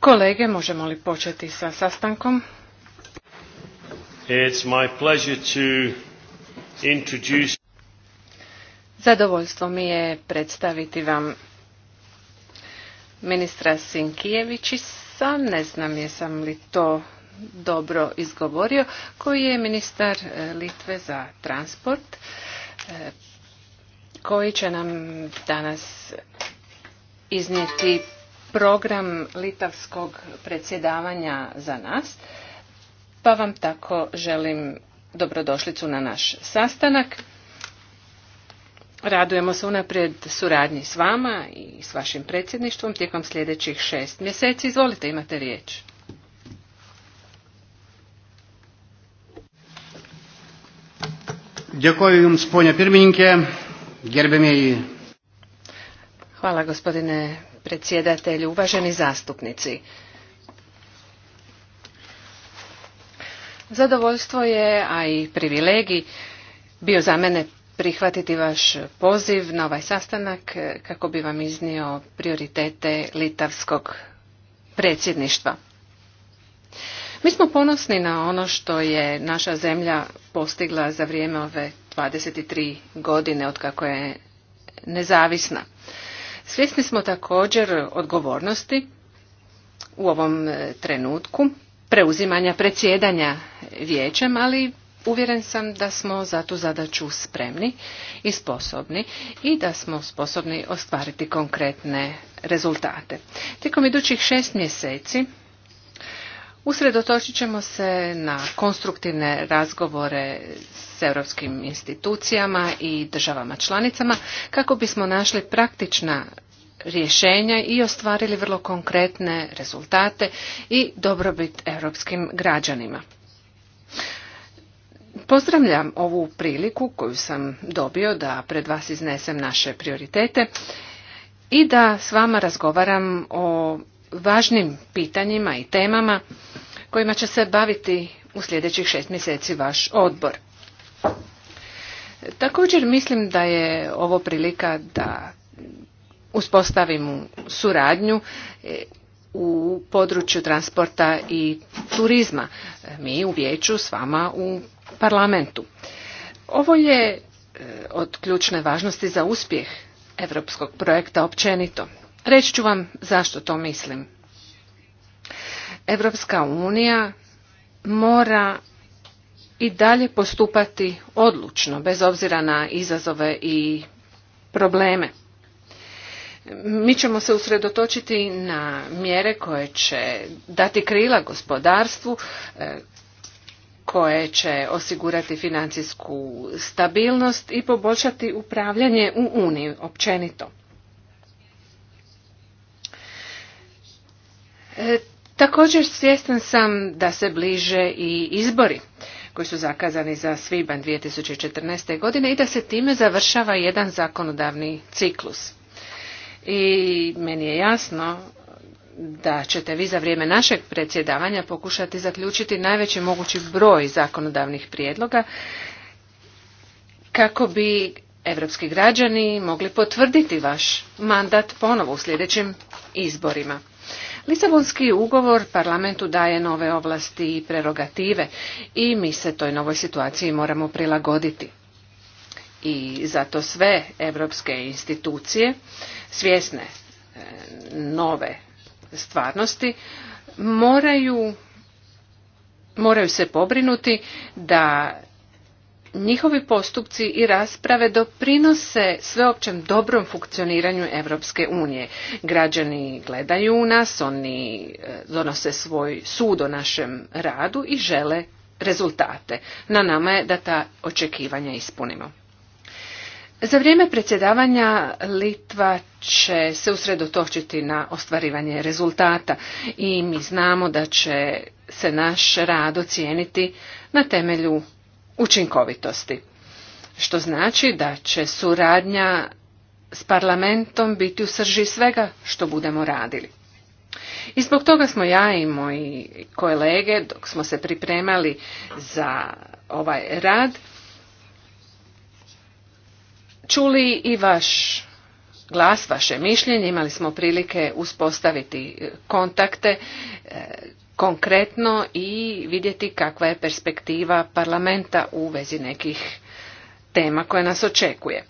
Kolege, možemo li početi sa sastankom? It's my pleasure to Zadovoljstvo mi je predstaviti vam ministra Sinkijevićisa, ne znam jesam li to dobro izgovorio, koji je ministar eh, Litve za transport eh, koji će nam danas iznijeti program litavskog predsjedavanja za nas, pa vam tako želim dobrodošlicu na naš sastanak. Radujemo se unaprijed suradnji s vama i s vašim predsjedništvom tijekom sljedećih šest mjeseci. Izvolite, imate riječ. Dėkoju Jums, ponia Hvala gospodine predsjedatelju, uvaženi zastupnici. Zadovoljstvo je, a i privilegij, bio za mene prihvatiti vaš poziv na ovaj sastanak kako bi vam iznio prioritete litavskog predsjedništva. Mi smo ponosni na ono što je naša zemlja postigla za vrijeme ove 23 godine od kako je nezavisna. Svjesni smo također odgovornosti u ovom e, trenutku preuzimanja predsjedanja vijećem, ali uvjeren sam da smo za tu zadaću spremni i sposobni i da smo sposobni ostvariti konkretne rezultate. Tijekom idućih šest mjeseci Usredotočit ćemo se na konstruktivne razgovore s europskim institucijama i državama članicama kako bismo našli praktična rješenja i ostvarili vrlo konkretne rezultate i dobrobit europskim građanima. Pozdravljam ovu priliku koju sam dobio da pred vas iznesem naše prioritete i da s vama razgovaram o važnim pitanjima i temama kojima će se baviti u sljedećih šest mjeseci vaš odbor. Također mislim da je ovo prilika da uspostavim suradnju e, u području transporta i turizma. Mi u vijeću s vama u parlamentu. Ovo je e, od ključne važnosti za uspjeh europskog projekta općenito. Reći ću vam zašto to mislim. Evropska unija mora i dalje postupati odlučno, bez obzira na izazove i probleme. Mi ćemo se usredotočiti na mjere koje će dati krila gospodarstvu, e, koje će osigurati financijsku stabilnost i poboljšati upravljanje u Uniji općenito. E, također svjestan sam da se bliže i izbori koji su zakazani za svibanj 2014. godine i da se time završava jedan zakonodavni ciklus. I meni je jasno da ćete vi za vrijeme našeg predsjedavanja pokušati zaključiti najveći mogući broj zakonodavnih prijedloga kako bi evropski građani mogli potvrditi vaš mandat ponovo u sljedećim izborima. Lisabonski ugovor parlamentu daje nove ovlasti i prerogative i mi se toj novoj situaciji moramo prilagoditi. I zato sve europske institucije svjesne e, nove stvarnosti moraju moraju se pobrinuti da njihovi postupci i rasprave doprinose sveopćem dobrom funkcioniranju Europske unije. Građani gledaju u nas, oni e, donose svoj sud o našem radu i žele rezultate. Na nama je da ta očekivanja ispunimo. Za vrijeme predsjedavanja Litva će se usredotočiti na ostvarivanje rezultata i mi znamo da će se naš rad ocijeniti na temelju učinkovitosti. Što znači da će suradnja s parlamentom biti u srži svega što budemo radili. I zbog toga smo ja i moji kolege, dok smo se pripremali za ovaj rad, čuli i vaš glas, vaše mišljenje, imali smo prilike uspostaviti kontakte e, konkretno i vidjeti kakva je perspektiva parlamenta u vezi nekih tema koje nas očekuje.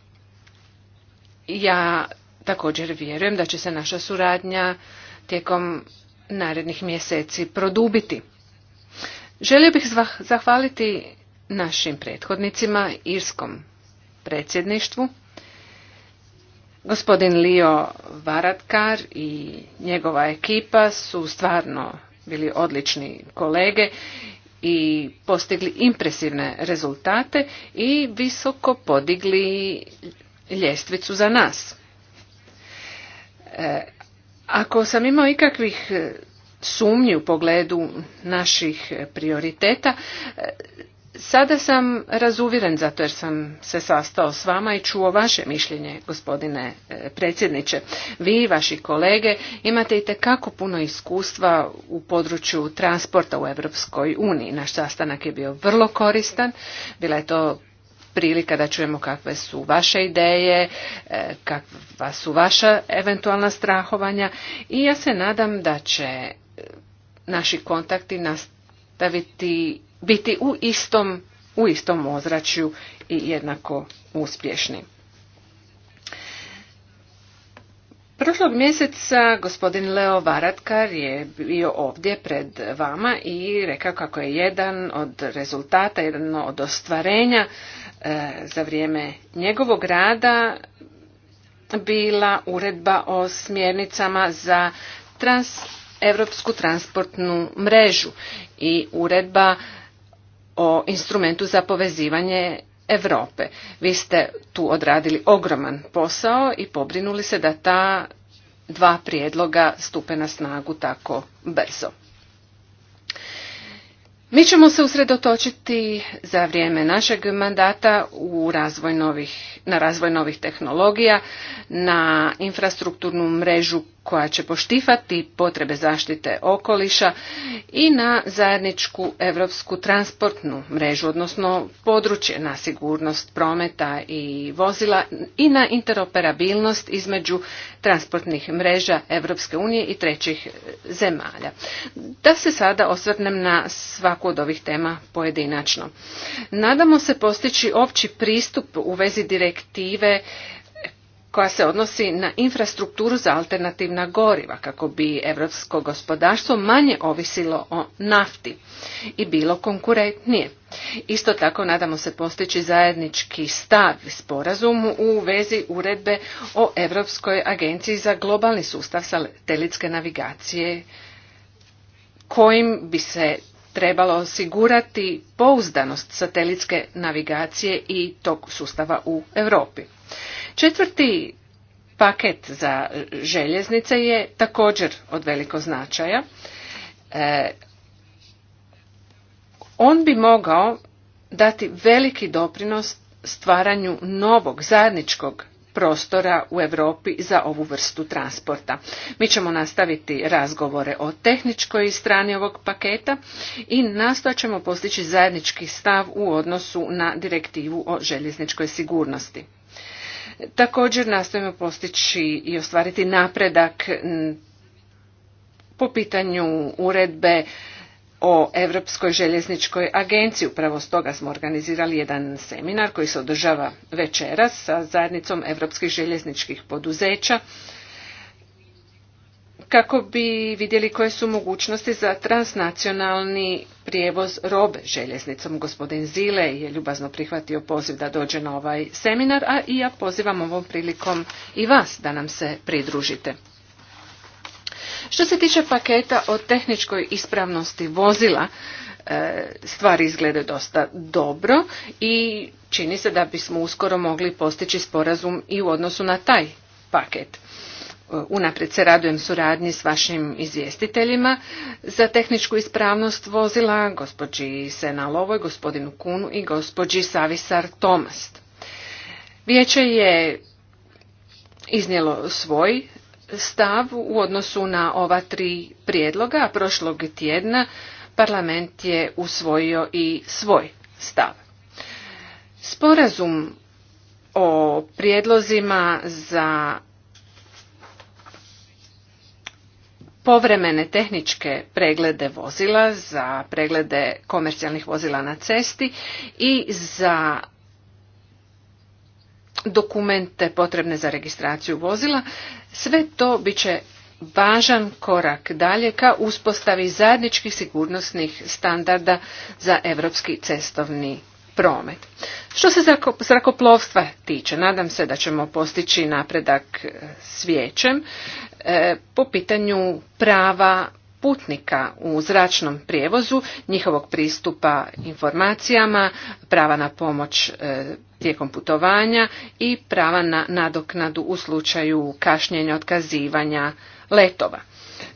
Ja također vjerujem da će se naša suradnja tijekom narednih mjeseci produbiti. Želio bih zahvaliti našim prethodnicima, irskom predsjedništvu, gospodin Lio Varadkar i njegova ekipa su stvarno bili odlični kolege i postigli impresivne rezultate i visoko podigli ljestvicu za nas. E, ako sam imao ikakvih e, sumnji u pogledu naših prioriteta, e, Sada sam razuviren zato jer sam se sastao s vama i čuo vaše mišljenje, gospodine e, predsjedniče. Vi i vaši kolege imate i tekako puno iskustva u području transporta u Europskoj uniji. Naš sastanak je bio vrlo koristan, bila je to prilika da čujemo kakve su vaše ideje, e, kakva su vaša eventualna strahovanja i ja se nadam da će e, naši kontakti nastaviti biti u istom, u istom ozračju i jednako uspješni. Prošlog mjeseca gospodin Leo Varadkar je bio ovdje pred vama i rekao kako je jedan od rezultata, jedan od ostvarenja e, za vrijeme njegovog rada bila uredba o smjernicama za trans, evropsku transportnu mrežu i uredba o instrumentu za povezivanje Europe. Vi ste tu odradili ogroman posao i pobrinuli se da ta dva prijedloga stupe na snagu tako brzo. Mi ćemo se usredotočiti za vrijeme našeg mandata u razvoj novih na razvoj novih tehnologija, na infrastrukturnu mrežu koja će poštifati potrebe zaštite okoliša i na zajedničku europsku transportnu mrežu, odnosno područje na sigurnost prometa i vozila i na interoperabilnost između transportnih mreža Evropske unije i trećih zemalja. Da se sada osvrnem na svaku od ovih tema pojedinačno. Nadamo se postići opći pristup u vezi direktive direktive koja se odnosi na infrastrukturu za alternativna goriva kako bi europsko gospodarstvo manje ovisilo o nafti i bilo konkurentnije. Isto tako nadamo se postići zajednički stav i sporazum u vezi uredbe o Europskoj agenciji za globalni sustav satelitske navigacije kojim bi se trebalo osigurati pouzdanost satelitske navigacije i tog sustava u Europi. Četvrti paket za željeznice je također od veliko značaja. E, on bi mogao dati veliki doprinos stvaranju novog zajedničkog prostora u Europi za ovu vrstu transporta. Mi ćemo nastaviti razgovore o tehničkoj strani ovog paketa i nastojat ćemo postići zajednički stav u odnosu na direktivu o željezničkoj sigurnosti. Također nastojimo postići i ostvariti napredak po pitanju uredbe o Europskoj željezničkoj agenciji. Upravo stoga smo organizirali jedan seminar koji se održava večeras sa zajednicom europskih željezničkih poduzeća kako bi vidjeli koje su mogućnosti za transnacionalni prijevoz robe željeznicom. Gospodin Zile je ljubazno prihvatio poziv da dođe na ovaj seminar, a i ja pozivam ovom prilikom i vas da nam se pridružite. Što se tiče paketa o tehničkoj ispravnosti vozila, e, stvari izgledaju dosta dobro i čini se da bismo uskoro mogli postići sporazum i u odnosu na taj paket. E, unaprijed se radujem suradnji s vašim izvjestiteljima za tehničku ispravnost vozila, gospođi Sena gospodinu Kunu i gospođi Savisar Tomast. Vijeće je iznijelo svoj stav u odnosu na ova tri prijedloga, a prošlog tjedna parlament je usvojio i svoj stav. Sporazum o prijedlozima za povremene tehničke preglede vozila, za preglede komercijalnih vozila na cesti i za dokumente potrebne za registraciju vozila. Sve to bit će važan korak dalje ka uspostavi zajedničkih sigurnosnih standarda za europski cestovni promet. Što se zrakoplovstva tiče, nadam se da ćemo postići napredak e, s e, po pitanju prava putnika u zračnom prijevozu, njihovog pristupa informacijama, prava na pomoć e, tijekom putovanja i prava na nadoknadu u slučaju kašnjenja otkazivanja letova.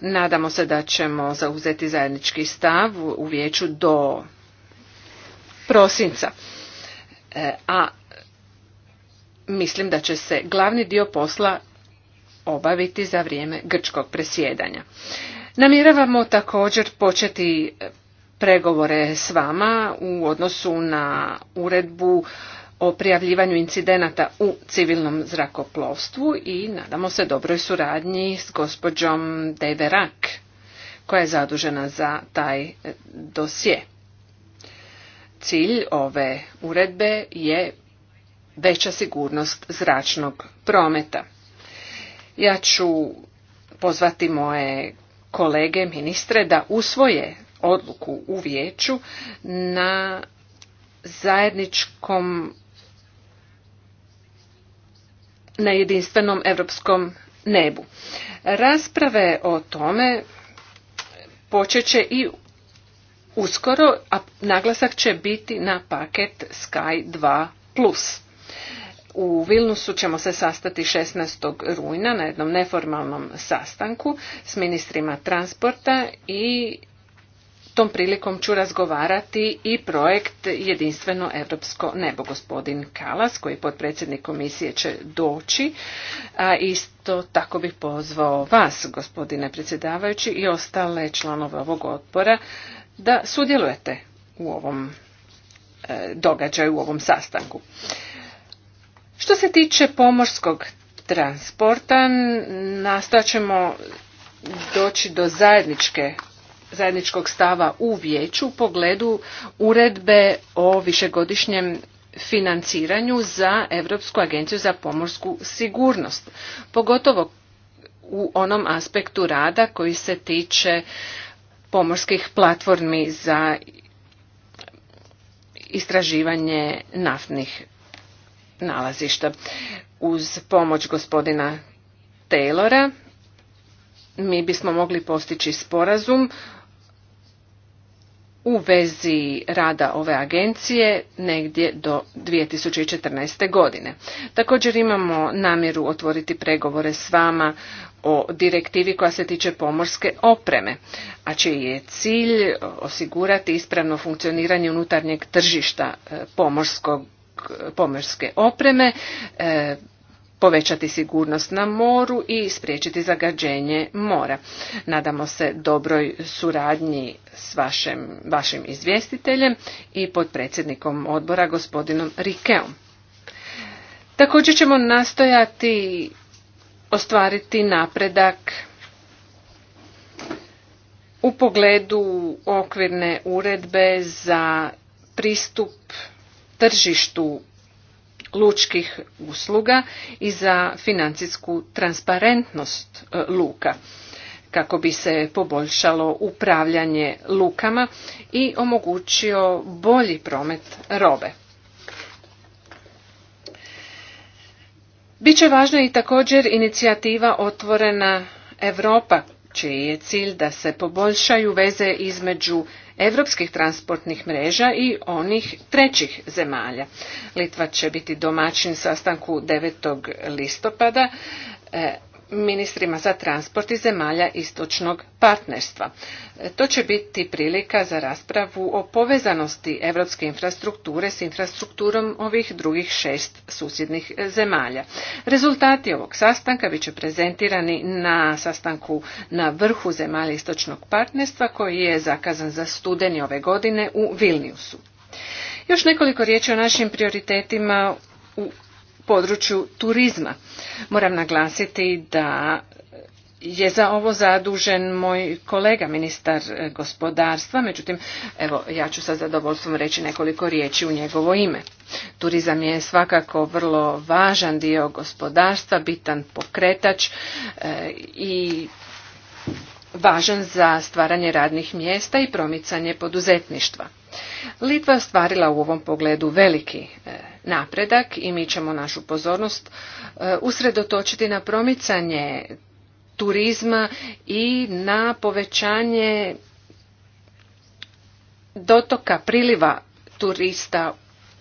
Nadamo se da ćemo zauzeti zajednički stav u vijeću do prosinca. E, a mislim da će se glavni dio posla obaviti za vrijeme grčkog presjedanja. Namjeravamo također početi pregovore s vama u odnosu na uredbu o prijavljivanju incidenata u civilnom zrakoplovstvu i nadamo se dobroj suradnji s gospođom Deverak koja je zadužena za taj e, dosje. Cilj ove uredbe je veća sigurnost zračnog prometa. Ja ću pozvati moje kolege ministre da usvoje odluku u vijeću na zajedničkom na jedinstvenom europskom nebu. Rasprave o tome počet će i uskoro, a naglasak će biti na paket Sky 2+. U Vilnusu ćemo se sastati 16. rujna na jednom neformalnom sastanku s ministrima transporta i Tom prilikom ću razgovarati i projekt Jedinstveno europsko nebo. Gospodin Kalas, koji potpredsjednik komisije, će doći. A isto tako bih pozvao vas, gospodine predsjedavajući, i ostale članove ovog odbora da sudjelujete u ovom e, događaju, u ovom sastanku. Što se tiče pomorskog transporta, nastojat ćemo doći do zajedničke zajedničkog stava u vijeću u pogledu uredbe o višegodišnjem financiranju za Europsku agenciju za pomorsku sigurnost, pogotovo u onom aspektu rada koji se tiče pomorskih platformi za istraživanje naftnih nalazišta. Uz pomoć gospodina Taylora mi bismo mogli postići sporazum u vezi rada ove agencije negdje do 2014. godine. Također imamo namjeru otvoriti pregovore s vama o direktivi koja se tiče pomorske opreme, a čiji je cilj osigurati ispravno funkcioniranje unutarnjeg tržišta e, e, pomorske opreme, e, povećati sigurnost na moru i spriječiti zagađenje mora. Nadamo se dobroj suradnji s vašim izvjestiteljem i podpredsjednikom odbora gospodinom Rikeom. Također ćemo nastojati ostvariti napredak u pogledu okvirne uredbe za pristup tržištu lučkih usluga i za financijsku transparentnost e, luka kako bi se poboljšalo upravljanje lukama i omogućio bolji promet robe. Biće važna i također inicijativa Otvorena Europa, čiji je cilj da se poboljšaju veze između europskih transportnih mreža i onih trećih zemalja. Litva će biti domaćin sastanku 9. listopada. E, ministrima za transport iz zemalja istočnog partnerstva. E, to će biti prilika za raspravu o povezanosti europske infrastrukture s infrastrukturom ovih drugih šest susjednih e, zemalja. Rezultati ovog sastanka bit će prezentirani na sastanku na vrhu zemalja istočnog partnerstva koji je zakazan za studeni ove godine u Vilniusu. Još nekoliko riječi o našim prioritetima u području turizma. Moram naglasiti da je za ovo zadužen moj kolega ministar e, gospodarstva, međutim, evo, ja ću sa zadovoljstvom reći nekoliko riječi u njegovo ime. Turizam je svakako vrlo važan dio gospodarstva, bitan pokretač e, i važan za stvaranje radnih mjesta i promicanje poduzetništva. Litva je u ovom pogledu veliki e, napredak i mi ćemo našu pozornost e, usredotočiti na promicanje turizma i na povećanje dotoka priliva turista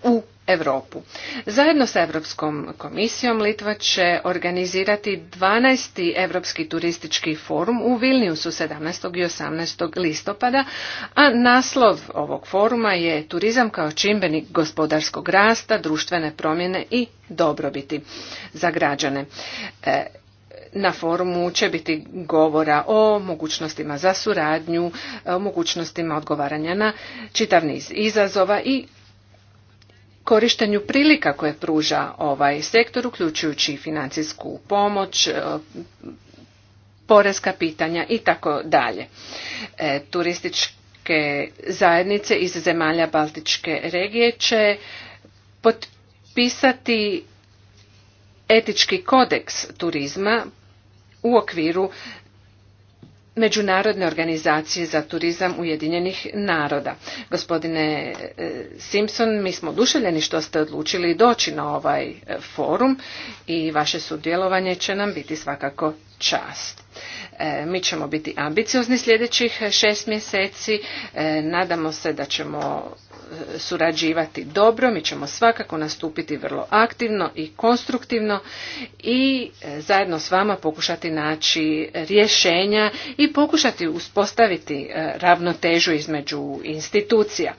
u Europu. Zajedno sa Europskom komisijom Litva će organizirati 12. Europski turistički forum u Vilniusu 17. i 18. listopada, a naslov ovog foruma je Turizam kao čimbenik gospodarskog rasta, društvene promjene i dobrobiti za građane. E, na forumu će biti govora o mogućnostima za suradnju, o mogućnostima odgovaranja na čitav niz izazova i korištenju prilika koje pruža ovaj sektor, uključujući financijsku pomoć, e, poreska pitanja i tako dalje. E, turističke zajednice iz zemalja Baltičke regije će potpisati etički kodeks turizma u okviru Međunarodne organizacije za turizam Ujedinjenih naroda. Gospodine e, Simpson, mi smo oduševljeni što ste odlučili doći na ovaj e, forum i vaše sudjelovanje će nam biti svakako čast. E, mi ćemo biti ambiciozni sljedećih šest mjeseci. Nadamo se da ćemo surađivati dobro, mi ćemo svakako nastupiti vrlo aktivno i konstruktivno i e, zajedno s vama pokušati naći rješenja i pokušati uspostaviti e, ravnotežu između institucija.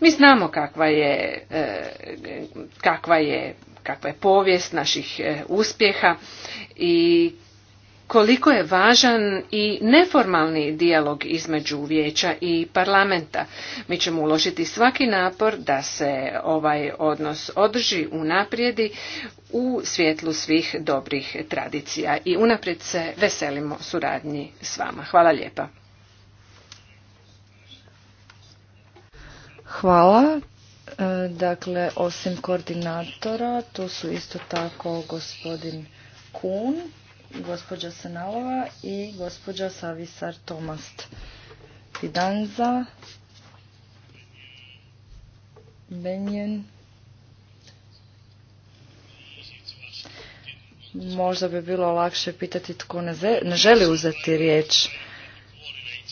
Mi znamo kakva je, e, kakva je kakva je povijest naših uspjeha i koliko je važan i neformalni dijalog između vijeća i parlamenta. Mi ćemo uložiti svaki napor da se ovaj odnos održi u naprijedi u svjetlu svih dobrih tradicija i unaprijed se veselimo suradnji s vama. Hvala lijepa. Hvala. E, dakle, osim koordinatora, tu su isto tako gospodin Kun gospođa Senalova i gospođa Savisar Tomast. Fidanza, Benjen. Možda bi bilo lakše pitati tko ne, želi uzeti riječ.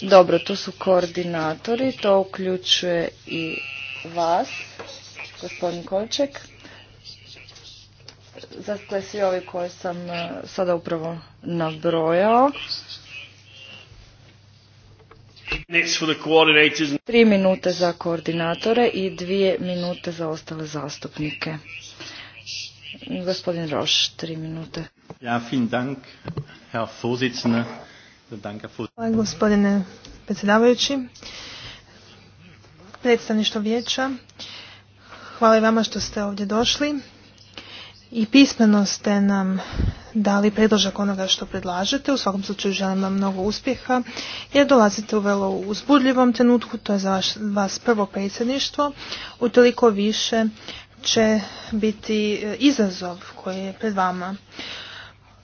Dobro, tu su koordinatori, to uključuje i vas, gospodin Kolček. Dakle, svi ovi koje sam e, sada upravo nabrojao. Tri minute za koordinatore i dvije minute za ostale zastupnike. Gospodin Roš, tri minute. Ja, fin Dank, Herr Hvala gospodine predsjedavajući, predstavništvo vijeća, hvala i vama što ste ovdje došli i pismeno ste nam dali predložak onoga što predlažete. U svakom slučaju želim vam mnogo uspjeha jer dolazite u velo uzbudljivom trenutku, to je za vas prvo predsjedništvo. Utoliko više će biti e, izazov koji je pred vama.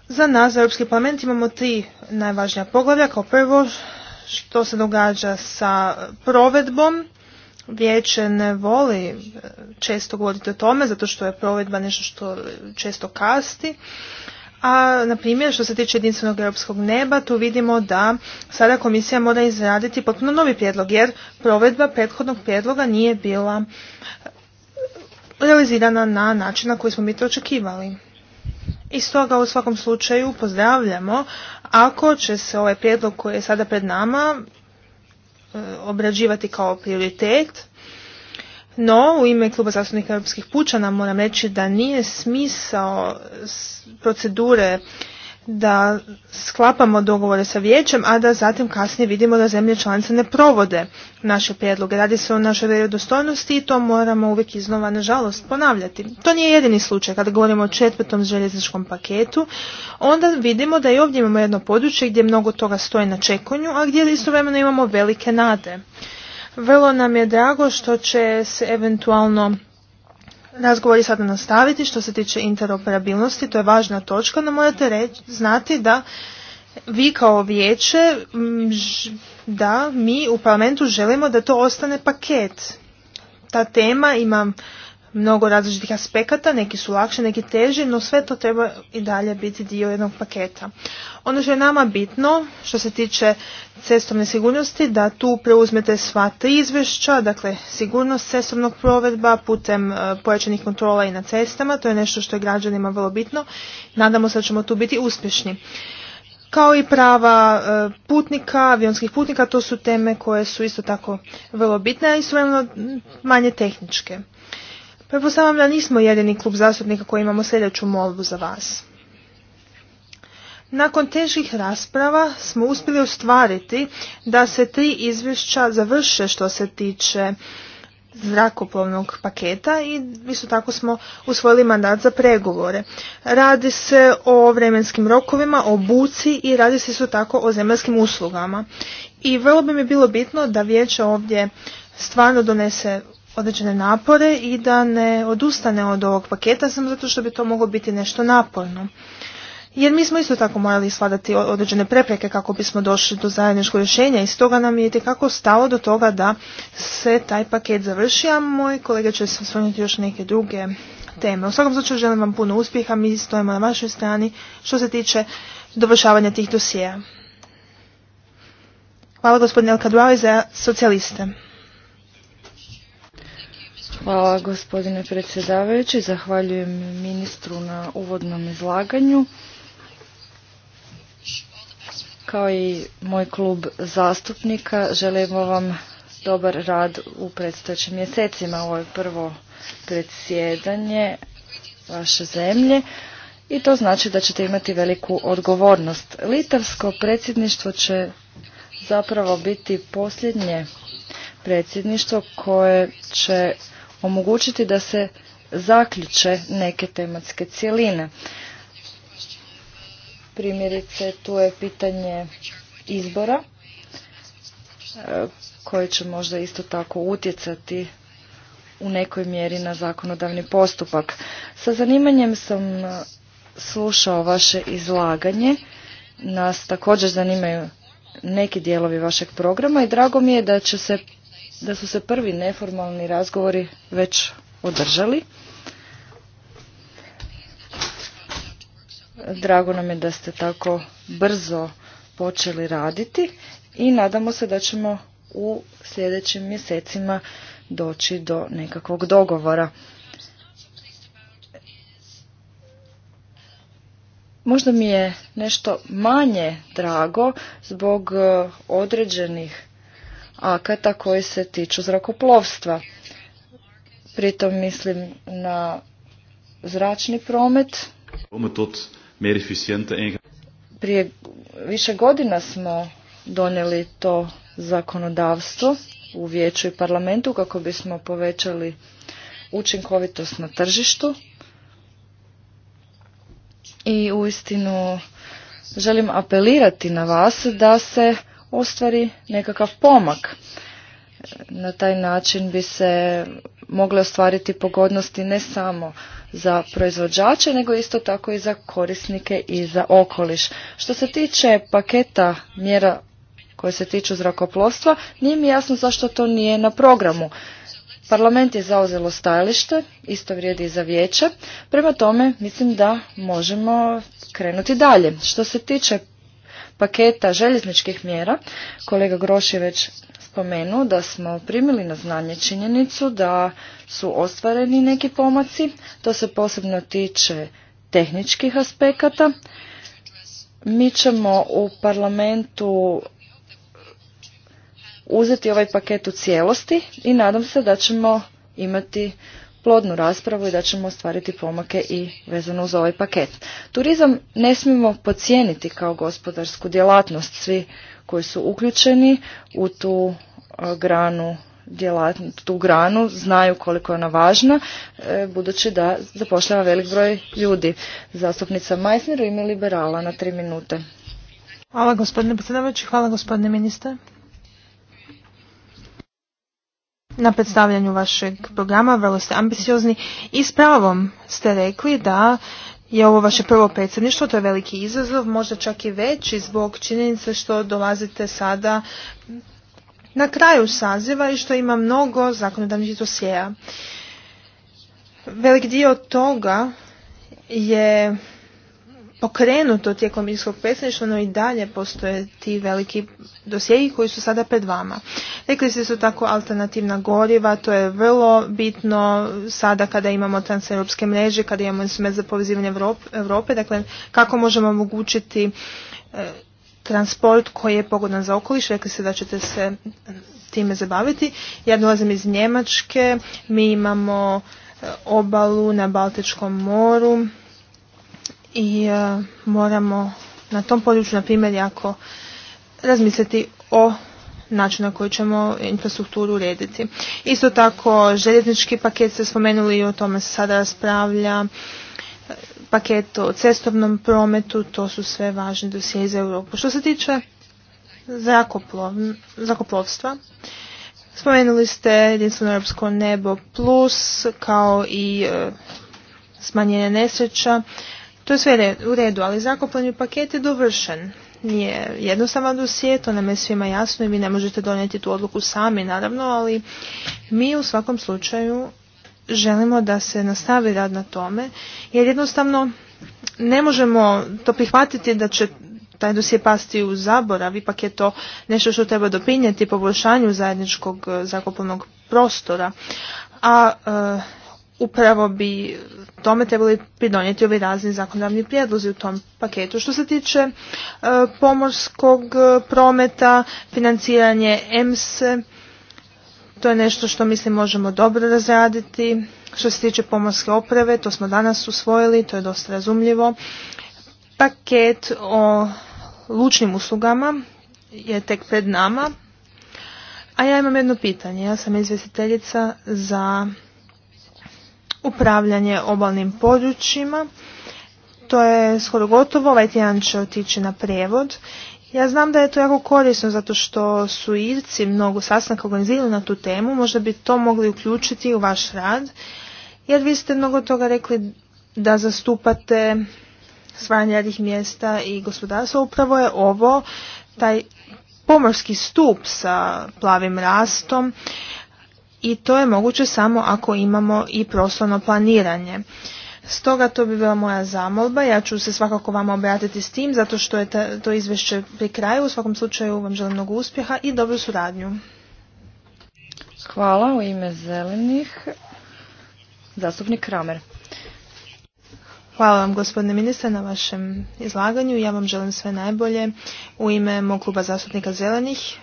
Za nas, za Europski parlament, imamo tri najvažnija poglavlja. Kao prvo, što se događa sa provedbom Vijeće ne voli e, često govoriti o tome, zato što je provedba nešto što često kasti. A, na primjer, što se tiče jedinstvenog europskog neba, tu vidimo da sada komisija mora izraditi potpuno novi prijedlog, jer provedba prethodnog prijedloga nije bila e, realizirana na način na koji smo mi to očekivali. I toga u svakom slučaju pozdravljamo ako će se ovaj prijedlog koji je sada pred nama Eh, obrađivati kao prioritet. No, u ime Kluba zastupnika europskih pučana moram reći da nije smisao procedure da sklapamo dogovore sa vijećem, a da zatim kasnije vidimo da zemlje članice ne provode naše prijedloge. Radi se o našoj vjerodostojnosti i to moramo uvijek iznova, nažalost, ponavljati. To nije jedini slučaj. Kada govorimo o četvrtom željezničkom paketu, onda vidimo da i ovdje imamo jedno područje gdje mnogo toga stoji na čekanju, a gdje istovremeno imamo velike nade. Vrlo nam je drago što će se eventualno razgovori sada nastaviti što se tiče interoperabilnosti, to je važna točka, no morate reći, znati da vi kao vijeće, da mi u parlamentu želimo da to ostane paket. Ta tema ima mnogo različitih aspekata, neki su lakše, neki teži, no sve to treba i dalje biti dio jednog paketa. Ono što je nama bitno, što se tiče cestovne sigurnosti, da tu preuzmete sva tri izvješća, dakle sigurnost cestovnog provedba putem e, pojačanih kontrola i na cestama, to je nešto što je građanima vrlo bitno, nadamo se da ćemo tu biti uspješni kao i prava e, putnika, avionskih putnika, to su teme koje su isto tako vrlo bitne, a vrlo manje tehničke. Prepostavljam da nismo jedini klub zastupnika koji imamo sljedeću molbu za vas. Nakon težih rasprava smo uspjeli ostvariti da se tri izvješća završe što se tiče zrakoplovnog paketa i isto tako smo usvojili mandat za pregovore. Radi se o vremenskim rokovima, o buci i radi se isto tako o zemaljskim uslugama. I vrlo bi mi bilo bitno da vijeće ovdje stvarno donese određene napore i da ne odustane od ovog paketa sam zato što bi to moglo biti nešto naporno. Jer mi smo isto tako morali sladati određene prepreke kako bismo došli do zajedničkog rješenja i stoga nam je kako stalo do toga da se taj paket završi, a moj kolega će se osvrnuti još neke druge teme. U svakom slučaju želim vam puno uspjeha, mi stojimo na vašoj strani što se tiče dovršavanja tih dosijeja. Hvala gospodine i za socijaliste. Hvala gospodine predsjedavajući. Zahvaljujem ministru na uvodnom izlaganju. Kao i moj klub zastupnika želimo vam dobar rad u predstojećim mjesecima. Ovo je prvo predsjedanje vaše zemlje i to znači da ćete imati veliku odgovornost. Litavsko predsjedništvo će zapravo biti posljednje predsjedništvo koje će omogućiti da se zaključe neke tematske cjeline. Primjerice, tu je pitanje izbora e, koje će možda isto tako utjecati u nekoj mjeri na zakonodavni postupak. Sa zanimanjem sam e, slušao vaše izlaganje. Nas također zanimaju neki dijelovi vašeg programa i drago mi je da će se da su se prvi neformalni razgovori već održali. Drago nam je da ste tako brzo počeli raditi i nadamo se da ćemo u sljedećim mjesecima doći do nekakvog dogovora. Možda mi je nešto manje drago zbog e, određenih akata koji se tiču zrakoplovstva. Pritom mislim na zračni promet. Prije više godina smo donijeli to zakonodavstvo u vijeću i parlamentu kako bismo povećali učinkovitost na tržištu. I uistinu želim apelirati na vas da se ostvari nekakav pomak. E, na taj način bi se mogle ostvariti pogodnosti ne samo za proizvođače, nego isto tako i za korisnike i za okoliš. Što se tiče paketa mjera koje se tiču zrakoplovstva, nije mi jasno zašto to nije na programu. Parlament je zauzelo stajalište, isto vrijedi i za vijeće, prema tome mislim da možemo krenuti dalje. Što se tiče paketa željezničkih mjera. Kolega Groš je već spomenuo da smo primili na znanje činjenicu da su ostvareni neki pomaci. To se posebno tiče tehničkih aspekata. Mi ćemo u parlamentu uzeti ovaj paket u cijelosti i nadam se da ćemo imati plodnu raspravu i da ćemo ostvariti pomake i vezano uz ovaj paket. Turizam ne smijemo pocijeniti kao gospodarsku djelatnost. Svi koji su uključeni u tu e, granu tu granu znaju koliko je ona važna e, budući da zapošljava velik broj ljudi. Zastupnica Majsner u ime liberala na tri minute. Hvala gospodine predsjedavajući, hvala gospodine ministre na predstavljanju vašeg programa, vrlo ste ambiciozni i s pravom ste rekli da je ovo vaše prvo predsjedništvo, to je veliki izazov, možda čak i veći zbog činjenice što dolazite sada na kraju saziva i što ima mnogo zakonodavnih dosjeja. Velik dio toga je pokrenuto tijekom irskog predsjedništva, no i dalje postoje ti veliki dosjeji koji su sada pred vama. Rekli ste su tako alternativna goriva, to je vrlo bitno sada kada imamo transeuropske mreže, kada imamo instrument za povezivanje Europe, dakle kako možemo omogućiti e, transport koji je pogodan za okoliš, rekli ste da ćete se time zabaviti. Ja dolazim iz Njemačke, mi imamo e, obalu na Baltičkom moru, i e, moramo na tom području, na primjer, jako razmisliti o načinu na koji ćemo infrastrukturu urediti. Isto tako, željeznički paket ste spomenuli i o tome se sada raspravlja. E, paket o cestovnom prometu, to su sve važni dosije za Europu. Što se tiče zrakoplovstva, spomenuli ste jedinstveno europsko nebo plus kao i e, smanjenje nesreća. To je sve u redu, ali zakopljeni paket je dovršen. Nije jednostavan dosjet, to nam je svima jasno i vi ne možete donijeti tu odluku sami, naravno, ali mi u svakom slučaju želimo da se nastavi rad na tome, jer jednostavno ne možemo to prihvatiti da će taj dosje pasti u zaborav, ipak je to nešto što treba dopinjeti poboljšanju zajedničkog eh, zakopljenog prostora. A eh, upravo bi tome trebali pridonijeti ovi razni zakonodavni prijedlozi u tom paketu. Što se tiče e, pomorskog prometa, financiranje EMS, to je nešto što mislim možemo dobro razraditi. Što se tiče pomorske oprave, to smo danas usvojili, to je dosta razumljivo. Paket o lučnim uslugama je tek pred nama. A ja imam jedno pitanje. Ja sam izvjestiteljica za upravljanje obalnim područjima. To je skoro gotovo, ovaj tjedan će otići na prijevod. Ja znam da je to jako korisno zato što su Irci mnogo sastanka organizirali na tu temu, možda bi to mogli uključiti u vaš rad, jer vi ste mnogo toga rekli da zastupate stvaranje radnih mjesta i gospodarstva. Upravo je ovo taj pomorski stup sa plavim rastom i to je moguće samo ako imamo i prostorno planiranje. Stoga to bi bila moja zamolba, ja ću se svakako vama obratiti s tim, zato što je to izvješće pri kraju, u svakom slučaju vam želim mnogo uspjeha i dobru suradnju. Hvala u ime zelenih, zastupnik Kramer. Hvala vam gospodine ministre na vašem izlaganju. Ja vam želim sve najbolje u ime mog kluba zastupnika zelenih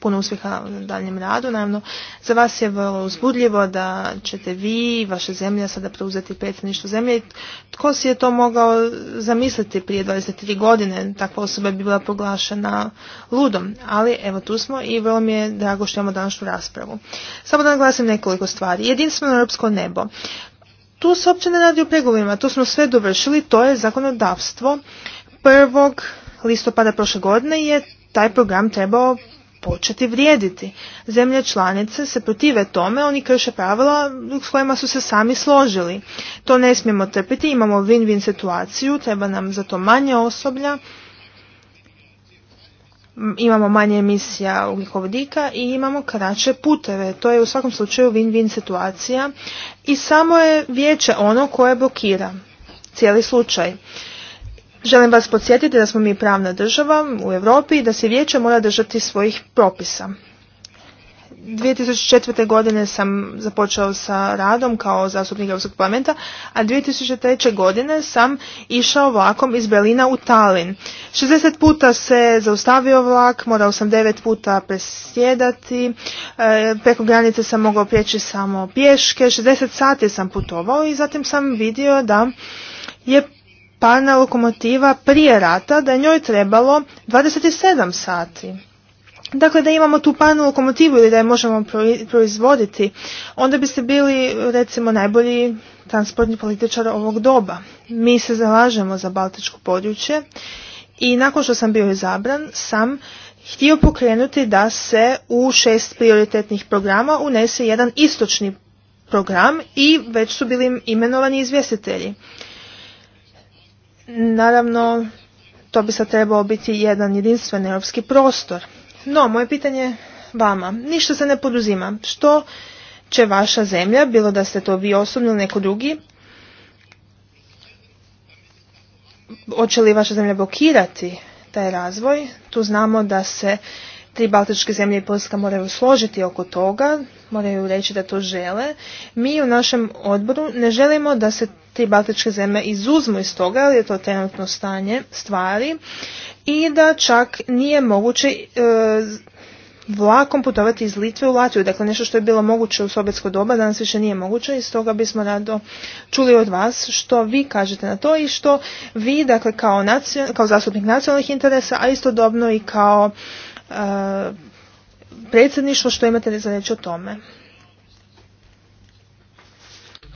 puno uspjeha u daljem radu. Naravno, za vas je vrlo uzbudljivo da ćete vi i vaša zemlja sada preuzeti predsjedništvo zemlje. Tko si je to mogao zamisliti prije 23 godine? Takva osoba bi bila proglašena ludom. Ali evo tu smo i vrlo mi je drago što imamo današnju raspravu. Samo da naglasim nekoliko stvari. Jedinstveno europsko nebo. Tu se uopće ne radi o pregovorima, tu smo sve dovršili, to je zakonodavstvo. 1. listopada prošle godine je taj program trebao početi vrijediti. Zemlje članice se protive tome, oni krše pravila s kojima su se sami složili. To ne smijemo trpiti, imamo win-win situaciju, treba nam za to manje osoblja, imamo manje emisija ugljikovodika i imamo kraće puteve. To je u svakom slučaju win-win situacija i samo je vijeće ono koje blokira cijeli slučaj. Želim vas podsjetiti da smo mi pravna država u Europi i da se vijeće mora držati svojih propisa. 2004. godine sam započeo sa radom kao zastupnik Europskog parlamenta, a 2003. godine sam išao vlakom iz Berlina u Talin. 60 puta se zaustavio vlak, morao sam 9 puta presjedati, e, preko granice sam mogao prijeći samo pješke, 60 sati sam putovao i zatim sam vidio da je parna lokomotiva prije rata da je njoj trebalo 27 sati. Dakle, da imamo tu parnu lokomotivu ili da je možemo proizvoditi, onda biste bili recimo najbolji transportni političar ovog doba. Mi se zalažemo za Baltičko područje i nakon što sam bio izabran sam htio pokrenuti da se u šest prioritetnih programa unese jedan istočni program i već su bili imenovani izvjestitelji. Naravno, to bi sad trebao biti jedan jedinstven europski prostor. No, moje pitanje vama, ništa se ne poduzima. Što će vaša zemlja, bilo da ste to vi osobno ili neko drugi, hoće li vaša zemlja blokirati taj razvoj? Tu znamo da se tri baltičke zemlje i Poljska moraju složiti oko toga, moraju reći da to žele. Mi u našem odboru ne želimo da se tri baltičke zemlje izuzmu iz toga, jer je to trenutno stanje stvari, i da čak nije moguće e, vlakom putovati iz Litve u Latviju. Dakle, nešto što je bilo moguće u sobetsko doba, danas više nije moguće i stoga bismo rado čuli od vas što vi kažete na to i što vi, dakle, kao, kao zastupnik nacionalnih interesa, a istodobno i kao e, predsjedništvo što imate za reći o tome.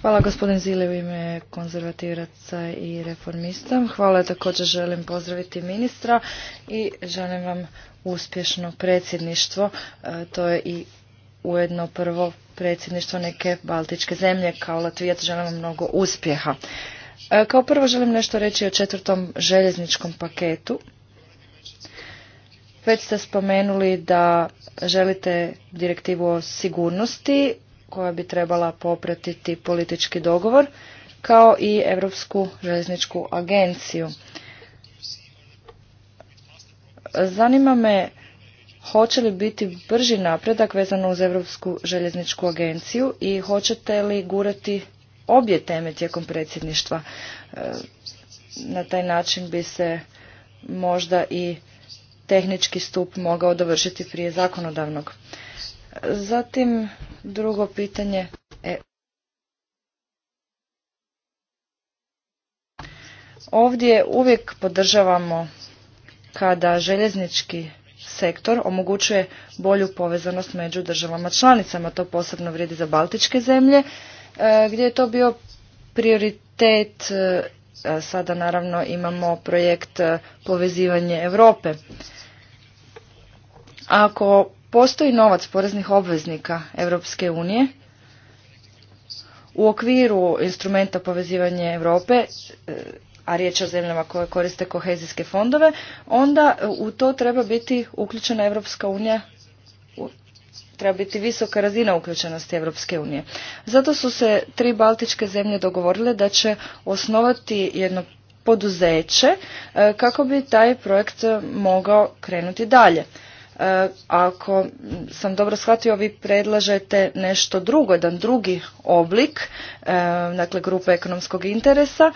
Hvala gospodin Zile u ime konzervativaca i reformista. Hvala također želim pozdraviti ministra i želim vam uspješno predsjedništvo. E, to je i ujedno prvo predsjedništvo neke baltičke zemlje. Kao Latvijac želim vam mnogo uspjeha. E, kao prvo želim nešto reći o četvrtom željezničkom paketu. Već ste spomenuli da želite direktivu o sigurnosti koja bi trebala popratiti politički dogovor kao i Europsku željezničku agenciju. Zanima me hoće li biti brži napredak vezano uz Europsku željezničku agenciju i hoćete li gurati obje teme tijekom predsjedništva. E, na taj način bi se možda i tehnički stup mogao dovršiti prije zakonodavnog. Zatim drugo pitanje. E, ovdje uvijek podržavamo kada željeznički sektor omogućuje bolju povezanost među državama članicama. To posebno vrijedi za Baltičke zemlje e, gdje je to bio prioritet. E, sada naravno imamo projekt povezivanje Europe. Ako Postoji novac poreznih obveznika Europske unije u okviru instrumenta povezivanja Europe, e, a riječ je o zemljama koje koriste kohezijske fondove, onda u to treba biti uključena Europska unija treba biti visoka razina uključenosti Europske unije. Zato su se tri baltičke zemlje dogovorile da će osnovati jedno poduzeće e, kako bi taj projekt mogao krenuti dalje. E, ako sam dobro shvatio, vi predlažete nešto drugo, jedan drugi oblik, e, dakle grupe ekonomskog interesa.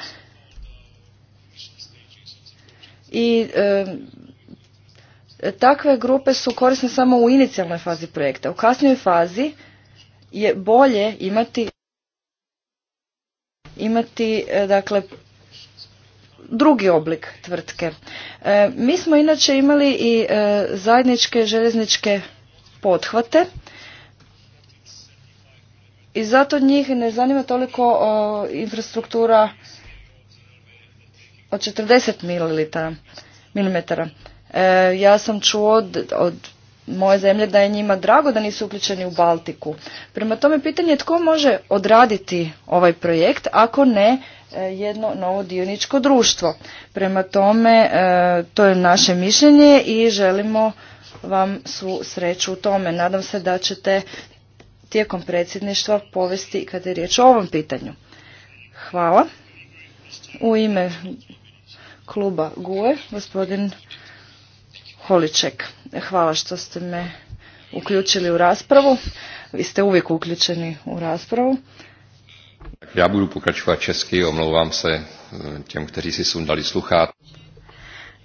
I e, takve grupe su korisne samo u inicijalnoj fazi projekta. U kasnijoj fazi je bolje imati imati dakle drugi oblik tvrtke. E, mi smo inače imali i e, zajedničke željezničke pothvate i zato njih ne zanima toliko infrastruktura od 40 milimetara. E, ja sam čuo od, od moje zemlje da je njima drago da nisu uključeni u Baltiku. Prema tome pitanje je tko može odraditi ovaj projekt ako ne E, jedno novo dioničko društvo. Prema tome, e, to je naše mišljenje i želimo vam svu sreću u tome. Nadam se da ćete tijekom predsjedništva povesti kada je riječ o ovom pitanju. Hvala. U ime kluba GUE, gospodin Holiček. Hvala što ste me uključili u raspravu. Vi ste uvijek uključeni u raspravu. Ja budu pokračovat česky, omlouvám se eh, těm, kteří si sundali sluchát.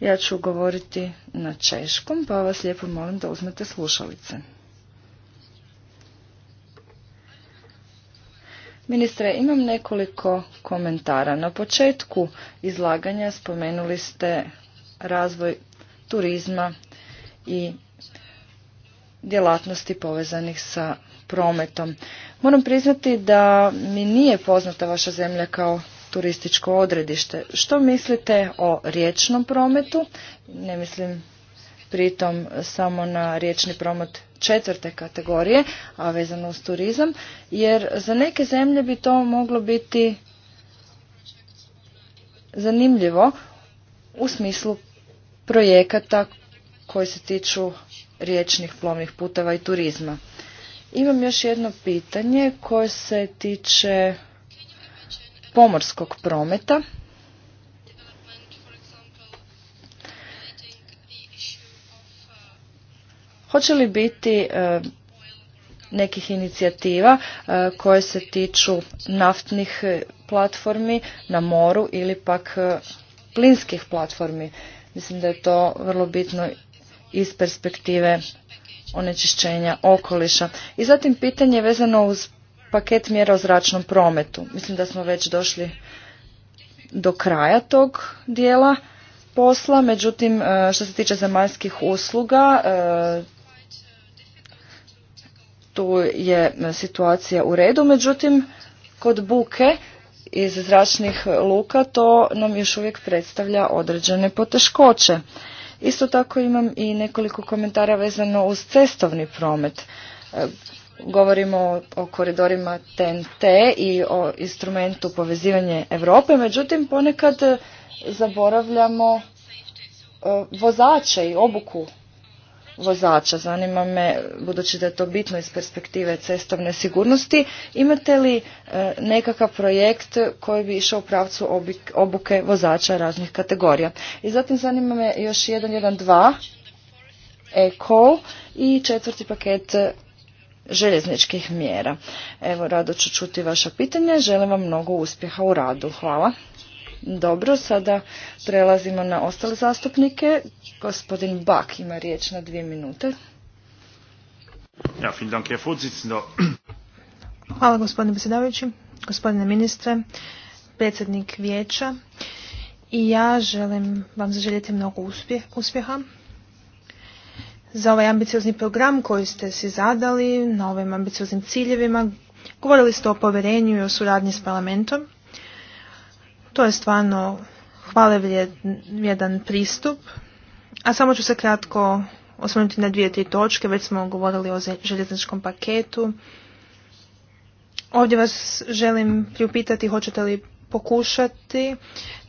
Ja ću govoriti na češkom, pa vas lijepo molim da uzmete slušalice. Ministre, imam nekoliko komentara. Na početku izlaganja spomenuli ste razvoj turizma i djelatnosti povezanih sa prometom. Moram priznati da mi nije poznata vaša zemlja kao turističko odredište. Što mislite o riječnom prometu? Ne mislim pritom samo na riječni promet četvrte kategorije, a vezano uz turizam, jer za neke zemlje bi to moglo biti zanimljivo u smislu projekata koji se tiču riječnih plovnih puteva i turizma. Imam još jedno pitanje koje se tiče pomorskog prometa. Hoće li biti e, nekih inicijativa e, koje se tiču naftnih platformi na moru ili pak e, plinskih platformi? Mislim da je to vrlo bitno iz perspektive onečišćenja okoliša. I zatim pitanje vezano uz paket mjera o zračnom prometu. Mislim da smo već došli do kraja tog dijela posla, međutim e, što se tiče zemaljskih usluga e, tu je situacija u redu, međutim kod buke iz zračnih luka to nam još uvijek predstavlja određene poteškoće. Isto tako imam i nekoliko komentara vezano uz cestovni promet. E, govorimo o koridorima TNT i o instrumentu povezivanje Europe, međutim ponekad zaboravljamo e, vozače i obuku vozača. Zanima me, budući da je to bitno iz perspektive cestovne sigurnosti, imate li e, nekakav projekt koji bi išao u pravcu obuke vozača raznih kategorija? I zatim zanima me još 112, ECO i četvrti paket željezničkih mjera. Evo, rado ću čuti vaša pitanja. Želim vam mnogo uspjeha u radu. Hvala. Dobro, sada prelazimo na ostale zastupnike. Gospodin Bak ima riječ na dvije minute. Hvala gospodine predsjedavajući, gospodine ministre, predsjednik vijeća. I ja želim vam zaželjeti mnogo uspjeha za ovaj ambiciozni program koji ste si zadali, na ovim ambicioznim ciljevima. Govorili ste o povjerenju i o suradnji s parlamentom. To je stvarno hvale pristup. A samo ću se kratko osvrnuti na dvije, tri točke. Već smo govorili o željezničkom paketu. Ovdje vas želim priupitati hoćete li pokušati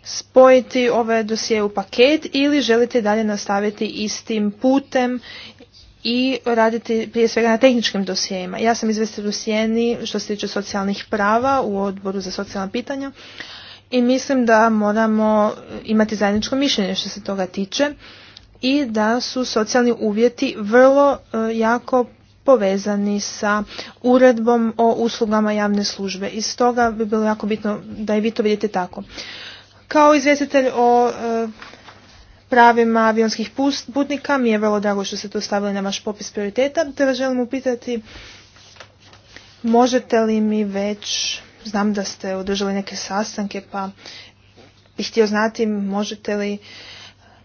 spojiti ove dosije u paket ili želite dalje nastaviti istim putem i raditi prije svega na tehničkim dosijejima. Ja sam izvestila u što se tiče socijalnih prava u odboru za socijalna pitanja, i mislim da moramo imati zajedničko mišljenje što se toga tiče i da su socijalni uvjeti vrlo e, jako povezani sa uredbom o uslugama javne službe. I stoga bi bilo jako bitno da i vi to vidite tako. Kao izvjestitelj o e, pravima avionskih putnika mi je vrlo drago što ste to stavili na vaš popis prioriteta, te vas želim upitati možete li mi već Znam da ste održali neke sastanke, pa bih htio znati možete li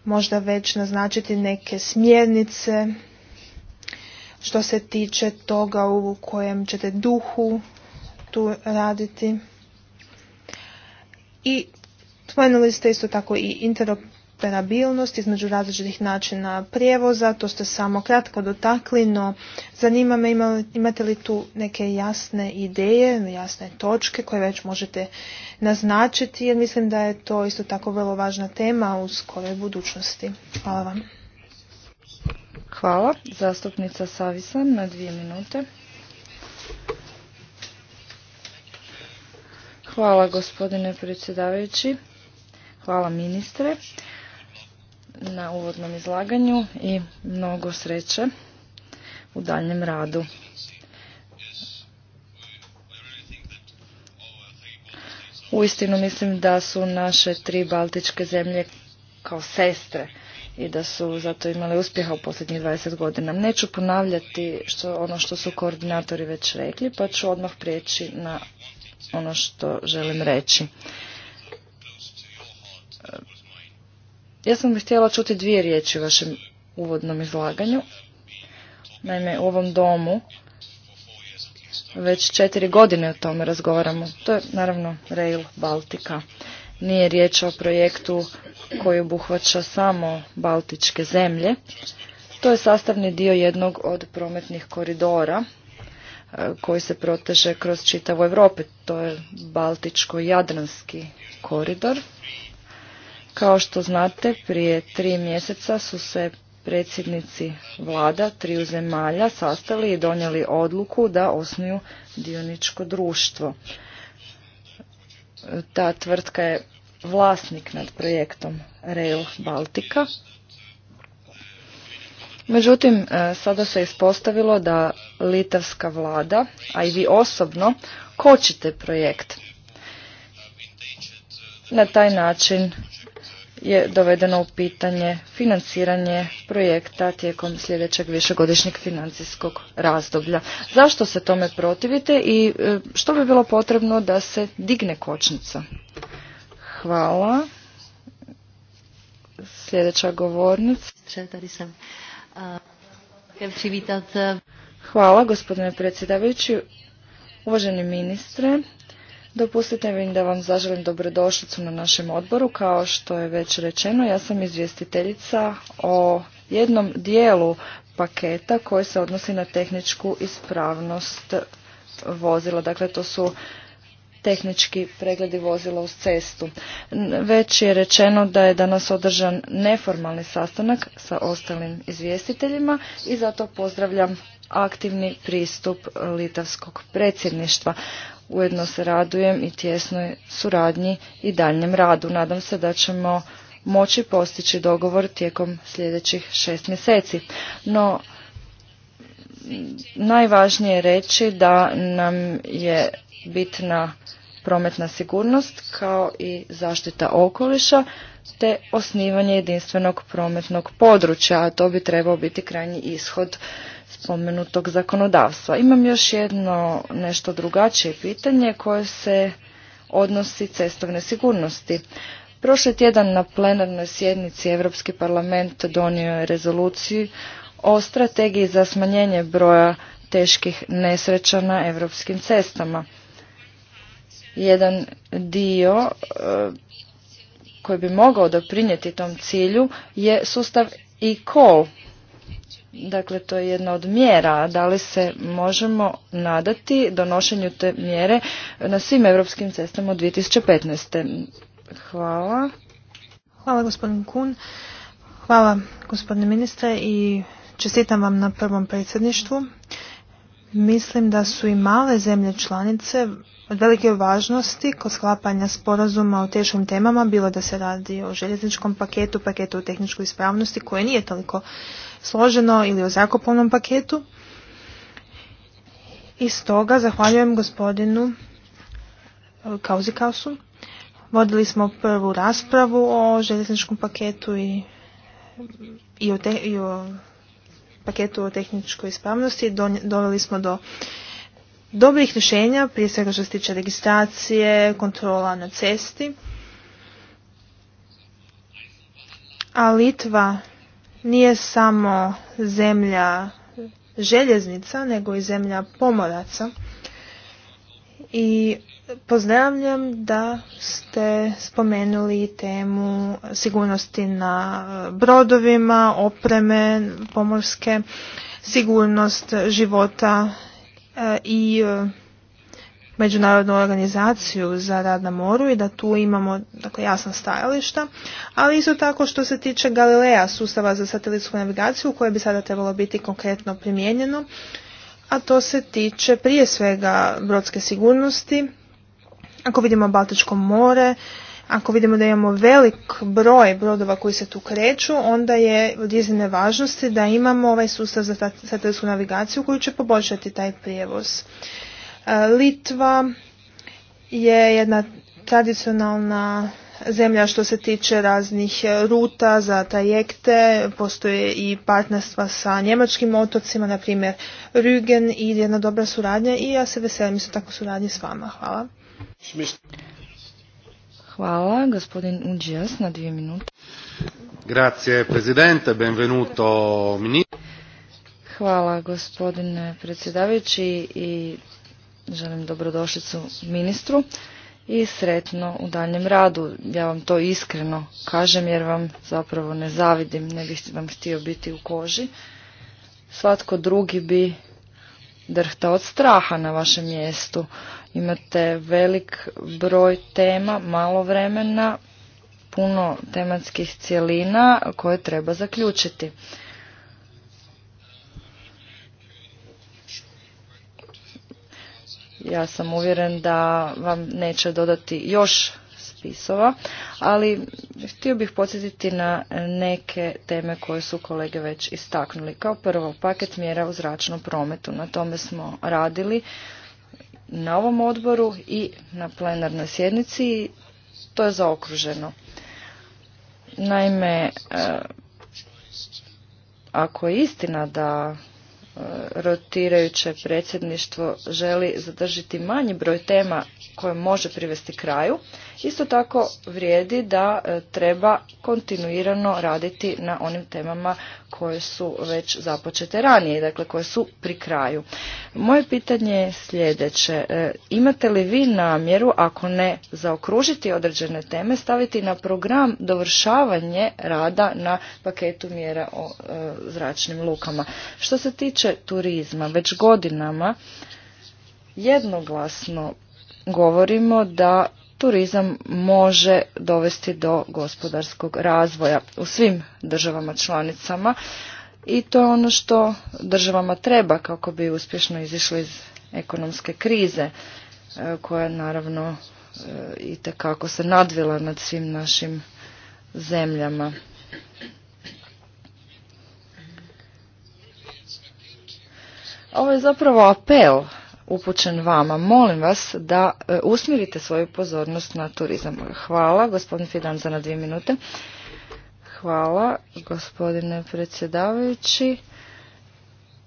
možda već naznačiti neke smjernice što se tiče toga u kojem ćete duhu tu raditi. I spomenuli ste isto tako i interop interoperabilnost između različitih načina prijevoza, to ste samo kratko dotakli, no zanima me imate li tu neke jasne ideje, jasne točke koje već možete naznačiti, jer mislim da je to isto tako vrlo važna tema u skoroj budućnosti. Hvala vam. Hvala. Zastupnica Savisan na dvije minute. Hvala gospodine predsjedavajući. Hvala ministre na uvodnom izlaganju i mnogo sreće u daljem radu. Uistinu mislim da su naše tri baltičke zemlje kao sestre i da su zato imale uspjeha u posljednjih 20 godina. Neću ponavljati što, ono što su koordinatori već rekli, pa ću odmah prijeći na ono što želim reći. Ja sam bih htjela čuti dvije riječi u vašem uvodnom izlaganju. Naime, u ovom domu već četiri godine o tome razgovaramo. To je naravno Rail Baltika. Nije riječ o projektu koji obuhvaća samo Baltičke zemlje. To je sastavni dio jednog od prometnih koridora e, koji se proteže kroz čitavu Europu. To je Baltičko-Jadranski koridor kao što znate, prije tri mjeseca su se predsjednici vlada triju zemalja sastali i donijeli odluku da osnuju dioničko društvo. Ta tvrtka je vlasnik nad projektom Rail Baltica. Međutim, e, sada se ispostavilo da litavska vlada, a i vi osobno, kočite projekt. Na taj način je dovedeno u pitanje financiranje projekta tijekom sljedećeg višegodišnjeg financijskog razdoblja. Zašto se tome protivite i e, što bi bilo potrebno da se digne kočnica? Hvala. Sljedeća govornica. E, Hvala gospodine predsjedavajući, uvaženi ministre. Dopustite mi da vam zaželim dobrodošlicu na našem odboru. Kao što je već rečeno, ja sam izvjestiteljica o jednom dijelu paketa koji se odnosi na tehničku ispravnost vozila. Dakle, to su tehnički pregledi vozila uz cestu. Već je rečeno da je danas održan neformalni sastanak sa ostalim izvjestiteljima i zato pozdravljam aktivni pristup litavskog predsjedništva. Ujedno se radujem i tjesnoj suradnji i daljnjem radu. Nadam se da ćemo moći postići dogovor tijekom sljedećih šest mjeseci. No, najvažnije je reći da nam je bitna prometna sigurnost kao i zaštita okoliša te osnivanje jedinstvenog prometnog područja, a to bi trebao biti krajnji ishod spomenutog zakonodavstva. Imam još jedno nešto drugačije pitanje koje se odnosi cestovne sigurnosti. Prošli tjedan na plenarnoj sjednici Europski parlament donio je rezoluciju o strategiji za smanjenje broja teških nesreća na europskim cestama. Jedan dio e, koji bi mogao doprinijeti tom cilju je sustav i call Dakle, to je jedna od mjera. Da li se možemo nadati donošenju te mjere na svim europskim cestama od 2015. Hvala. Hvala gospodin Kun. Hvala gospodine ministre i čestitam vam na prvom predsjedništvu. Mislim da su i male zemlje članice od velike važnosti kod sklapanja sporazuma o teškim temama, bilo da se radi o željezničkom paketu, paketu o tehničkoj ispravnosti koje nije toliko složeno ili o zrakoplovnom paketu. I stoga zahvaljujem gospodinu e, Kauzikausu. Vodili smo prvu raspravu o željezničkom paketu i, i, o, i o paketu o tehničkoj ispravnosti. Doveli smo do dobrih rješenja, prije svega što se tiče registracije, kontrola na cesti. A Litva nije samo zemlja željeznica, nego i zemlja pomoraca. I pozdravljam da ste spomenuli temu sigurnosti na brodovima, opreme, pomorske, sigurnost života e, i međunarodnu organizaciju za rad na moru i da tu imamo dakle, jasna stajališta, ali isto tako što se tiče Galilea, sustava za satelitsku navigaciju koje bi sada trebalo biti konkretno primijenjeno, a to se tiče prije svega brodske sigurnosti, ako vidimo Baltičko more, ako vidimo da imamo velik broj brodova koji se tu kreću, onda je od iznimne važnosti da imamo ovaj sustav za satelitsku navigaciju koji će poboljšati taj prijevoz. E, Litva je jedna tradicionalna zemlja što se tiče raznih ruta za trajekte, postoje i partnerstva sa njemačkim otocima, na primjer Rügen i jedna dobra suradnja i ja se veselim isto tako suradnji s vama. Hvala. Hvala, gospodin Uđijas na dvije minute. Grazie, prezidente, benvenuto, Hvala, gospodine predsjedavajući i želim dobrodošlicu ministru i sretno u daljem radu. Ja vam to iskreno kažem jer vam zapravo ne zavidim, ne bih vam htio biti u koži. Svatko drugi bi drhta od straha na vašem mjestu. Imate velik broj tema, malo vremena, puno tematskih cjelina koje treba zaključiti. ja sam uvjeren da vam neće dodati još spisova, ali htio bih podsjetiti na neke teme koje su kolege već istaknuli. Kao prvo, paket mjera u zračnom prometu. Na tome smo radili na ovom odboru i na plenarnoj sjednici. To je zaokruženo. Naime, e, ako je istina da rotirajuće predsjedništvo želi zadržati manji broj tema koje može privesti kraju, Isto tako vrijedi da e, treba kontinuirano raditi na onim temama koje su već započete ranije, dakle koje su pri kraju. Moje pitanje je sljedeće. E, imate li vi namjeru, ako ne zaokružiti određene teme, staviti na program dovršavanje rada na paketu mjera o e, zračnim lukama? Što se tiče turizma, već godinama jednoglasno govorimo da turizam može dovesti do gospodarskog razvoja u svim državama članicama i to je ono što državama treba kako bi uspješno izišli iz ekonomske krize e, koja naravno e, i kako se nadvila nad svim našim zemljama. Ovo je zapravo apel upućen vama. Molim vas da e, usmjerite svoju pozornost na turizam. Hvala, gospodin Fidanza na dvije minute. Hvala, gospodine predsjedavajući.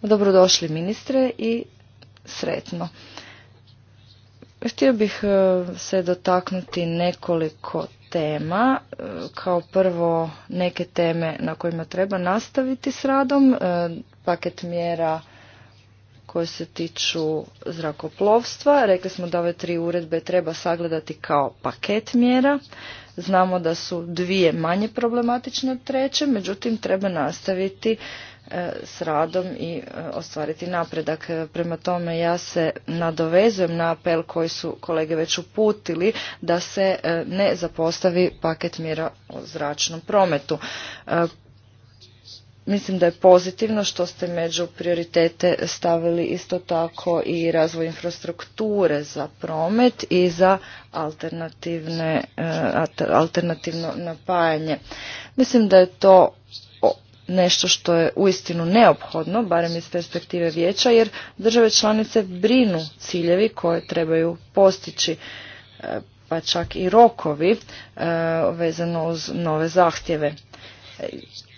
Dobrodošli ministre i sretno. Htio bih e, se dotaknuti nekoliko tema. E, kao prvo neke teme na kojima treba nastaviti s radom. Paket mjera koje se tiču zrakoplovstva. Rekli smo da ove tri uredbe treba sagledati kao paket mjera. Znamo da su dvije manje problematične od treće, međutim treba nastaviti e, s radom i e, ostvariti napredak. E, prema tome ja se nadovezujem na apel koji su kolege već uputili da se ne zapostavi paket mjera o zračnom prometu. Mislim da je pozitivno što ste među prioritete stavili isto tako i razvoj infrastrukture za promet i za alternativne, e, alternativno napajanje. Mislim da je to nešto što je uistinu neophodno, barem iz perspektive vijeća, jer države članice brinu ciljevi koje trebaju postići, e, pa čak i rokovi e, vezano uz nove zahtjeve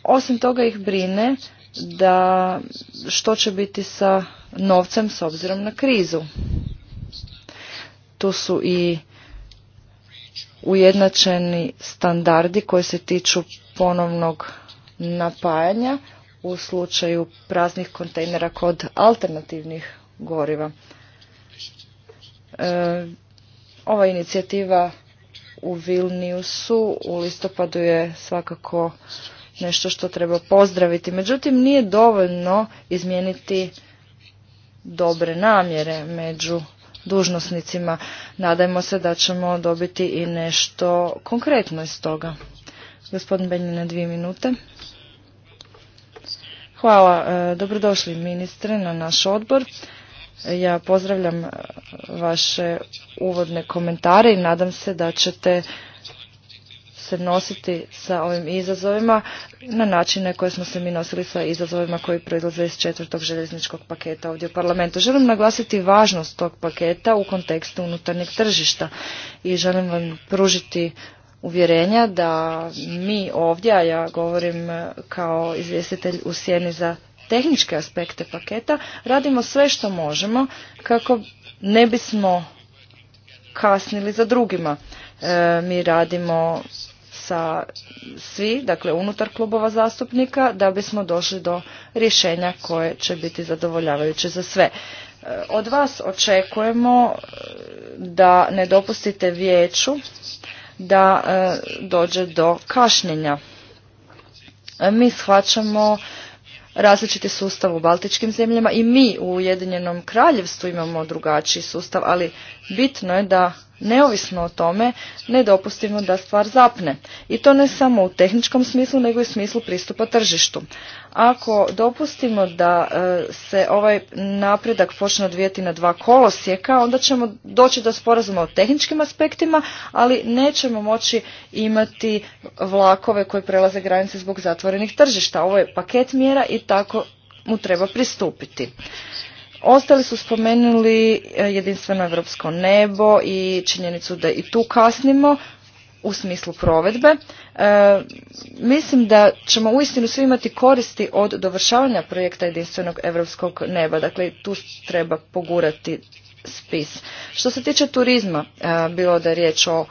osim toga ih brine da što će biti sa novcem s obzirom na krizu. Tu su i ujednačeni standardi koji se tiču ponovnog napajanja u slučaju praznih kontejnera kod alternativnih goriva. E, ova inicijativa u Vilniusu u listopadu je svakako nešto što treba pozdraviti. Međutim, nije dovoljno izmijeniti dobre namjere među dužnosnicima. Nadajmo se da ćemo dobiti i nešto konkretno iz toga. Gospodin Benjina, na dvije minute. Hvala. E, dobrodošli ministre na naš odbor. Ja pozdravljam vaše uvodne komentare i nadam se da ćete nositi sa ovim izazovima na načine koje smo se mi nosili sa izazovima koji proizlaze iz četvrtog željezničkog paketa ovdje u parlamentu. Želim naglasiti važnost tog paketa u kontekstu unutarnjeg tržišta i želim vam pružiti uvjerenja da mi ovdje, a ja govorim e, kao izvjestitelj u sjeni za tehničke aspekte paketa, radimo sve što možemo kako ne bismo kasnili za drugima. E, mi radimo sa svi, dakle unutar klubova zastupnika, da bismo došli do rješenja koje će biti zadovoljavajuće za sve. E, od vas očekujemo e, da ne dopustite vijeću da e, dođe do kašnjenja. Mi shvaćamo različiti sustav u baltičkim zemljama i mi u Ujedinjenom kraljevstvu imamo drugačiji sustav, ali bitno je da neovisno o tome ne dopustimo da stvar zapne. I to ne samo u tehničkom smislu, nego i u smislu pristupa tržištu. Ako dopustimo da e, se ovaj napredak počne odvijeti na dva kolosijeka, onda ćemo doći do sporazuma o tehničkim aspektima, ali nećemo moći imati vlakove koji prelaze granice zbog zatvorenih tržišta. Ovo je paket mjera i tako mu treba pristupiti. Ostali su spomenuli e, jedinstveno europsko nebo i činjenicu da i tu kasnimo u smislu provedbe. E, mislim da ćemo uistinu svi imati koristi od dovršavanja projekta jedinstvenog europskog neba. Dakle, tu treba pogurati spis. Što se tiče turizma, e, bilo da je riječ o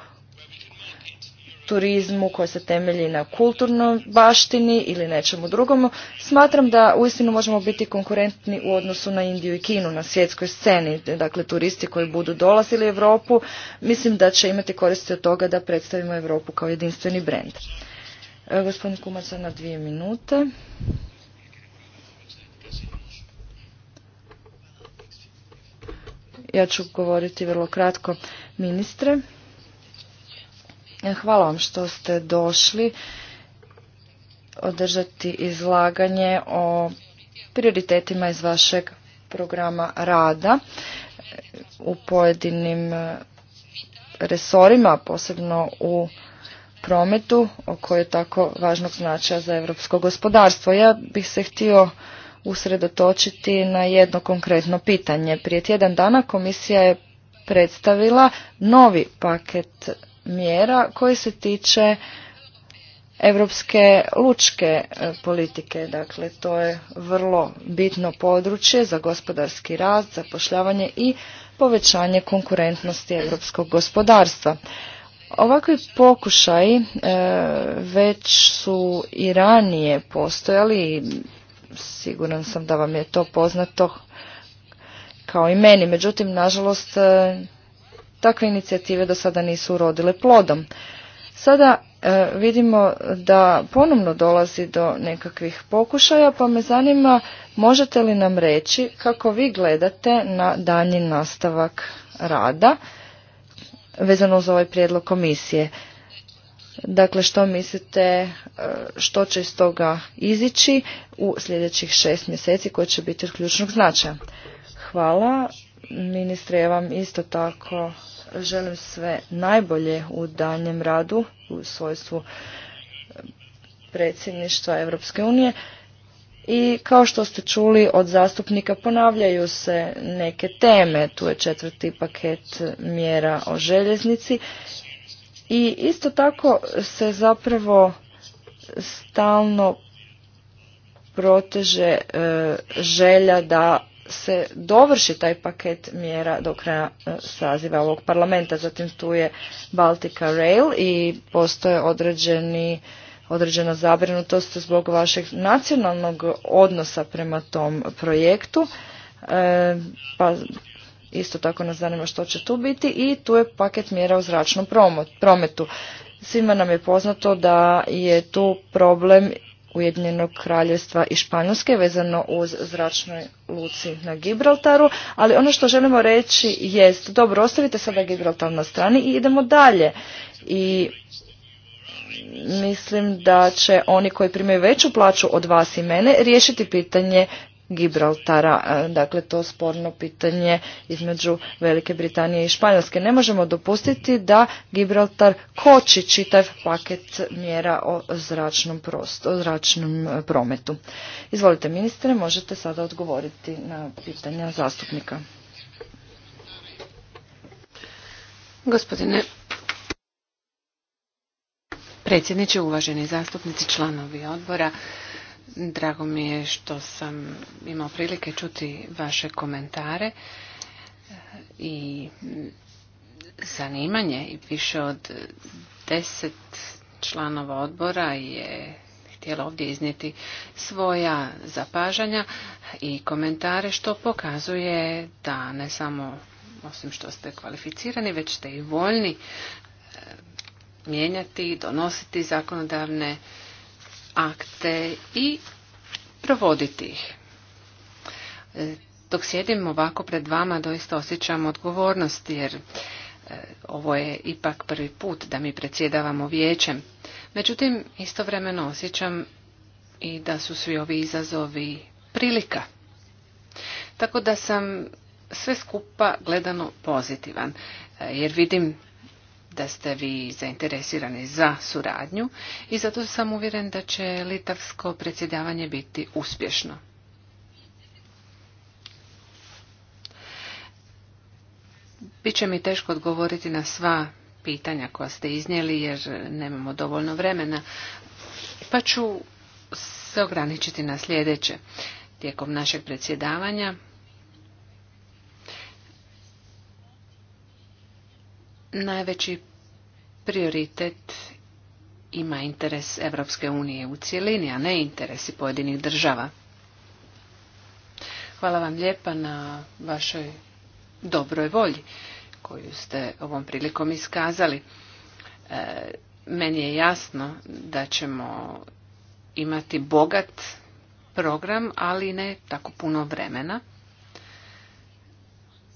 turizmu koji se temelji na kulturnoj baštini ili nečemu drugomu, smatram da uistinu možemo biti konkurentni u odnosu na Indiju i Kinu na svjetskoj sceni. Dakle, turisti koji budu dolazili u Europu, mislim da će imati koristi od toga da predstavimo Europu kao jedinstveni brend. E, gospodin Kumaca na dvije minute. Ja ću govoriti vrlo kratko ministre. Hvala vam što ste došli održati izlaganje o prioritetima iz vašeg programa rada u pojedinim e, resorima, posebno u prometu, o kojoj je tako važnog značaja za europsko gospodarstvo. Ja bih se htio usredotočiti na jedno konkretno pitanje. Prije tjedan dana komisija je predstavila novi paket mjera koji se tiče europske lučke e, politike. Dakle, to je vrlo bitno područje za gospodarski rast, zapošljavanje i povećanje konkurentnosti europskog gospodarstva. Ovakvi pokušaji e, već su i ranije postojali i siguran sam da vam je to poznato kao i meni. Međutim, nažalost, e, takve inicijative do sada nisu urodile plodom. Sada e, vidimo da ponovno dolazi do nekakvih pokušaja, pa me zanima možete li nam reći kako vi gledate na danji nastavak rada vezano uz ovaj prijedlog komisije. Dakle, što mislite e, što će iz toga izići u sljedećih šest mjeseci koji će biti od ključnog značaja? Hvala. Ministre, ja vam isto tako želim sve najbolje u daljem radu u svojstvu predsjedništva Europske unije. I kao što ste čuli od zastupnika ponavljaju se neke teme, tu je četvrti paket mjera o željeznici i isto tako se zapravo stalno proteže e, želja da se dovrši taj paket mjera do kraja e, saziva ovog parlamenta. Zatim tu je Baltica Rail i postoje određeni određena zabrinutost zbog vašeg nacionalnog odnosa prema tom projektu. E, pa isto tako nas zanima što će tu biti i tu je paket mjera u zračnom prometu. Svima nam je poznato da je tu problem Ujedinjenog kraljevstva i Španjolske vezano uz zračnoj luci na Gibraltaru, ali ono što želimo reći jest, dobro, ostavite sada Gibraltar na strani i idemo dalje. I mislim da će oni koji primaju veću plaću od vas i mene riješiti pitanje Gibraltara, e, dakle to sporno pitanje između Velike Britanije i Španjolske. Ne možemo dopustiti da Gibraltar koči čitav paket mjera o zračnom, o zračnom e, prometu. Izvolite ministre, možete sada odgovoriti na pitanja zastupnika. Gospodine predsjedniče, uvaženi zastupnici, članovi odbora, Drago mi je što sam imao prilike čuti vaše komentare i zanimanje i više od deset članova odbora je htjela ovdje iznijeti svoja zapažanja i komentare što pokazuje da ne samo osim što ste kvalificirani, već ste i voljni eh, mijenjati i donositi zakonodavne akte i provoditi ih. E, dok sjedim ovako pred vama doista osjećam odgovornost jer e, ovo je ipak prvi put da mi predsjedavamo vijećem. Međutim, istovremeno osjećam i da su svi ovi izazovi prilika. Tako da sam sve skupa gledano pozitivan, e, jer vidim da ste vi zainteresirani za suradnju i zato sam uvjeren da će litavsko predsjedavanje biti uspješno. Biće mi teško odgovoriti na sva pitanja koja ste iznijeli jer nemamo dovoljno vremena, pa ću se ograničiti na sljedeće. Tijekom našeg predsjedavanja Najveći prioritet ima interes Evropske unije u cijelini, a ne interesi pojedinih država. Hvala vam lijepa na vašoj dobroj volji koju ste ovom prilikom iskazali. E, meni je jasno da ćemo imati bogat program, ali ne tako puno vremena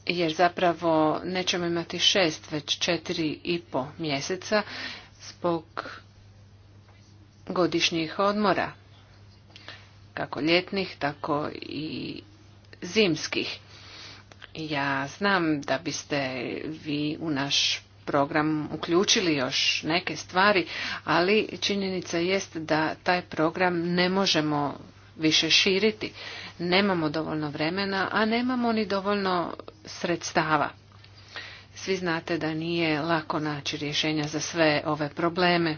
jer zapravo nećemo imati šest, već četiri i po mjeseca zbog godišnjih odmora, kako ljetnih, tako i zimskih. Ja znam da biste vi u naš program uključili još neke stvari, ali činjenica jest da taj program ne možemo više širiti nemamo dovoljno vremena, a nemamo ni dovoljno sredstava. Svi znate da nije lako naći rješenja za sve ove probleme.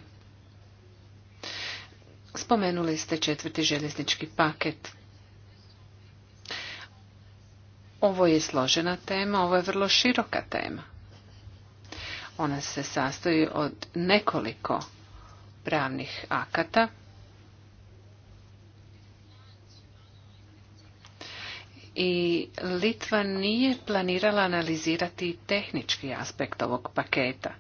Spomenuli ste četvrti željeznički paket. Ovo je složena tema, ovo je vrlo široka tema. Ona se sastoji od nekoliko pravnih akata i Litva nije planirala analizirati tehnički aspekt ovog paketa.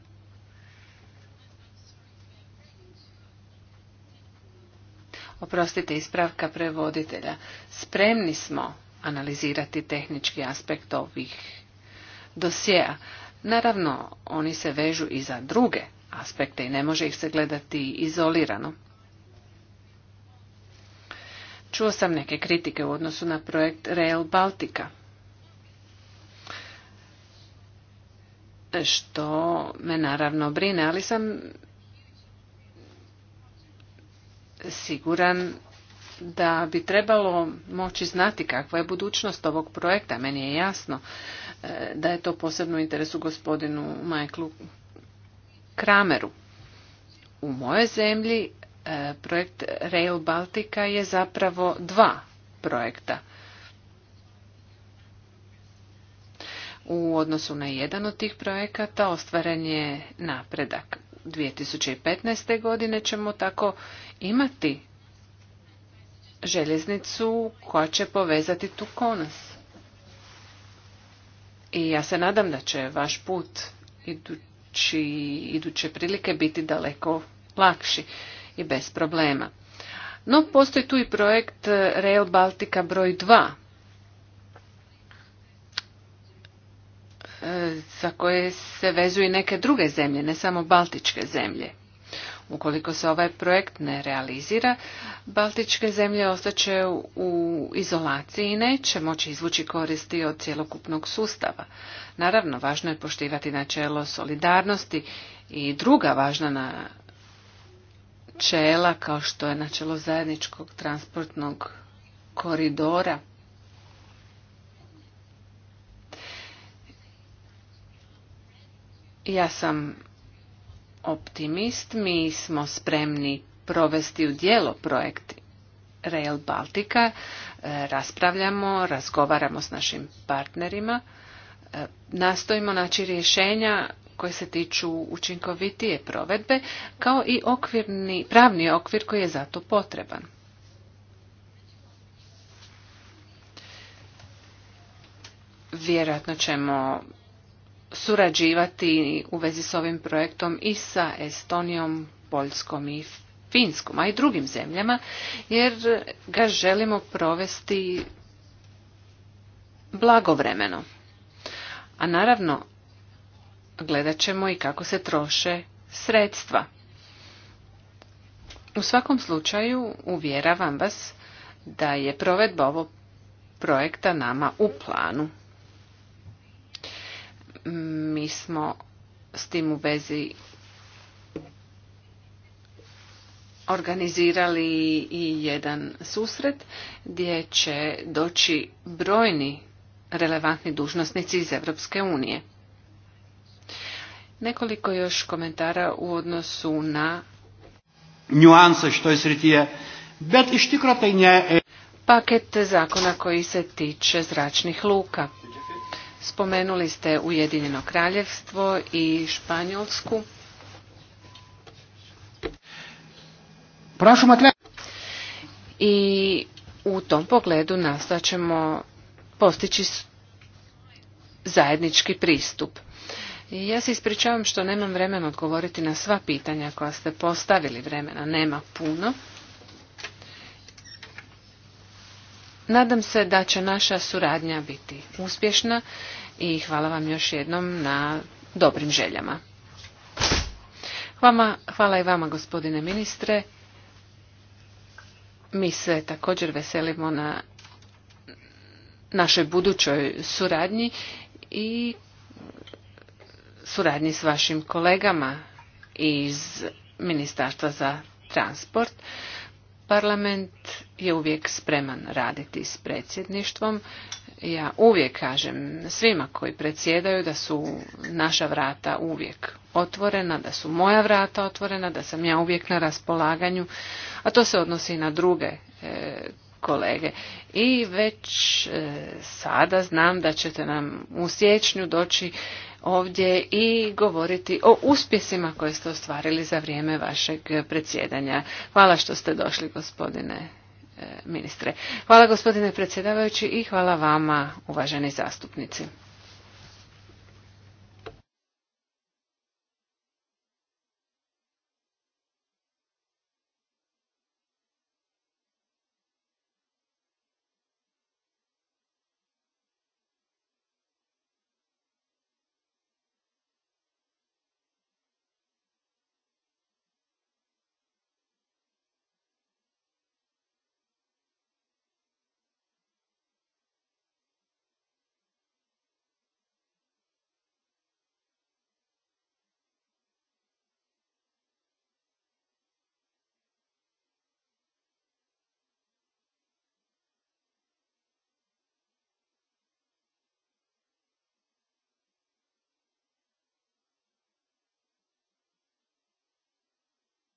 Oprostite, ispravka prevoditelja. Spremni smo analizirati tehnički aspekt ovih dosjeja. Naravno, oni se vežu i za druge aspekte i ne može ih se gledati izolirano. Čuo sam neke kritike u odnosu na projekt Rail Baltica. Što me naravno brine, ali sam siguran da bi trebalo moći znati kakva je budućnost ovog projekta. Meni je jasno e, da je to posebno u interesu gospodinu Michaelu Krameru. U moje zemlji E, projekt Rail Baltica je zapravo dva projekta. U odnosu na jedan od tih projekata ostvaren je napredak. 2015. godine ćemo tako imati željeznicu koja će povezati tu konas. I ja se nadam da će vaš put idući, iduće prilike biti daleko lakši i bez problema. No, postoji tu i projekt e, Rail Baltica broj 2, e, za koje se vezuju i neke druge zemlje, ne samo baltičke zemlje. Ukoliko se ovaj projekt ne realizira, baltičke zemlje ostaće u izolaciji i neće moći izvući koristi od cjelokupnog sustava. Naravno, važno je poštivati načelo solidarnosti i druga važna načela kao što je načelo zajedničkog transportnog koridora. Ja sam optimist, mi smo spremni provesti u dijelo projekt Rail Baltica, e, raspravljamo, razgovaramo s našim partnerima, e, nastojimo naći rješenja koje se tiču učinkovitije provedbe, kao i okvirni, pravni okvir koji je za to potreban. Vjerojatno ćemo surađivati u vezi s ovim projektom i sa Estonijom, Poljskom i Finskom, a i drugim zemljama, jer ga želimo provesti blagovremeno. A naravno, gledat ćemo i kako se troše sredstva. U svakom slučaju uvjeravam vas da je provedba ovog projekta nama u planu. Mi smo s tim u vezi organizirali i jedan susret gdje će doći brojni relevantni dužnosnici iz Europske unije. Nekoliko još komentara u odnosu na što je sretije, bet e- Paket zakona koji se tiče zračnih luka. Spomenuli ste Ujedinjeno kraljevstvo i Španjolsku. I u tom pogledu nastaćemo ćemo postići zajednički pristup. Ja se ispričavam što nemam vremena odgovoriti na sva pitanja koja ste postavili vremena. Nema puno. Nadam se da će naša suradnja biti uspješna i hvala vam još jednom na dobrim željama. Hvala, i vama gospodine ministre. Mi se također veselimo na našoj budućoj suradnji i suradnji s vašim kolegama iz Ministarstva za transport. Parlament je uvijek spreman raditi s predsjedništvom. Ja uvijek kažem svima koji predsjedaju da su naša vrata uvijek otvorena, da su moja vrata otvorena, da sam ja uvijek na raspolaganju, a to se odnosi i na druge e, kolege. I već e, sada znam da ćete nam u siječnju doći ovdje i govoriti o uspjesima koje ste ostvarili za vrijeme vašeg predsjedanja. Hvala što ste došli gospodine e, ministre. Hvala gospodine predsjedavajući i hvala vama uvaženi zastupnici.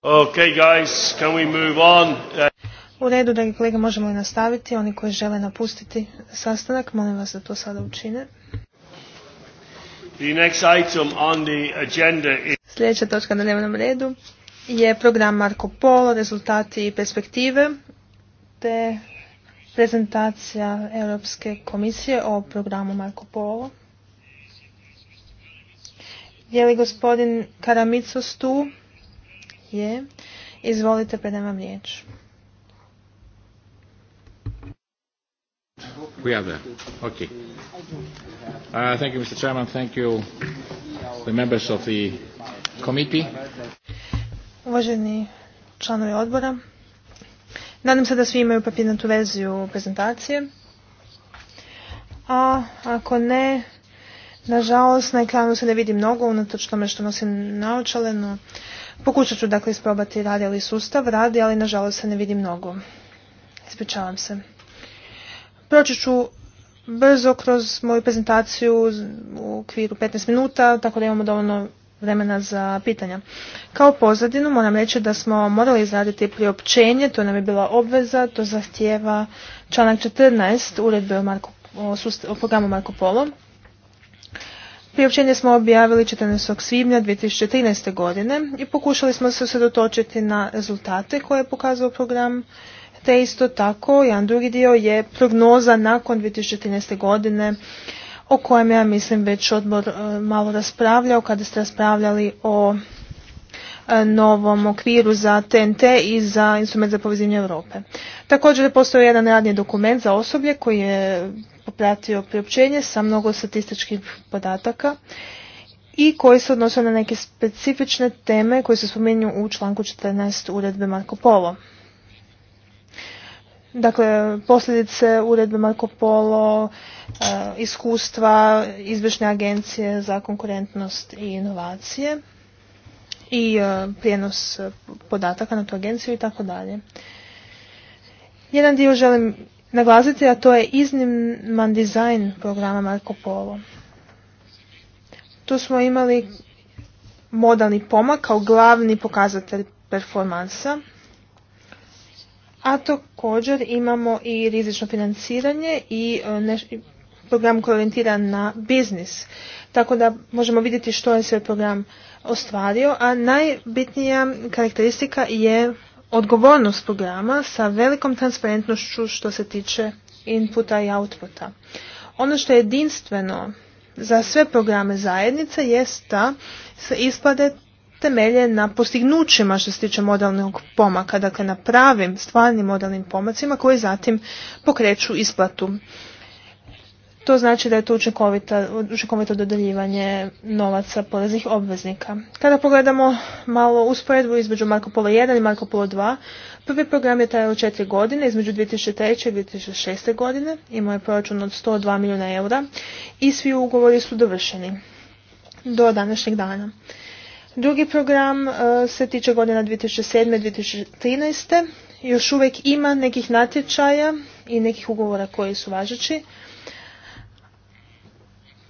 Okay, guys, can we move on? U redu, dragi kolege, možemo li nastaviti? Oni koji žele napustiti sastanak, molim vas da to sada učine. The next Sljedeća točka na dnevnom redu je program Marco Polo, rezultati i perspektive, te prezentacija Europske komisije o programu Marco Polo. Je li gospodin Karamicos tu? je. Izvolite, predajem vam riječ. We are there. Okay. Uh, thank you, Mr. Chairman. Thank you, the members of the committee. Uvaženi članovi odbora, nadam se da svi imaju papirnatu verziju prezentacije. A ako ne, nažalost, na ekranu se ne vidi mnogo, unatoč tome što nosim naočale, no Pokušat ću dakle isprobati radi ali sustav radi, ali nažalost se ne vidi mnogo. Ispričavam se. Proći ću brzo kroz moju prezentaciju u okviru 15 minuta, tako da imamo dovoljno vremena za pitanja. Kao pozadinu moram reći da smo morali izraditi priopćenje, to nam je bila obveza, to zahtjeva članak 14 uredbe o, o programu Marko Polo. Priopćenje smo objavili 14. svibnja 2013. godine i pokušali smo se usredotočiti na rezultate koje je pokazao program, te isto tako jedan drugi dio je prognoza nakon 2013. godine o kojem ja mislim već odbor e, malo raspravljao kada ste raspravljali o e, novom okviru za TNT i za instrument za povezivanje Europe. Također je postao jedan radni dokument za osoblje koji je popratio priopćenje sa mnogo statističkih podataka i koji se odnose na neke specifične teme koje se spominju u članku 14 uredbe Marko Polo. Dakle, posljedice uredbe Marko Polo, eh, iskustva izvršne agencije za konkurentnost i inovacije i eh, prijenos eh, podataka na tu agenciju i tako dalje. Jedan dio želim naglasiti, a to je izniman dizajn programa Marko Polo. Tu smo imali modalni pomak kao glavni pokazatelj performansa, a također imamo i rizično financiranje e, i program koji je orijentiran na biznis. Tako da možemo vidjeti što je sve program ostvario, a najbitnija karakteristika je odgovornost programa sa velikom transparentnošću što se tiče inputa i outputa. Ono što je jedinstveno za sve programe zajednice jest da se isplade temelje na postignućima što se tiče modalnog pomaka, dakle na pravim, stvarnim modalnim pomacima koji zatim pokreću isplatu to znači da je to učinkovito dodeljivanje novaca poreznih obveznika. Kada pogledamo malo usporedbu između Marko Polo 1 i Marko Polo 2, prvi program je trajao četiri godine, između 2003. i 2006. godine, imao je proračun od 102 milijuna eura i svi ugovori su dovršeni do današnjeg dana. Drugi program e, se tiče godina 2007. 2013. Još uvijek ima nekih natječaja i nekih ugovora koji su važeći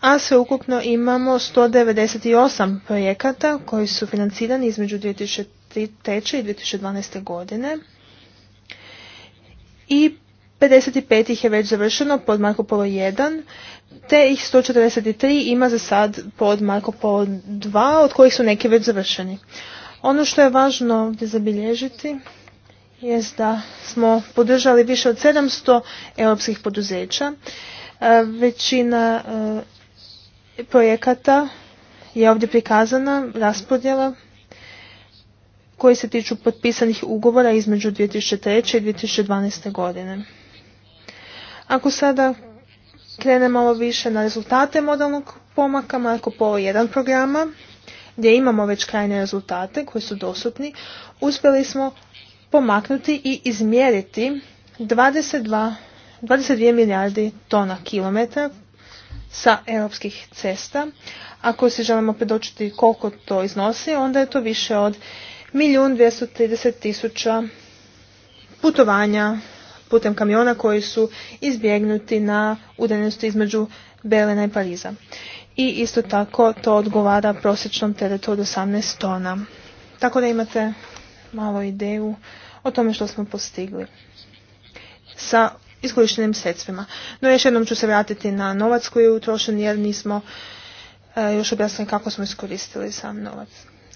a sveukupno imamo 198 projekata koji su financirani između 2003. i 2012. godine i 55 ih je već završeno pod Marko Polo 1, te ih 143 ima za sad pod Marko Polo 2, od kojih su neki već završeni. Ono što je važno ovdje zabilježiti je da smo podržali više od 700 europskih poduzeća. E, većina e, projekata je ovdje prikazana raspodjela koji se tiču potpisanih ugovora između 2003. i 2012. godine. Ako sada krenemo malo više na rezultate modalnog pomaka Marko Polo 1 programa, gdje imamo već krajne rezultate koji su dostupni, uspjeli smo pomaknuti i izmjeriti 22, 22 milijardi tona kilometra sa europskih cesta. Ako se želimo predočiti koliko to iznosi, onda je to više od milijun tisuća putovanja putem kamiona koji su izbjegnuti na udaljenosti između Belena i Pariza. I isto tako to odgovara prosječnom teretu od 18 tona. Tako da imate malo ideju o tome što smo postigli sa iskorištenim sredstvima. No još jednom ću se vratiti na novac koji je utrošen jer nismo e, još objasnili kako smo iskoristili sam novac.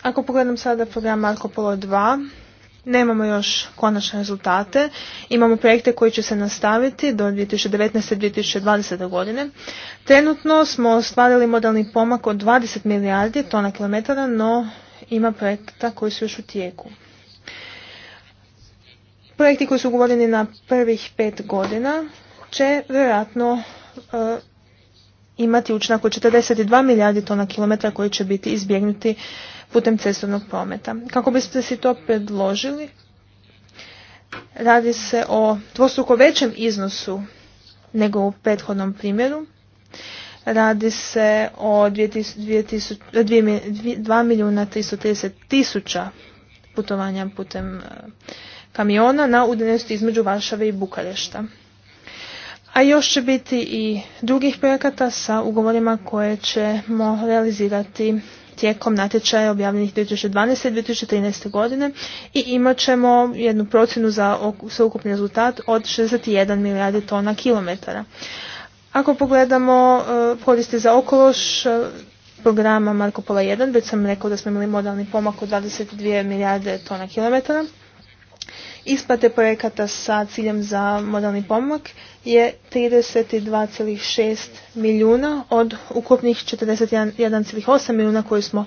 Ako pogledam sada program Marko Polo 2, nemamo još konačne rezultate. Imamo projekte koji će se nastaviti do 2019. 2020. godine. Trenutno smo ostvarili modalni pomak od 20 milijardi tona kilometara, no ima projekta koji su još u tijeku. Projekti koji su ugovoreni na prvih pet godina će vjerojatno e, imati učinak od 42 milijardi tona kilometra koji će biti izbjegnuti putem cestovnog prometa. Kako biste si to predložili? Radi se o dvostruko većem iznosu nego u prethodnom primjeru. Radi se o 2 milijuna 330 tisuća putovanja putem e, kamiona na udaljenosti između Varšave i Bukarešta. A još će biti i drugih projekata sa ugovorima koje ćemo realizirati tijekom natječaja objavljenih 2012. i 2013. godine i imat ćemo jednu procjenu za sveukupni rezultat od 61 milijardi tona kilometara. Ako pogledamo e, koristi za okološ e, programa Marko Pola 1, već sam rekao da smo imali modalni pomak od 22 milijarde tona kilometara, isplate projekata sa ciljem za modalni pomak je 32,6 milijuna od ukupnih 41,8 milijuna koje smo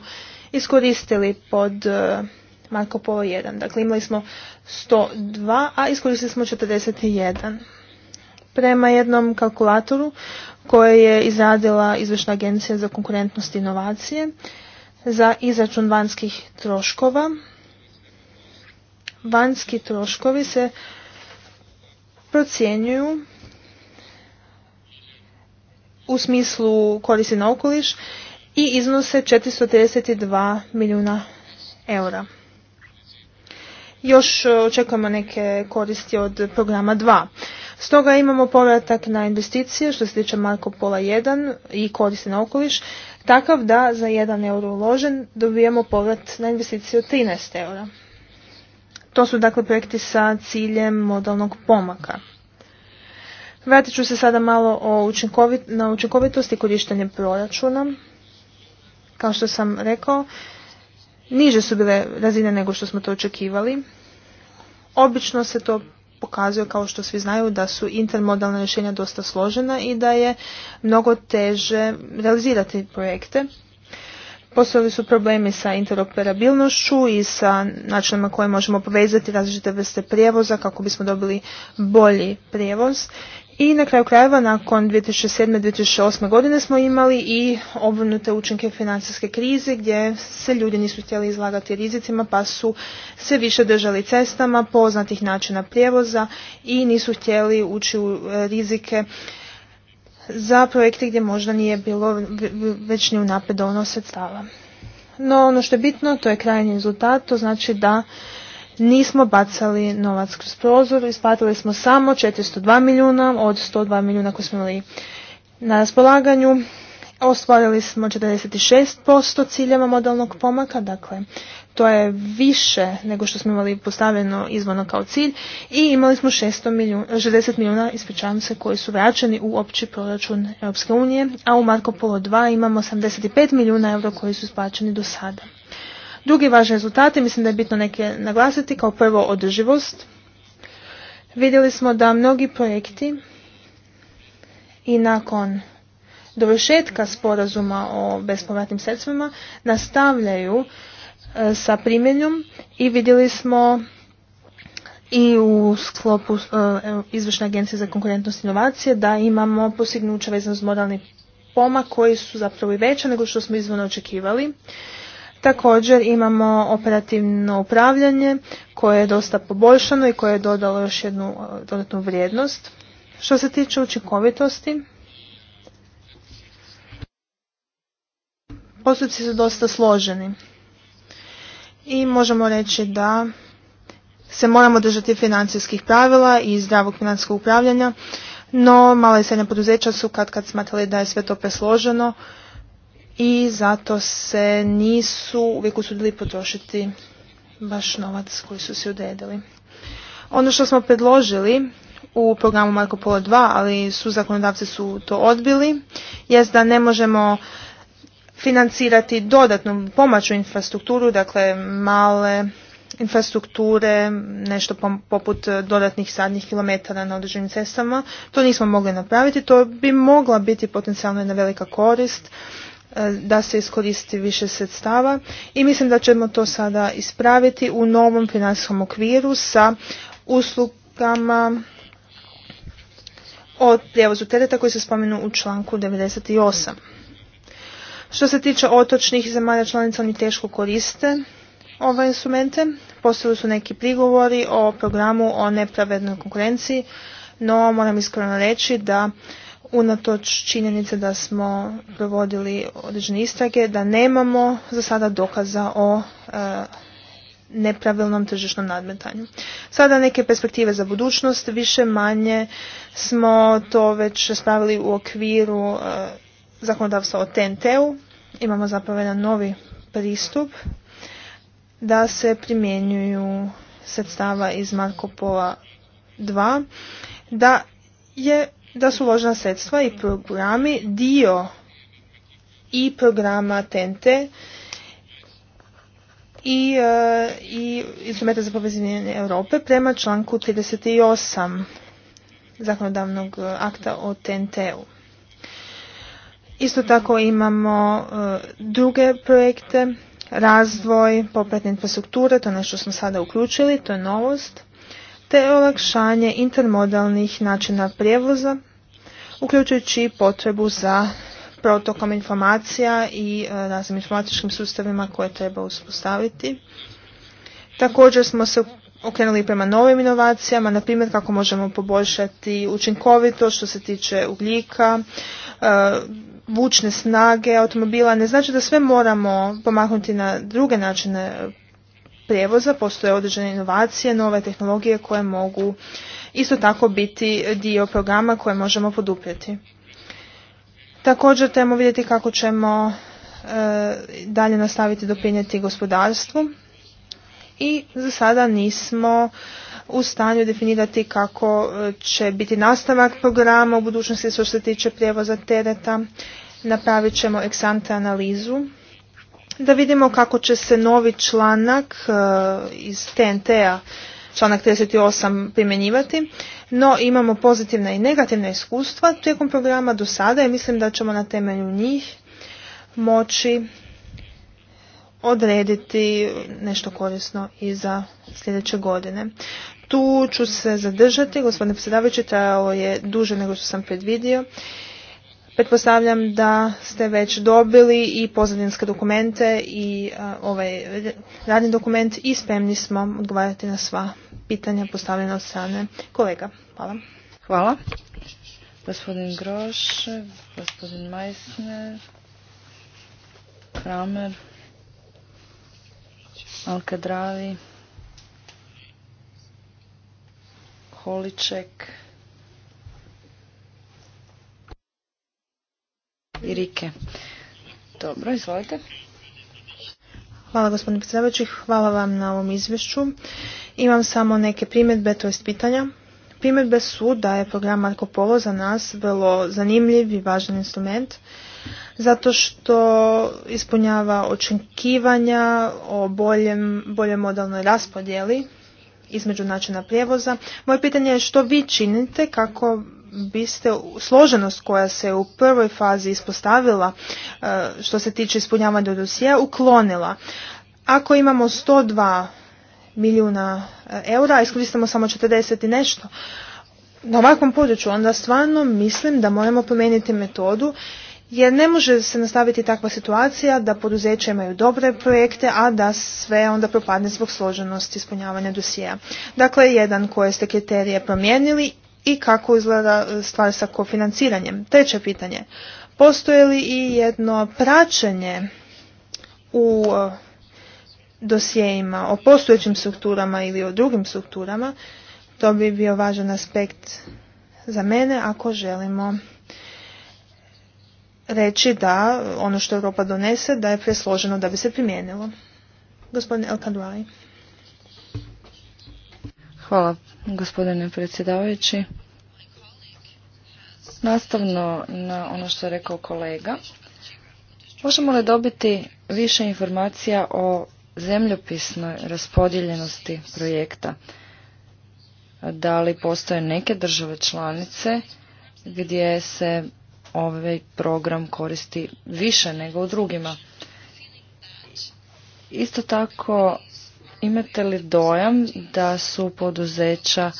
iskoristili pod eh, Marko Polo 1. Dakle, imali smo 102, a iskoristili smo 41. Prema jednom kalkulatoru koje je izradila Izvršna agencija za konkurentnost i inovacije za izračun vanjskih troškova vanjski troškovi se procjenjuju u smislu koristi na okoliš i iznose 432 milijuna eura. Još e, očekujemo neke koristi od programa 2. Stoga imamo povratak na investicije što se tiče Marko Pola 1 i koristi na okoliš, takav da za 1 euro uložen dobijemo povrat na investiciju 13 eura. To su dakle projekti sa ciljem modalnog pomaka. Vratit ću se sada malo o učinkovit, na učinkovitost i korištenje proračuna. Kao što sam rekao, niže su bile razine nego što smo to očekivali. Obično se to pokazuje kao što svi znaju da su intermodalna rješenja dosta složena i da je mnogo teže realizirati projekte. Postojali su problemi sa interoperabilnošću i sa načinima koje možemo povezati različite vrste prijevoza kako bismo dobili bolji prijevoz. I na kraju krajeva nakon 2007. 2008. godine smo imali i obrnute učinke financijske krize gdje se ljudi nisu htjeli izlagati rizicima pa su se više držali cestama poznatih načina prijevoza i nisu htjeli ući u e, rizike za projekte gdje možda nije bilo već ni unaprijed dovoljno sredstava. No ono što je bitno, to je krajnji rezultat, to znači da nismo bacali novac kroz prozor, isplatili smo samo 402 milijuna od 102 milijuna koje smo imali na raspolaganju. Ostvarili smo 46% ciljeva modalnog pomaka, dakle to je više nego što smo imali postavljeno izvano kao cilj i imali smo milijuna, 60 milijuna ispričavam se koji su vraćeni u opći proračun Europske unije, a u Marko Polo 2 imamo 85 milijuna euro koji su isplaćeni do sada. Drugi važni rezultati, mislim da je bitno neke naglasiti, kao prvo održivost. Vidjeli smo da mnogi projekti i nakon dovršetka sporazuma o bespovratnim sredstvima nastavljaju E, sa primjenjom i vidjeli smo i u sklopu e, e, izvršne agencije za konkurentnost i inovacije da imamo postignuća vezano s moralni pomak koji su zapravo i veća nego što smo izvorno očekivali. Također imamo operativno upravljanje koje je dosta poboljšano i koje je dodalo još jednu dodatnu vrijednost. Što se tiče učinkovitosti, postupci su dosta složeni i možemo reći da se moramo držati financijskih pravila i zdravog financijskog upravljanja, no mala i srednja poduzeća su kad kad smatrali da je sve to presloženo i zato se nisu uvijek usudili potrošiti baš novac koji su se odredili. Ono što smo predložili u programu Marko Polo 2, ali su zakonodavci su to odbili, jest da ne možemo financirati dodatnu pomaću infrastrukturu, dakle male infrastrukture, nešto poput e, dodatnih sadnjih kilometara na određenim cestama. To nismo mogli napraviti, to bi mogla biti potencijalno jedna velika korist e, da se iskoristi više sredstava i mislim da ćemo to sada ispraviti u novom financijskom okviru sa uslugama od prijevozu tereta koji se spomenu u članku 98. Što se tiče otočnih zemalja članica, oni teško koriste ove instrumente. Postoje su neki prigovori o programu o nepravednoj konkurenciji, no moram iskreno reći da unatoč činjenice da smo provodili određene istrage, da nemamo za sada dokaza o e, nepravilnom tržišnom nadmetanju. Sada neke perspektive za budućnost, više manje smo to već raspravili u okviru e, zakonodavstva o TNT-u imamo zapravo jedan novi pristup da se primjenjuju sredstava iz Marko Pola 2, da, je, da su uložena sredstva i programi dio i programa TNT i, e, i instrumenta za povezivanje Europe prema članku 38 zakonodavnog akta o TNT-u. Isto tako imamo e, druge projekte, razvoj popratne infrastrukture, to je nešto smo sada uključili, to je novost, te olakšanje intermodalnih načina prijevoza, uključujući potrebu za protokom informacija i e, raznim informatičkim sustavima koje treba uspostaviti. Također smo se okrenuli prema novim inovacijama, na primjer kako možemo poboljšati učinkovito što se tiče ugljika, e, vučne snage automobila ne znači da sve moramo pomaknuti na druge načine prijevoza, postoje određene inovacije, nove tehnologije koje mogu isto tako biti dio programa koje možemo poduprijeti. Također trebamo vidjeti kako ćemo e, dalje nastaviti doprinijeti gospodarstvu i za sada nismo u stanju definirati kako e, će biti nastavak programa u budućnosti što se tiče prijevoza tereta. Napravit ćemo eksante analizu da vidimo kako će se novi članak e, iz TNT-a članak 38 primjenjivati, no imamo pozitivna i negativna iskustva tijekom programa do sada i mislim da ćemo na temelju njih moći odrediti nešto korisno i za sljedeće godine tu ću se zadržati. Gospodine predsjedavajući, to je duže nego što sam predvidio. Pretpostavljam da ste već dobili i pozadinske dokumente i ovaj radni dokument i spremni smo odgovarati na sva pitanja postavljena od strane kolega. Hvala. Hvala. Gospodin Groš, gospodin Majsner, Kramer, Dravi, Količek i Rike. Dobro, izvolite. Hvala gospodine predsjedavajući, hvala vam na ovom izvješću. Imam samo neke primjedbe, to jest pitanja. Primjedbe su da je program Marko Polo za nas vrlo zanimljiv i važan instrument zato što ispunjava očekivanja o boljem, boljem modalnoj raspodjeli između načina prijevoza. Moje pitanje je što vi činite kako biste složenost koja se u prvoj fazi ispostavila e, što se tiče ispunjavanja dosija uklonila. Ako imamo 102 milijuna e, eura, a iskoristimo samo 40 i nešto, na ovakvom području onda stvarno mislim da moramo promijeniti metodu jer ne može se nastaviti takva situacija da poduzeća imaju dobre projekte, a da sve onda propadne zbog složenosti ispunjavanja dosija. Dakle, jedan koje ste kriterije promijenili i kako izgleda e, stvar sa kofinanciranjem. Treće pitanje, postoje li i jedno praćenje u e, dosjejima o postojećim strukturama ili o drugim strukturama, to bi bio važan aspekt za mene ako želimo reći da ono što Europa donese da je presloženo da bi se primijenilo. Gospodin El Hvala gospodine predsjedavajući. Nastavno na ono što je rekao kolega, možemo li dobiti više informacija o zemljopisnoj raspodijeljenosti projekta? Da li postoje neke države članice gdje se ovaj program koristi više nego u drugima. Isto tako, imate li dojam da su poduzeća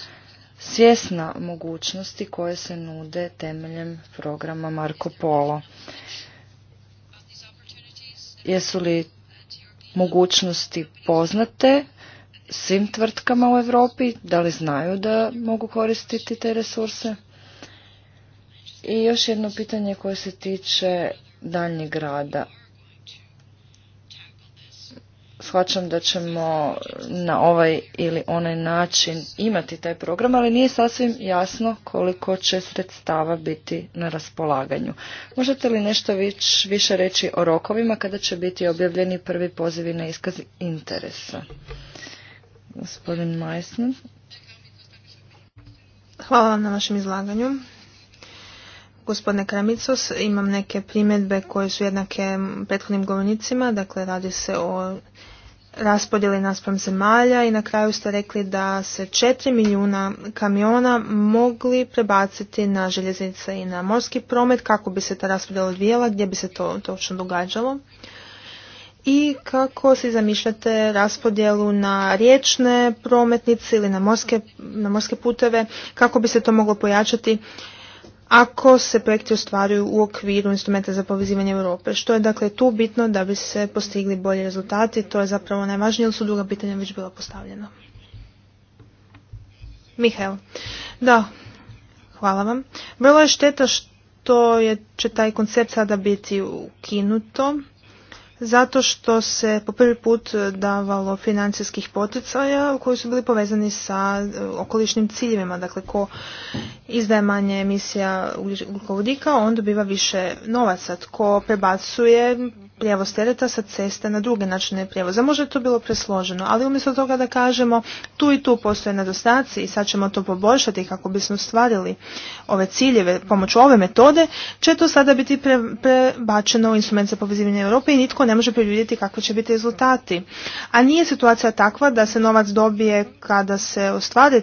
svjesna mogućnosti koje se nude temeljem programa Marco Polo? Jesu li mogućnosti poznate svim tvrtkama u Europi? Da li znaju da mogu koristiti te resurse? I još jedno pitanje koje se tiče daljnjeg rada. Shvaćam da ćemo na ovaj ili onaj način imati taj program, ali nije sasvim jasno koliko će sredstava biti na raspolaganju. Možete li nešto više reći o rokovima kada će biti objavljeni prvi pozivi na iskaz interesa? Gospodin Majsner. Hvala vam na vašem izlaganju. Gospodine Kramicos, imam neke primjedbe koje su jednake prethodnim govornicima, dakle radi se o raspodjeli naspram zemalja i na kraju ste rekli da se 4 milijuna kamiona mogli prebaciti na željeznice i na morski promet, kako bi se ta raspodjela odvijela, gdje bi se to točno događalo. I kako si zamišljate raspodjelu na riječne prometnice ili na morske, na morske puteve, kako bi se to moglo pojačati ako se projekti ostvaruju u okviru instrumenta za povezivanje Europe. Što je dakle tu bitno da bi se postigli bolji rezultati, to je zapravo najvažnije, jer su druga pitanja već bila postavljena. Mihael, da, hvala vam. Vrlo je šteta što je, će taj koncept sada biti ukinuto zato što se po prvi put davalo financijskih poticaja koji su bili povezani sa e, okolišnim ciljevima. Dakle, ko izdaje manje emisija ugljikovodika, on dobiva više novaca. Tko prebacuje prijevoz tereta sa ceste na druge načine prijevoza. Možda je to bilo presloženo, ali umjesto toga da kažemo tu i tu postoje nedostaci i sad ćemo to poboljšati kako bismo ostvarili ove ciljeve pomoću ove metode, će to sada biti prebačeno u instrument za povezivanje Europe i nitko ne može predvidjeti kakvi će biti rezultati. A nije situacija takva da se novac dobije kada se ostvare,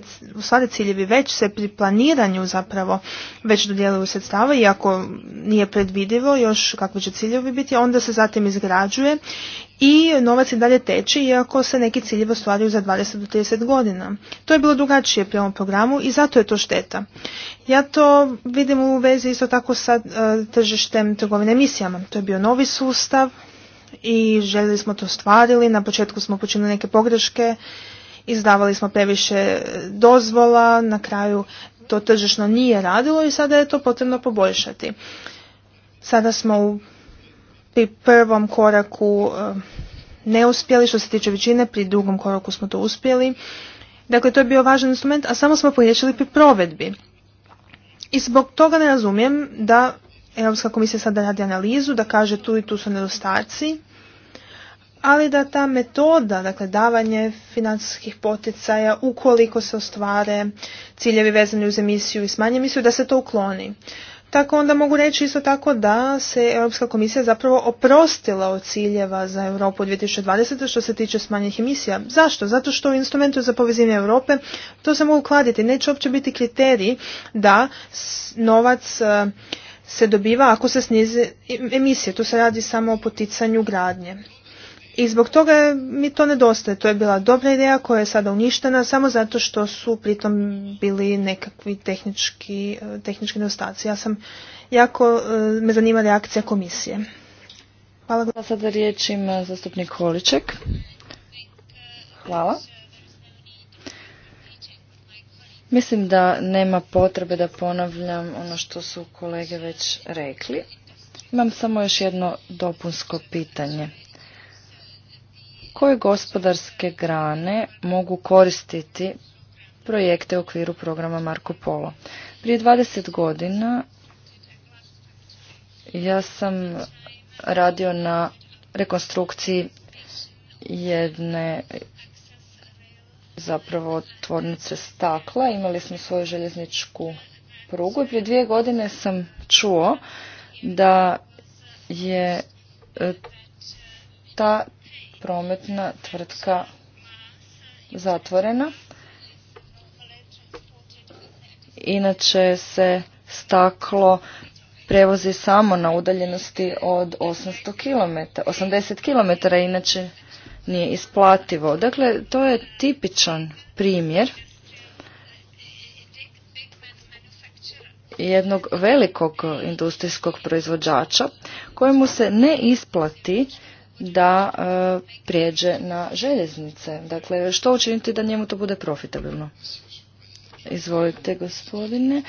ciljevi, već se pri planiranju zapravo već dodjeluju sredstava i ako nije predvidivo još kakvi će ciljevi biti, onda se zatim izgrađuje i novac i dalje teče iako se neki ciljevi ostvaruju za 20 do 30 godina. To je bilo drugačije ovom programu i zato je to šteta. Ja to vidim u vezi isto tako sa e, tržištem trgovine emisijama. To je bio novi sustav i željeli smo to stvarili. Na početku smo počinili neke pogreške, izdavali smo previše e, dozvola, na kraju to tržišno nije radilo i sada je to potrebno poboljšati. Sada smo u pri prvom koraku eh, ne uspjeli što se tiče većine, pri drugom koraku smo to uspjeli. Dakle, to je bio važan instrument, a samo smo pogriješili pri provedbi. I zbog toga ne razumijem da Europska komisija sada radi analizu, da kaže tu i tu su nedostaci, ali da ta metoda, dakle davanje financijskih poticaja, ukoliko se ostvare ciljevi vezani uz emisiju i smanje emisiju, da se to ukloni tako onda mogu reći isto tako da se Europska komisija zapravo oprostila od ciljeva za Europu 2020 što se tiče smanjenih emisija. Zašto? Zato što u instrumentu za povezivanje Europe to se mogu kladiti. Neće uopće biti kriterij da novac e, se dobiva ako se snize emisije. Tu se radi samo o poticanju gradnje. I zbog toga mi to nedostaje. To je bila dobra ideja koja je sada uništena samo zato što su pritom bili nekakvi tehnički, e, tehnički nedostaci. Ja sam jako, e, me zanima reakcija komisije. Hvala. da sada riječ ima zastupnik Holiček. Hvala. Mislim da nema potrebe da ponavljam ono što su kolege već rekli. Imam samo još jedno dopunsko pitanje koje gospodarske grane mogu koristiti projekte u okviru programa Marco Polo. Prije 20 godina ja sam radio na rekonstrukciji jedne zapravo tvornice stakla. Imali smo svoju željezničku prugu i prije dvije godine sam čuo da je e, ta prometna tvrtka zatvorena. Inače se staklo prevozi samo na udaljenosti od 800 km, 80 km inače nije isplativo. Dakle, to je tipičan primjer jednog velikog industrijskog proizvođača kojemu se ne isplati da e, prijeđe na željeznice. Dakle, što učiniti da njemu to bude profitabilno? Izvolite, gospodine.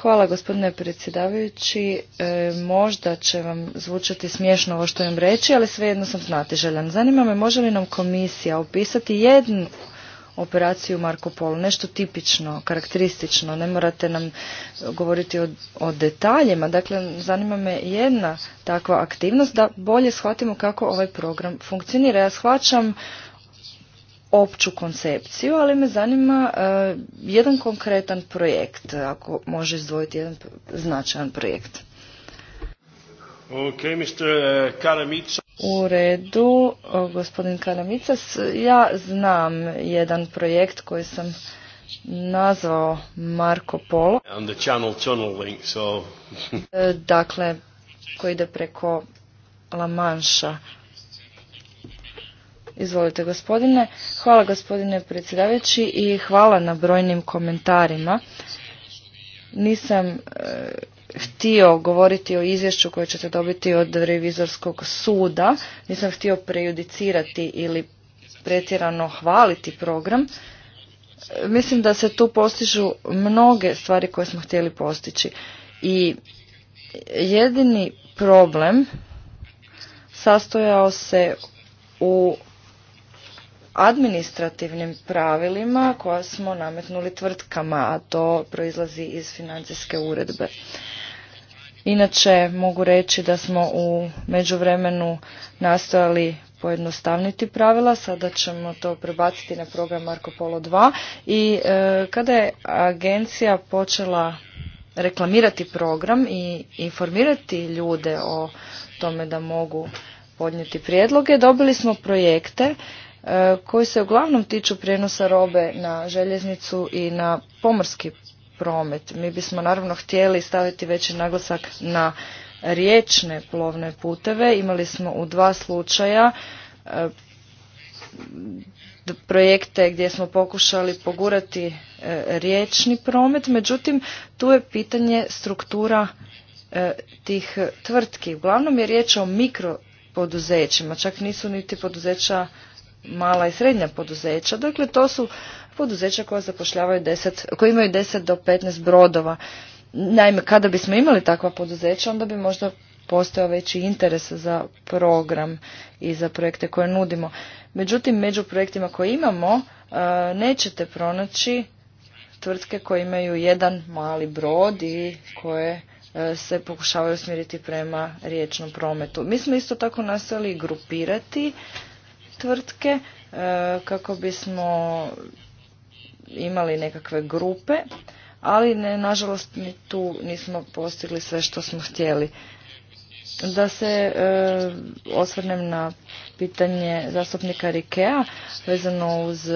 Hvala, gospodine predsjedavajući. E, možda će vam zvučati smiješno ovo što im reći, ali svejedno sam znati željan. Zanima me, može li nam komisija opisati jednu operaciju Marko Polo. Nešto tipično, karakteristično. Ne morate nam govoriti o, detaljima. Dakle, zanima me jedna takva aktivnost da bolje shvatimo kako ovaj program funkcionira. Ja shvaćam opću koncepciju, ali me zanima e, jedan konkretan projekt, ako može izdvojiti jedan značajan projekt. Okay, Mr. E, Karamica. U redu, gospodin Karamicas, ja znam jedan projekt koji sam nazvao Marko Polo. E, dakle, koji ide preko La Manša. Izvolite gospodine. Hvala gospodine predsjedavajući i hvala na brojnim komentarima. Nisam e, htio govoriti o izvješću koje ćete dobiti od revizorskog suda, nisam htio prejudicirati ili pretjerano hvaliti program. Mislim da se tu postižu mnoge stvari koje smo htjeli postići. I jedini problem sastojao se u administrativnim pravilima koja smo nametnuli tvrtkama, a to proizlazi iz financijske uredbe. Inače mogu reći da smo u međuvremenu nastojali pojednostavniti pravila, sada ćemo to prebaciti na program Marko Polo 2 i e, kada je agencija počela reklamirati program i informirati ljude o tome da mogu podnijeti prijedloge, dobili smo projekte E, koji se uglavnom tiču prijenosa robe na željeznicu i na pomorski promet. Mi bismo naravno htjeli staviti veći naglasak na riječne plovne puteve. Imali smo u dva slučaja e, projekte gdje smo pokušali pogurati e, riječni promet, međutim tu je pitanje struktura tih tvrtki. Uglavnom je riječ o mikropoduzećima, čak nisu niti poduzeća mala i srednja poduzeća. Dakle, to su poduzeća koja zapošljavaju 10, koji imaju 10 do 15 brodova. Naime, kada bismo imali takva poduzeća, onda bi možda postojao veći interes za program i za projekte koje nudimo. Međutim, među projektima koje imamo, e, nećete pronaći tvrtke koje imaju jedan mali brod i koje e, se pokušavaju usmjeriti prema riječnom prometu. Mi smo isto tako nastavili grupirati tvrtke e, kako bismo imali nekakve grupe, ali nažalost mi tu nismo postigli sve što smo htjeli. Da se e, osvrnem na pitanje zastupnika Rikea vezano uz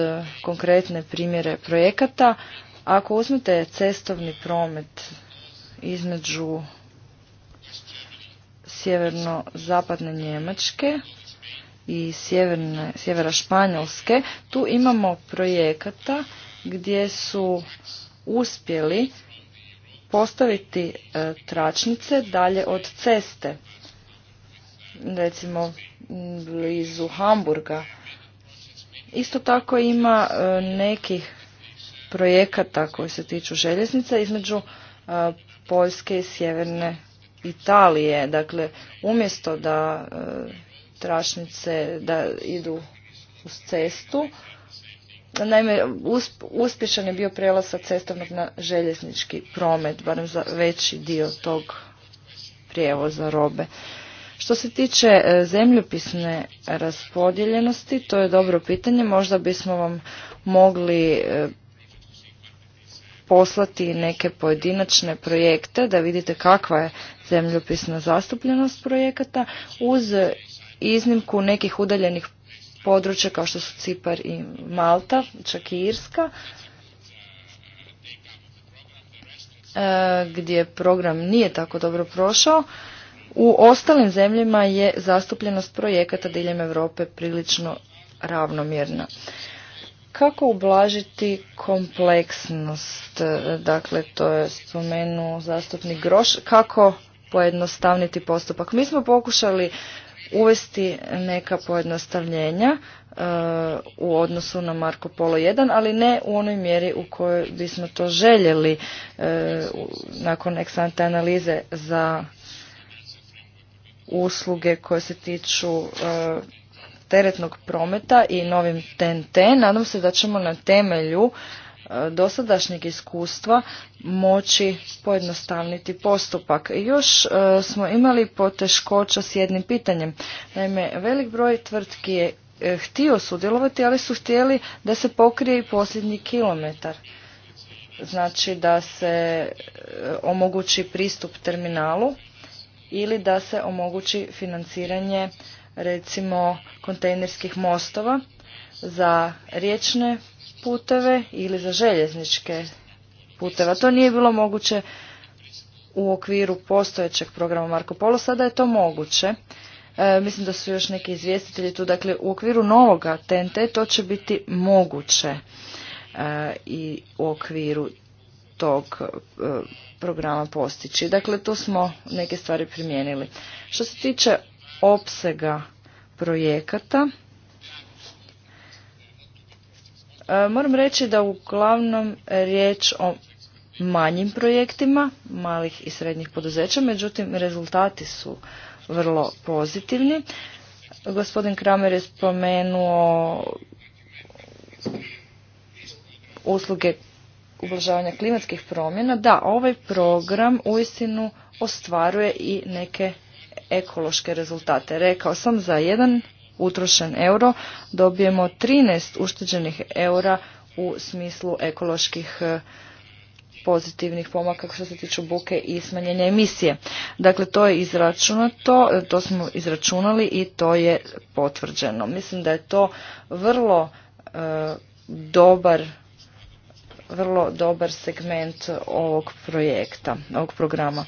konkretne primjere projekata. Ako uzmete cestovni promet između sjeverno-zapadne Njemačke i sjevera Španjolske, tu imamo projekata gdje su uspjeli postaviti e, tračnice dalje od ceste. Recimo blizu Hamburga. Isto tako ima e, nekih projekata koji se tiču željeznice između e, Poljske i sjeverne Italije. Dakle, umjesto da tračnice da idu uz cestu. Naime, uspješan je bio prelaz cestovnog na željeznički promet, barem za veći dio tog prijevoza robe. Što se tiče e, zemljopisne raspodjeljenosti, to je dobro pitanje. Možda bismo vam mogli e, poslati neke pojedinačne projekte da vidite kakva je zemljopisna zastupljenost projekata uz iznimku nekih udaljenih područja kao što su Cipar i Malta, čak i Irska, e, gdje program nije tako dobro prošao, u ostalim zemljama je zastupljenost projekata diljem Europe prilično ravnomjerna. Kako ublažiti kompleksnost? E, dakle, to je spomenuo zastupnik Groš. Kako pojednostavniti postupak? Mi smo pokušali uvesti neka pojednostavljenja e, u odnosu na Marko Polo 1, ali ne u onoj mjeri u kojoj bismo to željeli e, nakon eksante analize za usluge koje se tiču e, teretnog prometa i novim TNT. Nadam se da ćemo na temelju dosadašnjeg iskustva moći pojednostavniti postupak. Još e, smo imali poteškoća s jednim pitanjem. Naime, velik broj tvrtki je e, htio sudjelovati, ali su htjeli da se pokrije i posljednji kilometar. Znači da se e, omogući pristup terminalu ili da se omogući financiranje recimo kontejnerskih mostova za riječne puteve ili za željezničke puteva. To nije bilo moguće u okviru postojećeg programa Marko Polo, sada je to moguće. E, mislim da su još neki izvjestitelji tu, dakle u okviru novog TNT to će biti moguće e, i u okviru tog e, programa postići. Dakle, tu smo neke stvari primijenili. Što se tiče opsega projekata, E, moram reći da uglavnom riječ o manjim projektima malih i srednjih poduzeća, međutim rezultati su vrlo pozitivni. Gospodin Kramer je spomenuo usluge ublažavanja klimatskih promjena. Da, ovaj program uistinu ostvaruje i neke ekološke rezultate. Rekao sam za jedan utrošen euro dobijemo 13 ušteđenih eura u smislu ekoloških e, pozitivnih pomaka što se tiču buke i smanjenja emisije. Dakle, to je izračunato, e, to smo izračunali i to je potvrđeno. Mislim da je to vrlo e, dobar vrlo dobar segment ovog projekta, ovog programa.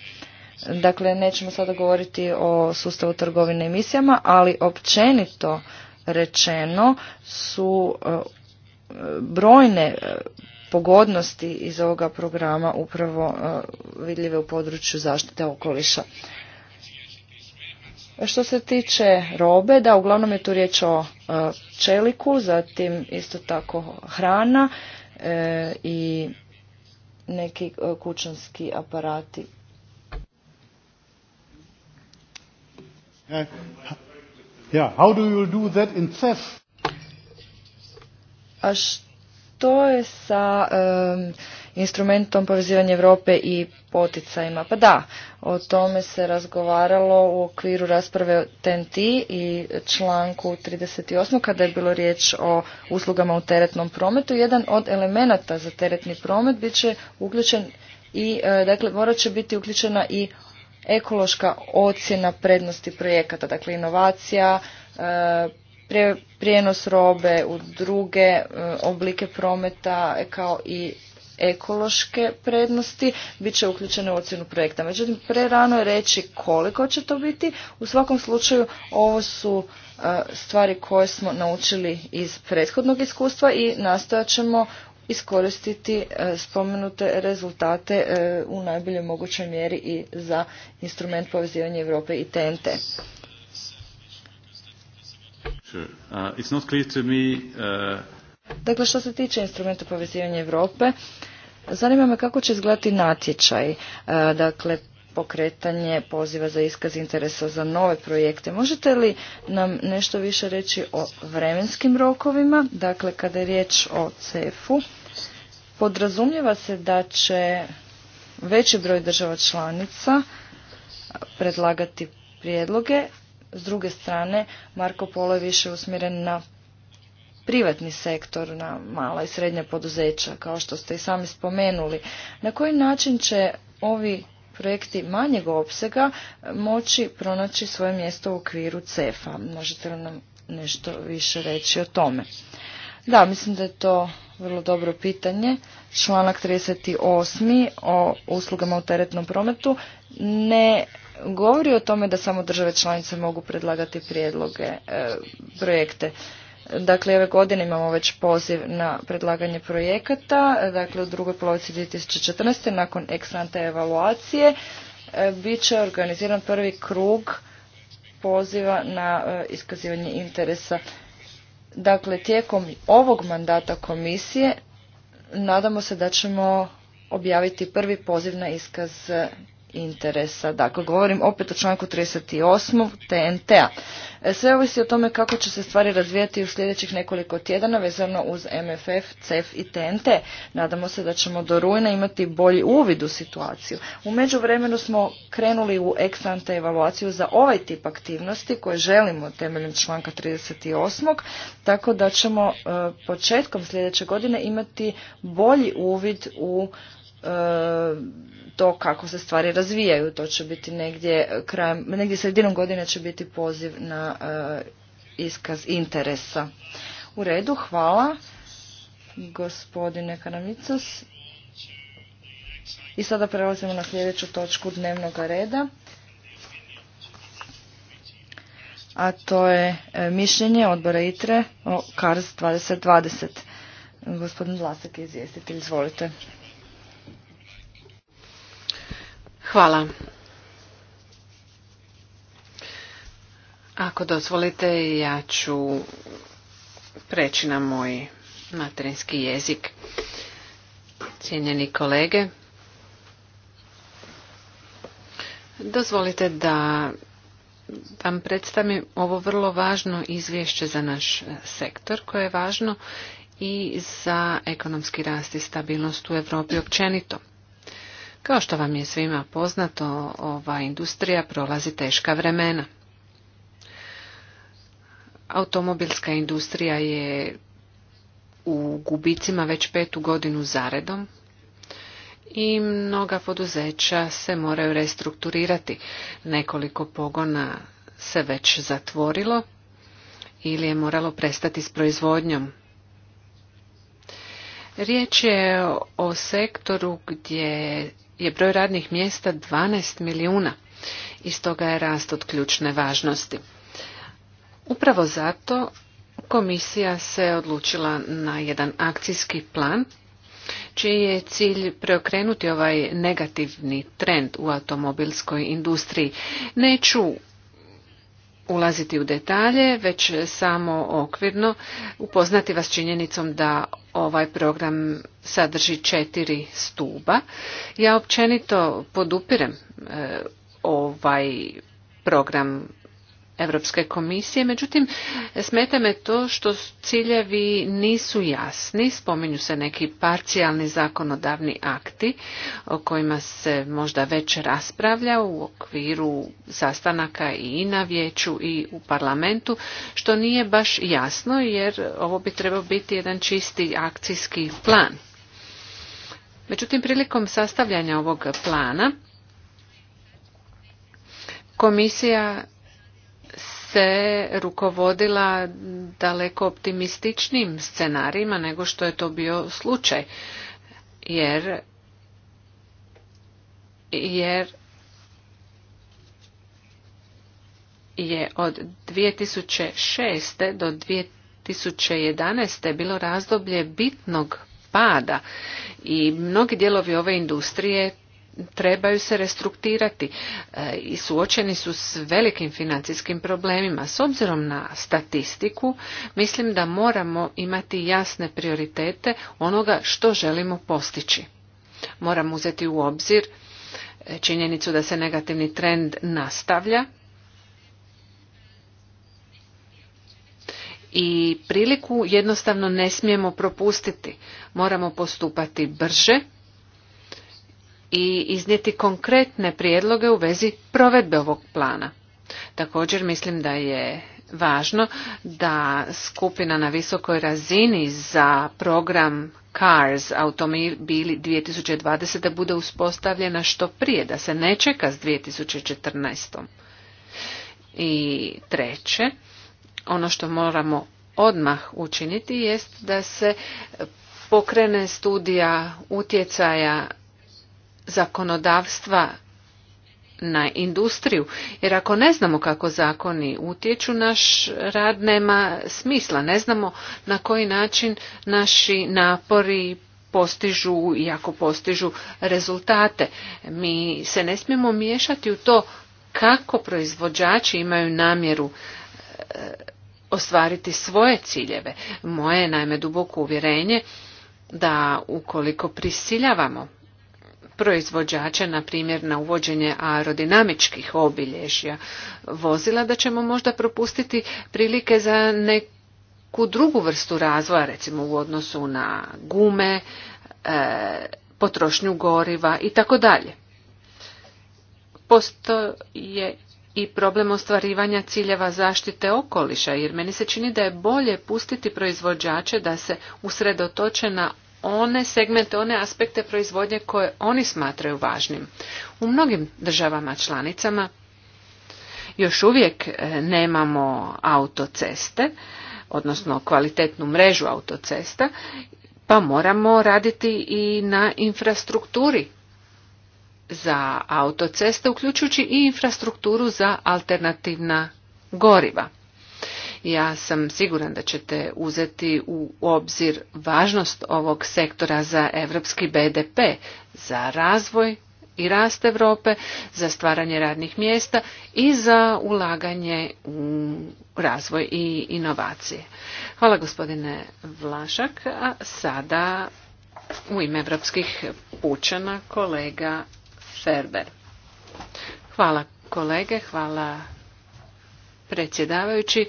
Dakle, nećemo sada govoriti o sustavu trgovine emisijama, ali općenito rečeno su e, brojne e, pogodnosti iz ovoga programa upravo e, vidljive u području zaštite okoliša. Što se tiče robe, da uglavnom je tu riječ o čeliku, zatim isto tako hrana i neki kućanski aparati Eh, how do you do that in CEF? A što je sa instrumentom povezivanja Europe i poticajima? Pa da, o tome se razgovaralo u okviru rasprave TNT i članku 38. kada je bilo riječ o uslugama u teretnom prometu. Jedan od elemenata za teretni promet bit će uključen i, eh, dakle, morat će biti uključena i ekološka ocjena prednosti projekata, dakle inovacija, e, prijenos robe u druge e, oblike prometa e, kao i ekološke prednosti bit će uključene u ocjenu projekta. Međutim, prerano je reći koliko će to biti. U svakom slučaju ovo su stvari koje smo naučili iz prethodnog iskustva i nastojat ćemo iskoristiti e, spomenute rezultate e, u najboljoj mogućoj mjeri i za instrument povezivanja Europe i TNT. Uh, uh, dakle, što se tiče instrumenta povezivanja Europe, zanima me kako će izgledati natječaj. E, dakle, pokretanje poziva za iskaz interesa za nove projekte. Možete li nam nešto više reći o vremenskim rokovima? Dakle, kada je riječ o CEF-u, podrazumijeva se da će veći broj država članica predlagati prijedloge. S druge strane, Marko Polo je više usmjeren na privatni sektor, na mala i srednja poduzeća, kao što ste i sami spomenuli. Na koji način će ovi projekti manjeg opsega moći pronaći svoje mjesto u okviru CEFA. Možete li nam nešto više reći o tome? Da, mislim da je to vrlo dobro pitanje. Članak 38. o uslugama u teretnom prometu ne govori o tome da samo države članice mogu predlagati prijedloge, e, projekte. Dakle, ove godine imamo već poziv na predlaganje projekata, dakle u drugoj polovici 2014. nakon eksante evaluacije e, bit će organiziran prvi krug poziva na e, iskazivanje interesa. Dakle, tijekom ovog mandata komisije nadamo se da ćemo objaviti prvi poziv na iskaz interesa. Dakle, govorim opet o članku 38. TNT-a. E, sve ovisi o tome kako će se stvari razvijati u sljedećih nekoliko tjedana vezano uz MFF, CEF i TNT. Nadamo se da ćemo do rujna imati bolji uvid u situaciju. U međuvremenu smo krenuli u ex ante evaluaciju za ovaj tip aktivnosti koje želimo temeljem članka 38. Tako da ćemo e, početkom sljedeće godine imati bolji uvid u E, to kako se stvari razvijaju. To će biti negdje krajem, negdje sredinom godine će biti poziv na e, iskaz interesa. U redu, hvala gospodine Karamicos. I sada prelazimo na sljedeću točku dnevnog reda. A to je e, mišljenje odbora ITRE o KARS 2020. Gospodin Vlasak je izvjestitelj, izvolite. Hvala. Ako dozvolite, ja ću preći na moj materinski jezik. Cijenjeni kolege, dozvolite da vam predstavim ovo vrlo važno izvješće za naš sektor koje je važno i za ekonomski rast i stabilnost u Europi općenito. Kao što vam je svima poznato, ova industrija prolazi teška vremena. Automobilska industrija je u gubicima već petu godinu zaredom i mnoga poduzeća se moraju restrukturirati. Nekoliko pogona se već zatvorilo ili je moralo prestati s proizvodnjom. Riječ je o sektoru gdje je broj radnih mjesta 12 milijuna i stoga je rast od ključne važnosti. Upravo zato komisija se odlučila na jedan akcijski plan čiji je cilj preokrenuti ovaj negativni trend u automobilskoj industriji. Neću ulaziti u detalje, već samo okvirno upoznati vas činjenicom da ovaj program sadrži četiri stuba. Ja općenito podupirem e, ovaj program Europske komisije. Međutim, smeta me to što ciljevi nisu jasni, spominju se neki parcijalni zakonodavni akti o kojima se možda već raspravlja u okviru sastanaka i na vijeću i u parlamentu, što nije baš jasno jer ovo bi trebao biti jedan čisti akcijski plan. Međutim, prilikom sastavljanja ovog plana Komisija se rukovodila daleko optimističnim scenarijima nego što je to bio slučaj. Jer jer je od 2006. do 2011. bilo razdoblje bitnog pada i mnogi dijelovi ove industrije trebaju se restruktirati e, i suočeni su s velikim financijskim problemima. S obzirom na statistiku, mislim da moramo imati jasne prioritete onoga što želimo postići. Moramo uzeti u obzir e, činjenicu da se negativni trend nastavlja i priliku jednostavno ne smijemo propustiti. Moramo postupati brže i iznijeti konkretne prijedloge u vezi provedbe ovog plana. Također mislim da je važno da skupina na visokoj razini za program CARS automobili 2020. Da bude uspostavljena što prije, da se ne čeka s 2014. I treće, ono što moramo odmah učiniti jest da se pokrene studija utjecaja zakonodavstva na industriju. Jer ako ne znamo kako zakoni utječu, naš rad nema smisla. Ne znamo na koji način naši napori postižu i ako postižu rezultate. Mi se ne smijemo miješati u to kako proizvođači imaju namjeru e, ostvariti svoje ciljeve. Moje je naime duboko uvjerenje da ukoliko prisiljavamo proizvođača, na primjer na uvođenje aerodinamičkih obilježja vozila, da ćemo možda propustiti prilike za neku drugu vrstu razvoja, recimo u odnosu na gume, e, potrošnju goriva i tako dalje. je i problem ostvarivanja ciljeva zaštite okoliša, jer meni se čini da je bolje pustiti proizvođače da se usredotoče na one segmente, one aspekte proizvodnje koje oni smatraju važnim. U mnogim državama članicama još uvijek e, nemamo autoceste, odnosno kvalitetnu mrežu autocesta, pa moramo raditi i na infrastrukturi za autoceste, uključujući i infrastrukturu za alternativna goriva. Ja sam siguran da ćete uzeti u obzir važnost ovog sektora za evropski BDP, za razvoj i rast Europe, za stvaranje radnih mjesta i za ulaganje u razvoj i inovacije. Hvala gospodine Vlašak, a sada u ime evropskih pučana kolega Ferber. Hvala kolege, hvala predsjedavajući.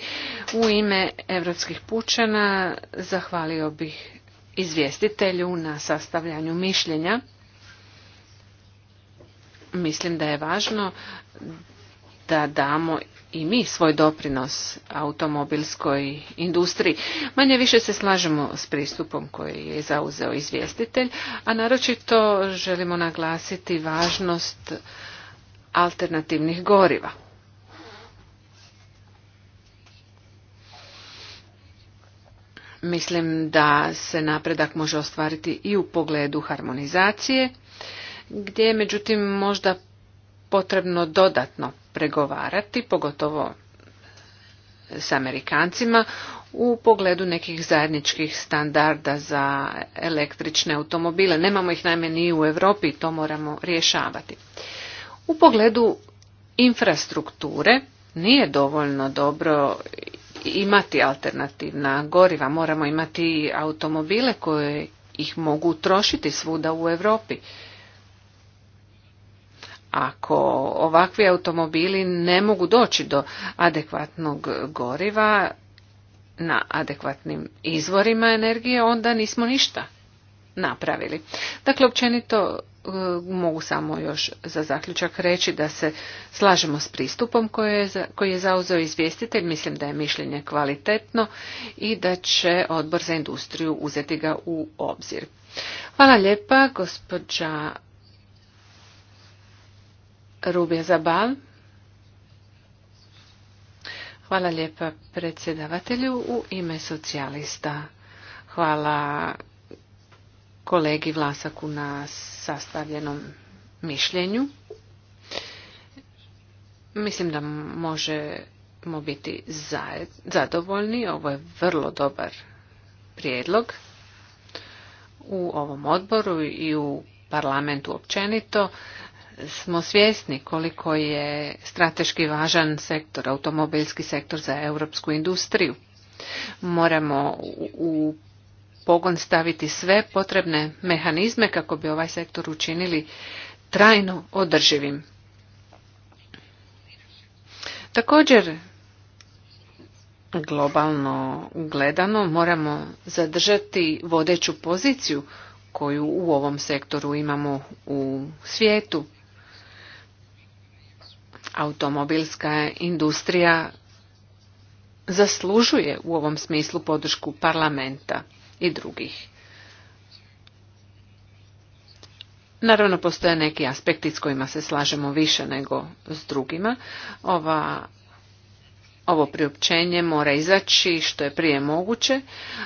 U ime Europskih pučana zahvalio bih izvjestitelju na sastavljanju mišljenja. Mislim da je važno da damo i mi svoj doprinos automobilskoj industriji. Manje više se slažemo s pristupom koji je zauzeo izvjestitelj, a naročito želimo naglasiti važnost alternativnih goriva. Mislim da se napredak može ostvariti i u pogledu harmonizacije, gdje je međutim možda potrebno dodatno pregovarati, pogotovo s Amerikancima, u pogledu nekih zajedničkih standarda za električne automobile. Nemamo ih najme ni u Europi i to moramo rješavati. U pogledu infrastrukture nije dovoljno dobro imati alternativna goriva, moramo imati automobile koje ih mogu trošiti svuda u Europi. Ako ovakvi automobili ne mogu doći do adekvatnog goriva na adekvatnim izvorima energije, onda nismo ništa napravili. Dakle, općenito E, mogu samo još za zaključak reći da se slažemo s pristupom koji je, koji zauzeo izvjestitelj. Mislim da je mišljenje kvalitetno i da će odbor za industriju uzeti ga u obzir. Hvala lijepa, gospođa Rubija Zabal. Hvala lijepa predsjedavatelju u ime socijalista. Hvala kolegi Vlasaku na sastavljenom mišljenju. Mislim da možemo biti zadovoljni. Ovo je vrlo dobar prijedlog u ovom odboru i u parlamentu općenito smo svjesni koliko je strateški važan sektor, automobilski sektor za europsku industriju. Moramo u pogon staviti sve potrebne mehanizme kako bi ovaj sektor učinili trajno održivim. Također, globalno gledano, moramo zadržati vodeću poziciju koju u ovom sektoru imamo u svijetu. Automobilska industrija zaslužuje u ovom smislu podršku parlamenta i drugih. Naravno, postoje neki aspekti s kojima se slažemo više nego s drugima. Ova, ovo priopćenje mora izaći što je prije moguće,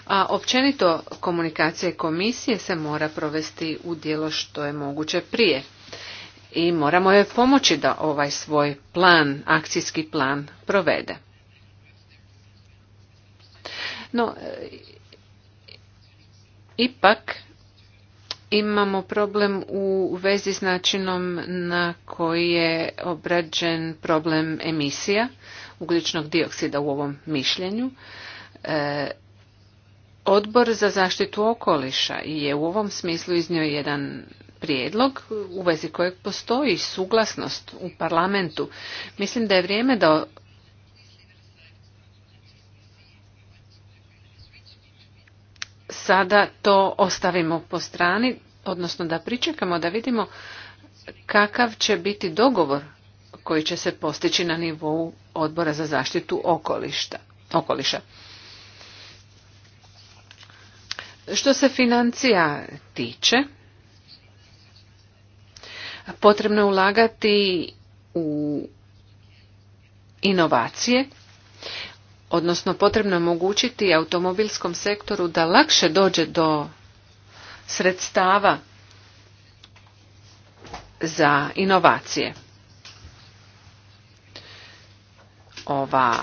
a općenito komunikacija komisije se mora provesti u djelo što je moguće prije. I moramo joj pomoći da ovaj svoj plan, akcijski plan provede. No, Ipak imamo problem u vezi s načinom na koji je obrađen problem emisija ugljičnog dioksida u ovom mišljenju. E, Odbor za zaštitu okoliša je u ovom smislu iznio jedan prijedlog u vezi kojeg postoji suglasnost u parlamentu. Mislim da je vrijeme da sada to ostavimo po strani, odnosno da pričekamo da vidimo kakav će biti dogovor koji će se postići na nivou odbora za zaštitu okoliša. Što se financija tiče, potrebno je ulagati u inovacije, odnosno potrebno je omogućiti automobilskom sektoru da lakše dođe do sredstava za inovacije. Ova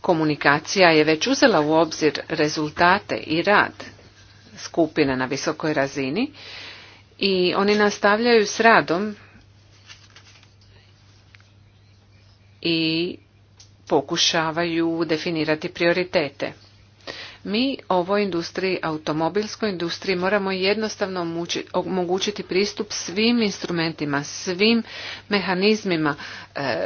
komunikacija je već uzela u obzir rezultate i rad skupine na visokoj razini i oni nastavljaju s radom i pokušavaju definirati prioritete. Mi ovoj industriji, automobilskoj industriji, moramo jednostavno omogućiti pristup svim instrumentima, svim mehanizmima e,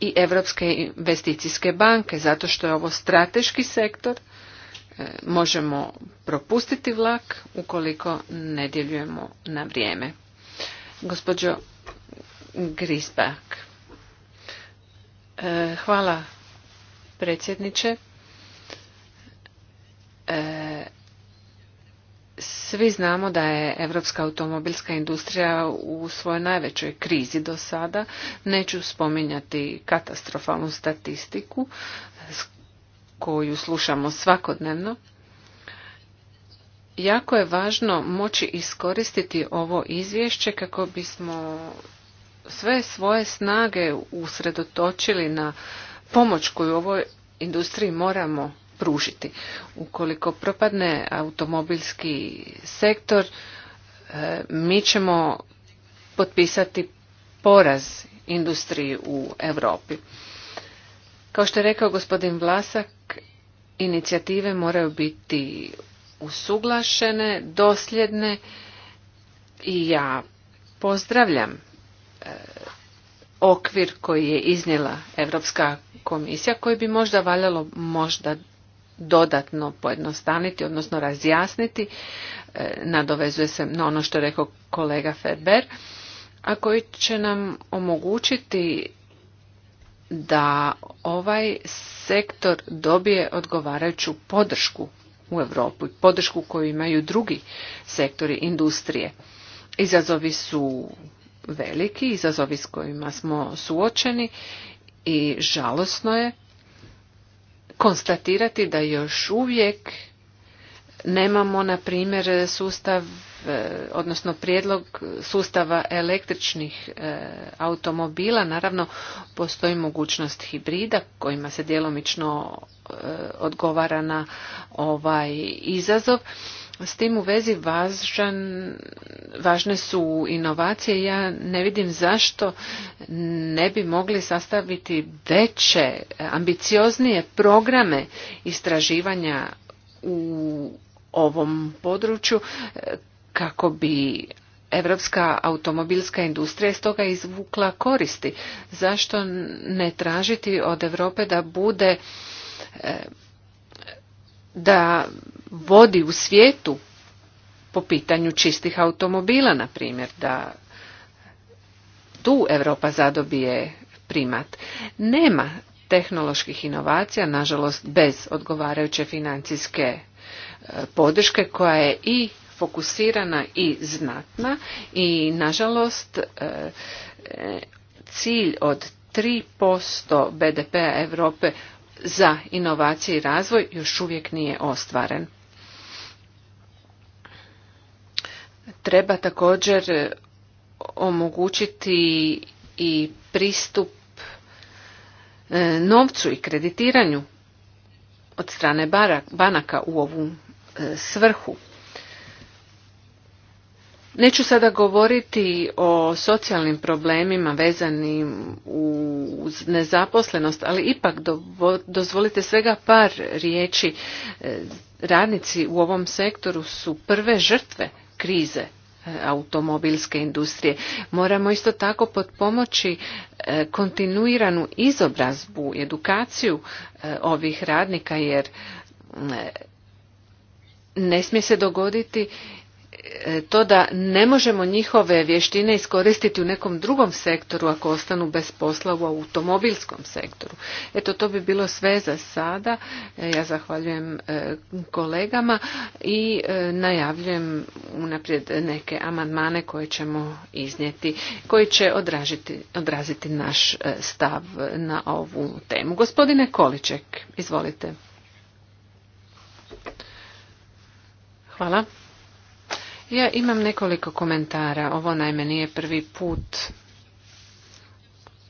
i Europske investicijske banke, zato što je ovo strateški sektor, e, možemo propustiti vlak ukoliko ne djeljujemo na vrijeme. Gospođo Grisbak. E, hvala predsjedniče. E, svi znamo da je evropska automobilska industrija u svojoj najvećoj krizi do sada. Neću spominjati katastrofalnu statistiku koju slušamo svakodnevno. Jako je važno moći iskoristiti ovo izvješće kako bismo sve svoje snage usredotočili na pomoć koju ovoj industriji moramo pružiti. Ukoliko propadne automobilski sektor, e, mi ćemo potpisati poraz industriji u Europi. Kao što je rekao gospodin Vlasak, inicijative moraju biti usuglašene, dosljedne i ja pozdravljam okvir koji je iznijela Europska komisija koji bi možda valjalo možda dodatno pojednostaviti odnosno razjasniti, e, nadovezuje se na ono što je rekao kolega Ferber, a koji će nam omogućiti da ovaj sektor dobije odgovarajuću podršku u Europu, podršku koju imaju drugi sektori industrije. Izazovi su veliki izazovi s kojima smo suočeni i žalosno je konstatirati da još uvijek nemamo na primjer sustav E, odnosno prijedlog sustava električnih e, automobila. Naravno, postoji mogućnost hibrida kojima se djelomično e, odgovara na ovaj izazov. S tim u vezi važan, važne su inovacije. Ja ne vidim zašto ne bi mogli sastaviti veće, ambicioznije programe istraživanja u ovom području kako bi Evropska automobilska industrija iz toga izvukla koristi. Zašto ne tražiti od Europe da bude e, da vodi u svijetu po pitanju čistih automobila, na primjer, da tu Europa zadobije primat. Nema tehnoloških inovacija, nažalost, bez odgovarajuće financijske e, podrške koja je i fokusirana i znatna i nažalost e, e, cilj od 3% BDP-a Europe za inovacije i razvoj još uvijek nije ostvaren. Treba također omogućiti i pristup e, novcu i kreditiranju od strane banaka u ovu svrhu. Neću sada govoriti o socijalnim problemima vezanim uz nezaposlenost, ali ipak dozvolite svega par riječi. E, radnici u ovom sektoru su prve žrtve krize e, automobilske industrije. Moramo isto tako potpomoći e, kontinuiranu izobrazbu, edukaciju ovih radnika jer mm, ne smije se dogoditi E, to da ne možemo njihove vještine iskoristiti u nekom drugom sektoru ako ostanu bez posla u automobilskom sektoru. Eto, to bi bilo sve za sada. E, ja zahvaljujem e, kolegama i najavljujem unaprijed neke amandmane koje ćemo iznijeti, koji će odražiti, odraziti naš stav na ovu temu. Gospodine Količek, izvolite. Hvala. Ja imam nekoliko komentara. Ovo najme nije prvi put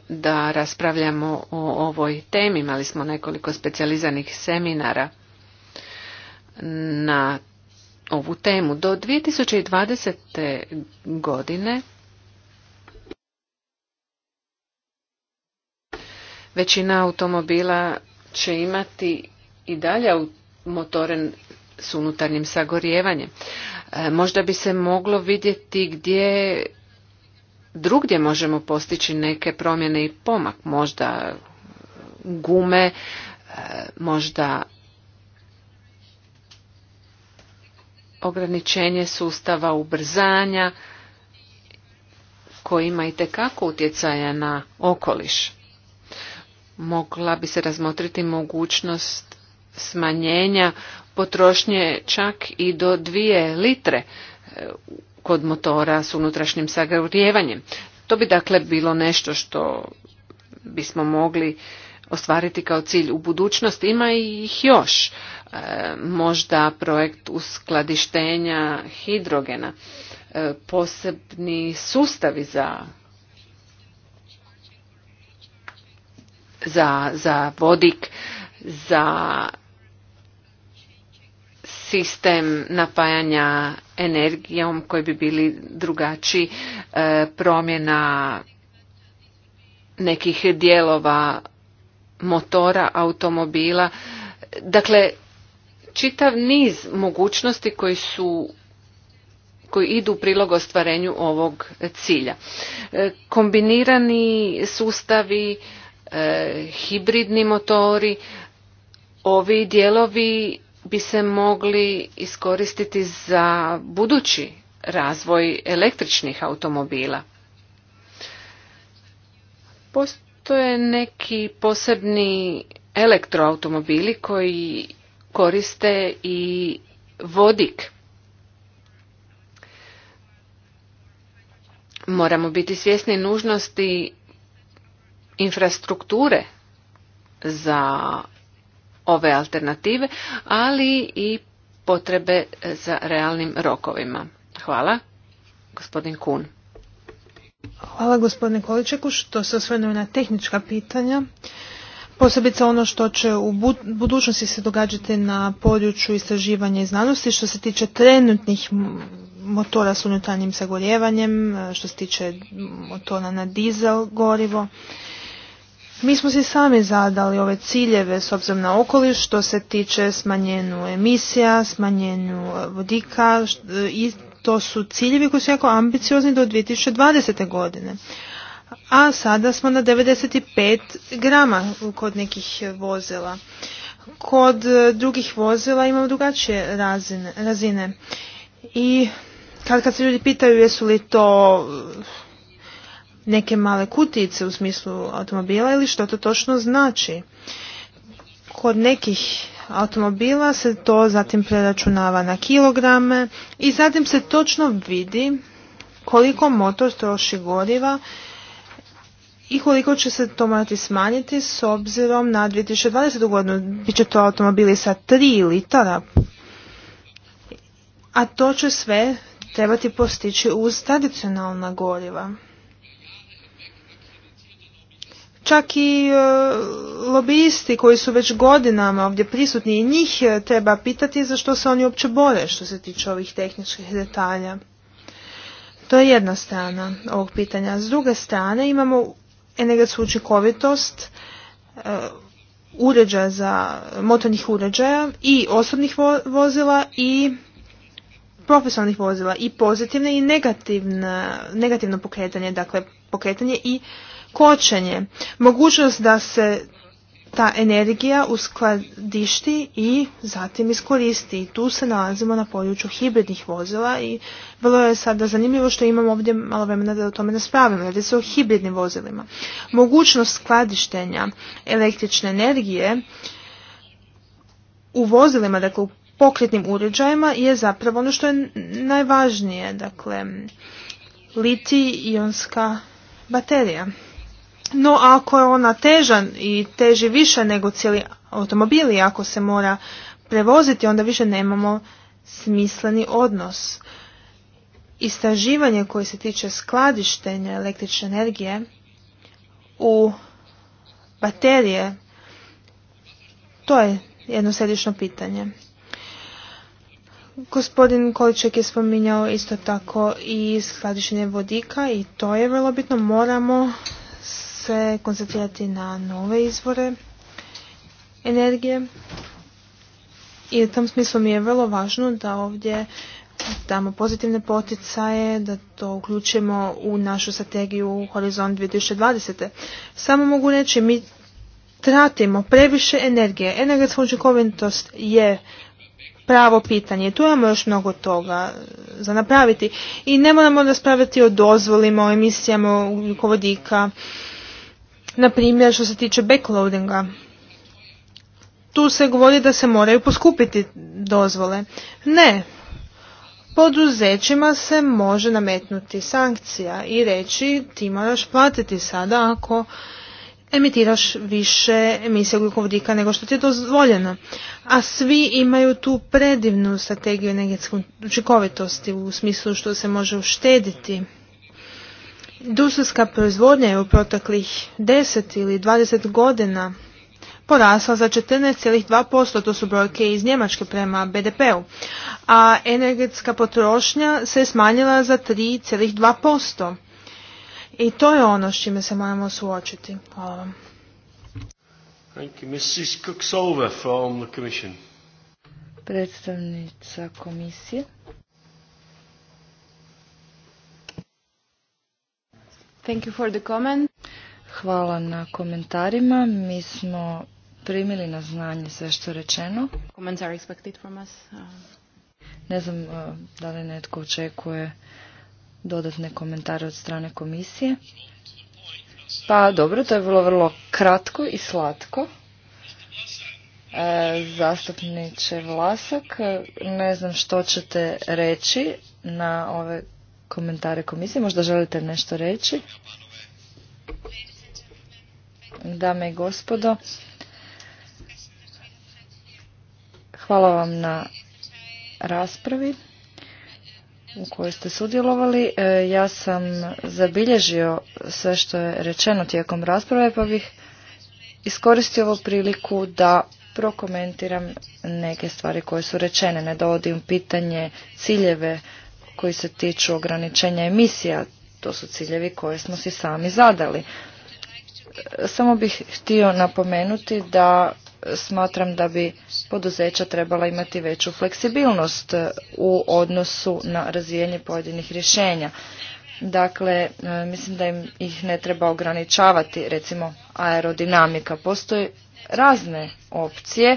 da raspravljamo o ovoj temi. Imali smo nekoliko specijalizanih seminara na ovu temu. Do 2020. godine većina automobila će imati i dalje motoren s unutarnjim sagorijevanjem. E, možda bi se moglo vidjeti gdje drugdje možemo postići neke promjene i pomak, možda gume, e, možda ograničenje sustava ubrzanja koji ima i tekako utjecaja na okoliš. Mogla bi se razmotriti mogućnost smanjenja potrošnje čak i do dvije litre e, kod motora s unutrašnjim sagrijevanjem. To bi dakle bilo nešto što bismo mogli ostvariti kao cilj u budućnosti. Ima ih još, e, možda projekt uskladištenja hidrogena, e, posebni sustavi za za, za vodik, za sistem napajanja energijom koji bi bili drugačiji e, promjena nekih dijelova motora automobila dakle čitav niz mogućnosti koji su koji idu u prilog ostvarenju ovog cilja e, kombinirani sustavi e, hibridni motori ovi dijelovi bi se mogli iskoristiti za budući razvoj električnih automobila. Postoje neki posebni elektroautomobili koji koriste i vodik. Moramo biti svjesni nužnosti infrastrukture za ove alternative, ali i potrebe za realnim rokovima. Hvala, gospodin Kun. Hvala gospodine Količeku što se osvrnuo na tehnička pitanja. Posebice ono što će u budućnosti se događati na području istraživanja i znanosti što se tiče trenutnih motora s unutarnjim sagorjevanjem, što se tiče motora na dizel gorivo. Mi smo si sami zadali ove ciljeve s obzirom na okoliš što se tiče smanjenju emisija, smanjenju e, vodika e, i to su ciljevi koji su jako ambiciozni do 2020. godine. A sada smo na 95 grama kod nekih vozila. Kod e, drugih vozila imamo drugačije razine. razine. I kad, kad se ljudi pitaju jesu li to neke male kutice u smislu automobila ili što to točno znači. Kod nekih automobila se to zatim preračunava na kilograme i zatim se točno vidi koliko motor troši goriva i koliko će se to morati smanjiti s obzirom na 2020. godinu. će to automobili sa 3 litara, a to će sve trebati postići uz tradicionalna goriva. Čak i e, koji su već godinama ovdje prisutni i njih e, treba pitati za što se oni uopće bore što se tiče ovih tehničkih detalja. To je jedna strana ovog pitanja. S druge strane imamo energetsku učinkovitost e, uređaja za motornih uređaja i osobnih vozila i profesionalnih vozila i pozitivne i negativne, negativno pokretanje, dakle pokretanje i kočenje, mogućnost da se ta energija uskladišti i zatim iskoristi. I tu se nalazimo na području hibridnih vozila i vrlo je sada zanimljivo što imamo ovdje malo vremena da o tome naspravimo. Radi se o hibridnim vozilima. Mogućnost skladištenja električne energije u vozilima, dakle u pokretnim uređajima je zapravo ono što je najvažnije, dakle liti ionska baterija. No ako je ona težan i teži više nego cijeli automobil i ako se mora prevoziti, onda više nemamo smisleni odnos. Istraživanje koje se tiče skladištenja električne energije u baterije, to je jedno središno pitanje. Gospodin Količek je spominjao isto tako i skladištenje vodika i to je vrlo bitno. Moramo se koncentrirati na nove izvore energije. I u tom smislu mi je vrlo važno da ovdje damo pozitivne poticaje, da to uključimo u našu strategiju Horizont 2020. Samo mogu reći, mi tratimo previše energije. Energetska učinkovitost je pravo pitanje. Tu imamo još mnogo toga za napraviti. I ne moramo raspravljati o dozvolima, o emisijama ugljikovodika, na primjer, što se tiče backloadinga, tu se govori da se moraju poskupiti dozvole. Ne, poduzećima se može nametnuti sankcija i reći ti moraš platiti sada ako emitiraš više emisije ugljikovodika nego što ti je dozvoljeno. A svi imaju tu predivnu strategiju energetske učinkovitosti u smislu što se može uštediti Industrijska proizvodnja je u proteklih 10 ili 20 godina porasla za 14,2%, to su brojke iz Njemačke prema BDP-u, a energetska potrošnja se smanjila za 3,2%. I to je ono s čime se moramo suočiti. Hvala vam. Thank you. from the Commission. Predstavnica komisije. Thank you Hvala na komentarima. Mi smo primili na znanje sve što je rečeno. Uh, ne znam uh, da li netko očekuje dodatne komentare od strane komisije. Pa dobro, to je bilo vrlo kratko i slatko. E, zastupniče Vlasak, ne znam što ćete reći na ove komentare komisije. Možda želite nešto reći? Dame i gospodo, hvala vam na raspravi u kojoj ste sudjelovali. E, ja sam zabilježio sve što je rečeno tijekom rasprave, pa bih iskoristio ovu priliku da prokomentiram neke stvari koje su rečene. Ne dovodim pitanje ciljeve koji se tiču ograničenja emisija. To su ciljevi koje smo si sami zadali. Samo bih htio napomenuti da smatram da bi poduzeća trebala imati veću fleksibilnost u odnosu na razvijanje pojedinih rješenja. Dakle, e, mislim da im ih ne treba ograničavati, recimo aerodinamika. Postoje razne opcije e,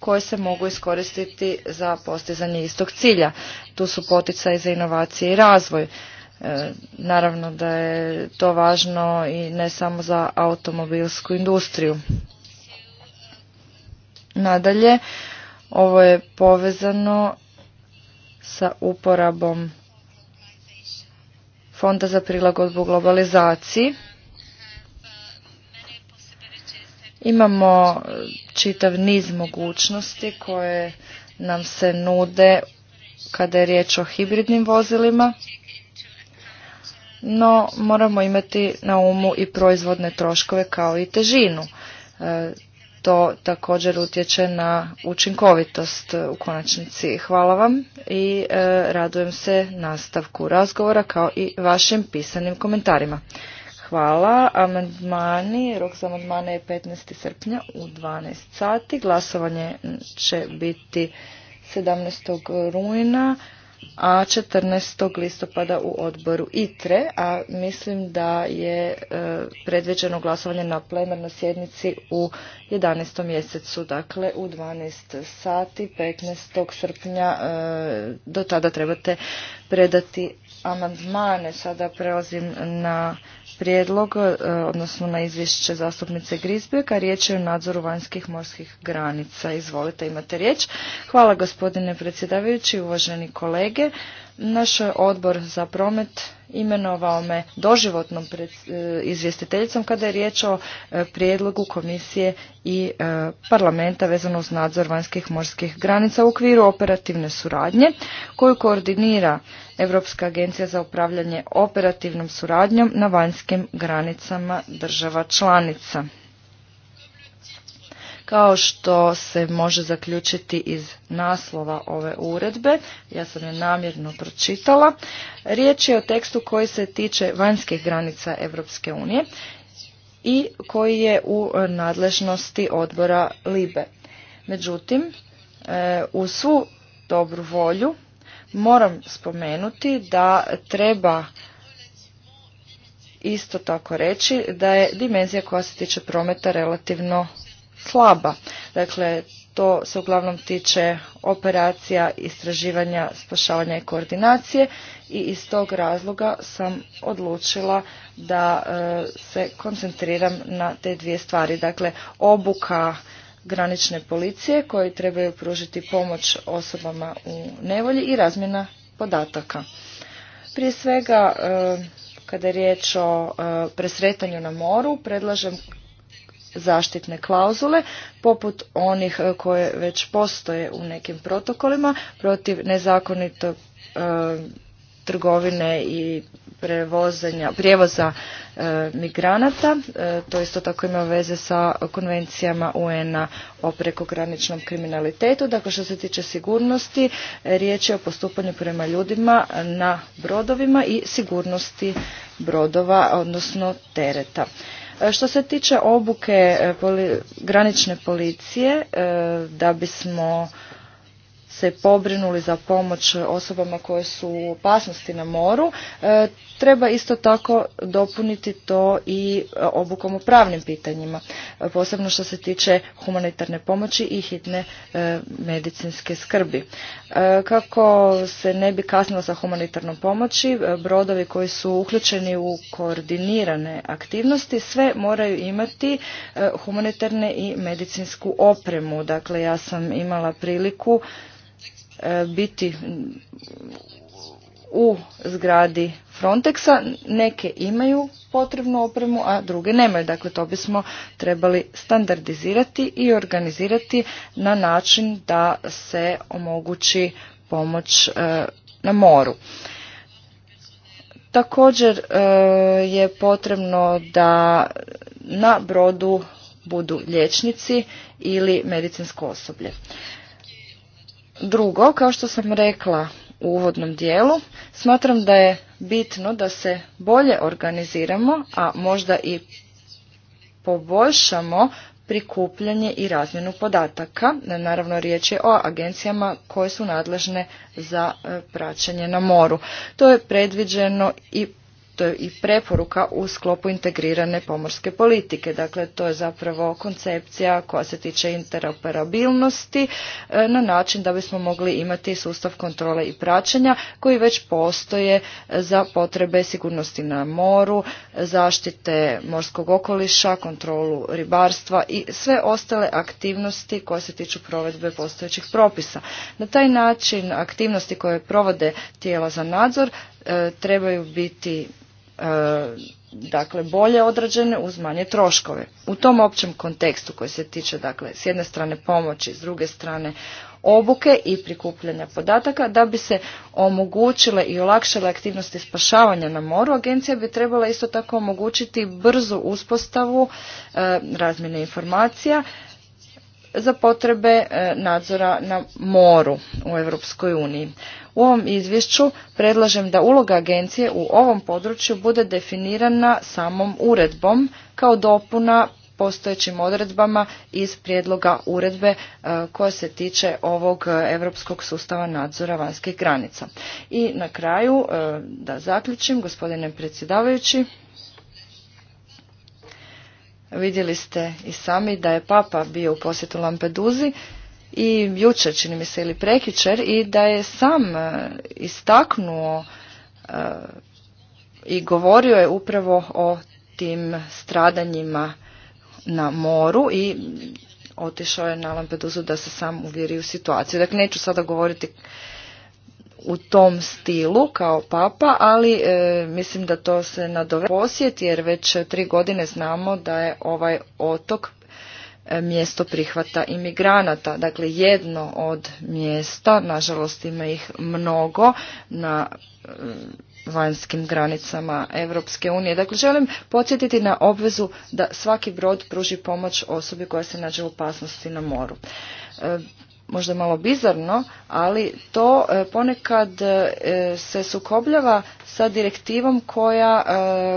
koje se mogu iskoristiti za postizanje istog cilja. Tu su poticaji za inovacije i razvoj. E, naravno da je to važno i ne samo za automobilsku industriju. Nadalje, ovo je povezano sa uporabom Fonda za prilagodbu globalizaciji Imamo e, čitav niz mogućnosti koje nam se nude kada je riječ o hibridnim vozilima, no moramo imati na umu i proizvodne troškove kao i težinu. E, to također utječe na učinkovitost e, u konačnici. Hvala vam i radujem se nastavku razgovora kao i vašim pisanim komentarima. Hvala. Amandmani, rok za amandmane je 15. srpnja u 12 sati. Glasovanje će biti 17. rujna, a 14. listopada u odboru ITRE, a mislim da je e, predviđeno glasovanje na plenarnoj sjednici u 11. mjesecu, dakle u 12 sati 15. srpnja. E, do tada trebate predati amandmane. Sada prelazim na prijedlog, e, odnosno na izvješće zastupnice Grisbeka. Riječ je o nadzoru vanjskih morskih granica. Izvolite, imate riječ. Hvala gospodine predsjedavajući, uvaženi kolege. Naš odbor za promet imenovao me doživotnom e, izvjestiteljicom kada je riječ o e, prijedlogu komisije i e, parlamenta vezano uz nadzor vanjskih morskih granica u okviru operativne suradnje koju koordinira Europska agencija za upravljanje operativnom suradnjom na vanjskim granicama država članica. Kao što se može zaključiti iz naslova ove uredbe, ja sam je namjerno pročitala, riječ je o tekstu koji se tiče vanjskih granica Europske unije i koji je u nadležnosti odbora LIBE. Međutim, e, u svu dobru volju moram spomenuti da treba isto tako reći da je dimenzija koja se tiče prometa relativno slaba. Dakle, to se uglavnom tiče operacija, istraživanja, spašavanja i koordinacije i iz tog razloga sam odlučila da e, se koncentriram na te dvije stvari. Dakle, obuka granične policije koji trebaju pružiti pomoć osobama u nevolji i razmjena podataka. Prije svega, e, kada je riječ o e, presretanju na moru, predlažem zaštitne klauzule, poput onih e, koje već postoje u nekim protokolima protiv nezakonito e, trgovine i prijevoza e, migranata. to isto tako ima veze sa konvencijama UN-a o prekograničnom kriminalitetu. Dakle, što se tiče sigurnosti, riječ je o postupanju prema ljudima na brodovima i sigurnosti brodova, odnosno tereta. E, što se tiče obuke e, granične policije, e, da bismo se pobrinuli za pomoć osobama koje su u opasnosti na moru. E, treba isto tako dopuniti to i e, obukom u pravnim pitanjima, e, posebno što se tiče humanitarne pomoći i hitne medicinske skrbi. Kako se ne bi kasnilo sa humanitarnom pomoći, brodovi koji su uključeni u koordinirane aktivnosti sve moraju imati humanitarne i medicinsku opremu. Dakle, ja sam imala priliku E, biti u zgradi Frontexa. Neke imaju potrebnu opremu, a druge nemaju. Dakle, to bismo trebali standardizirati i organizirati na način da se omogući pomoć e, na moru. Također e, je potrebno da na brodu budu lječnici ili medicinsko osoblje. Drugo, kao što sam rekla u uvodnom dijelu, smatram da je bitno da se bolje organiziramo, a možda i poboljšamo prikupljanje i razmjenu podataka. Naravno, riječ je o agencijama koje su nadležne za e, praćenje na moru. To je predviđeno i to je i preporuka u sklopu integrirane pomorske politike. Dakle, to je zapravo koncepcija koja se tiče interoperabilnosti e, na način da bismo mogli imati sustav kontrole i praćenja koji već postoje za potrebe sigurnosti na moru, zaštite morskog okoliša, kontrolu ribarstva i sve ostale aktivnosti koje se tiču provedbe postojećih propisa. Na taj način aktivnosti koje provode tijela za nadzor e, trebaju biti E, dakle bolje odrađene uz manje troškove. U tom općem kontekstu koji se tiče dakle s jedne strane pomoći, s druge strane obuke i prikupljanja podataka da bi se omogućile i olakšale aktivnosti spašavanja na moru, agencija bi trebala isto tako omogućiti brzu uspostavu e, razmjene informacija za potrebe e, nadzora na moru u Europskoj uniji. U ovom izvješću predlažem da uloga agencije u ovom području bude definirana samom uredbom kao dopuna postojećim odredbama iz prijedloga uredbe e, koja se tiče ovog e, europskog sustava nadzora vanjskih granica. I na kraju, e, da zaključim, gospodine predsjedavajući, vidjeli ste i sami da je Papa bio u posjetu Lampeduzi i jučer, čini mi se, ili prekičer i da je sam e, istaknuo e, i govorio je upravo o tim stradanjima na moru i otišao je na Lampeduzu da se sam uvjeri u situaciju. Dakle, neću sada govoriti u tom stilu kao papa, ali e, mislim da to se nadovra posjet jer već tri godine znamo da je ovaj otok E, mjesto prihvata imigranata. Dakle, jedno od mjesta, nažalost ima ih mnogo na e, vanjskim granicama Europske unije. Dakle, želim podsjetiti na obvezu da svaki brod pruži pomoć osobi koja se nađe u opasnosti na moru. E, možda malo bizarno, ali to ponekad se sukobljava sa direktivom koja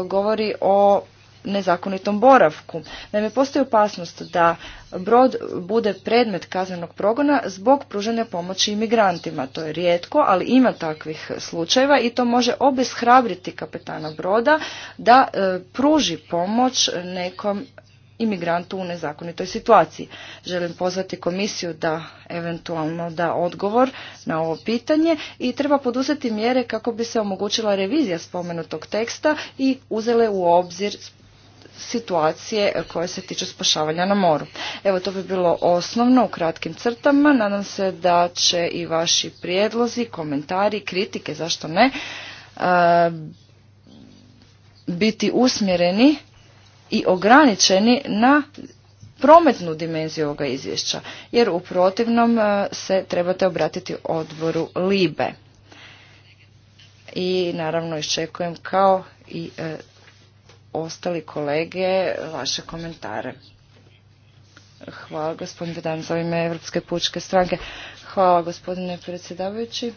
govori o nezakonitom boravku. Naime, postoji opasnost da brod bude predmet kaznenog progona zbog pružene pomoći imigrantima. To je rijetko, ali ima takvih slučajeva i to može obeshrabriti kapetana broda da e, pruži pomoć nekom imigrantu u nezakonitoj situaciji. Želim pozvati komisiju da eventualno da odgovor na ovo pitanje i treba poduzeti mjere kako bi se omogućila revizija spomenutog teksta i uzele u obzir situacije koje se tiču spašavanja na moru. Evo to bi bilo osnovno u kratkim crtama. Nadam se da će i vaši prijedlozi, komentari, kritike, zašto ne, e, biti usmjereni i ograničeni na prometnu dimenziju ovoga izvješća, jer u protivnom e, se trebate obratiti odboru LIBE. I naravno iščekujem kao i e, ostali kolege vaše komentare. Hvala gospodine, Vedan za ime Evropske pučke stranke. Hvala gospodine predsjedavajući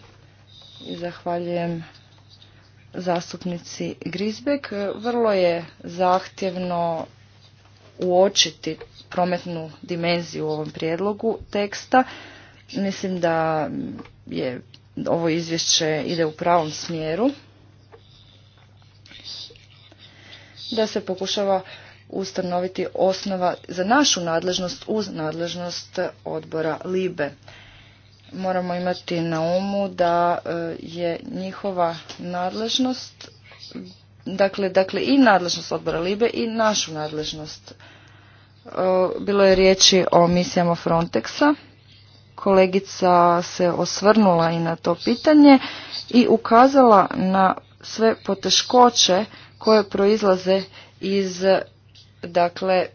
i zahvaljujem zastupnici Grizbek Vrlo je zahtjevno uočiti prometnu dimenziju u ovom prijedlogu teksta. Mislim da je ovo izvješće ide u pravom smjeru. da se pokušava ustanoviti osnova za našu nadležnost uz nadležnost odbora LIBE. Moramo imati na umu da e, je njihova nadležnost, dakle, dakle i nadležnost odbora LIBE i našu nadležnost. E, bilo je riječi o misijama Frontexa. Kolegica se osvrnula i na to pitanje i ukazala na sve poteškoće koje proizlaze iz dakle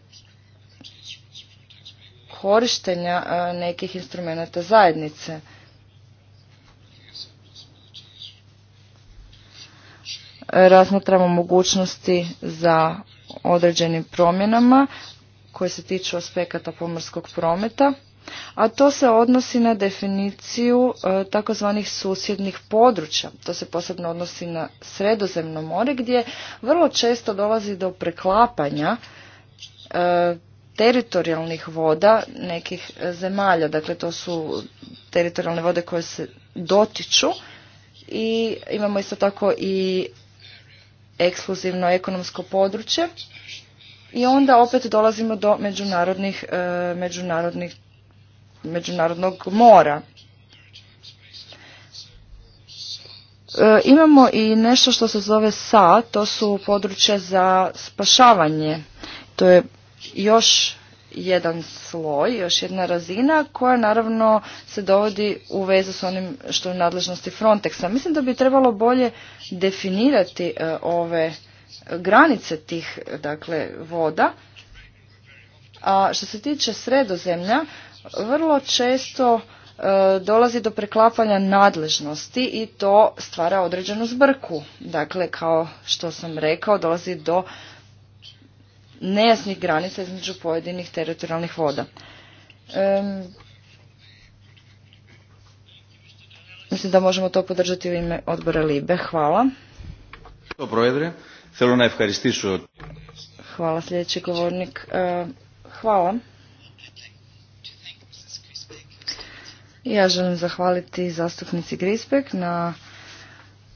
korištenja e, nekih instrumenata zajednice. Razmatramo mogućnosti za određenim promjenama koje se tiču aspekata pomorskog prometa a to se odnosi na definiciju e, takozvanih susjednih područja. To se posebno odnosi na Sredozemno more gdje vrlo često dolazi do preklapanja e, teritorijalnih voda nekih e, zemalja. Dakle, to su teritorijalne vode koje se dotiču i imamo isto tako i ekskluzivno ekonomsko područje i onda opet dolazimo do međunarodnih, međunarodnih međunarodnog mora. E, imamo i nešto što se zove SA, to su područja za spašavanje. To je još jedan sloj, još jedna razina koja naravno se dovodi u vezu s onim što je u nadležnosti Frontexa. Mislim da bi trebalo bolje definirati e, ove granice tih dakle voda. A što se tiče sredozemlja, vrlo često e, dolazi do preklapanja nadležnosti i to stvara određenu zbrku. Dakle, kao što sam rekao, dolazi do nejasnih granica između pojedinih teritorijalnih voda. mislim da možemo to podržati u ime odbora Libe. Hvala. Hvala sljedeći govornik. E, hvala. Ja želim zahvaliti zastupnici Grispek na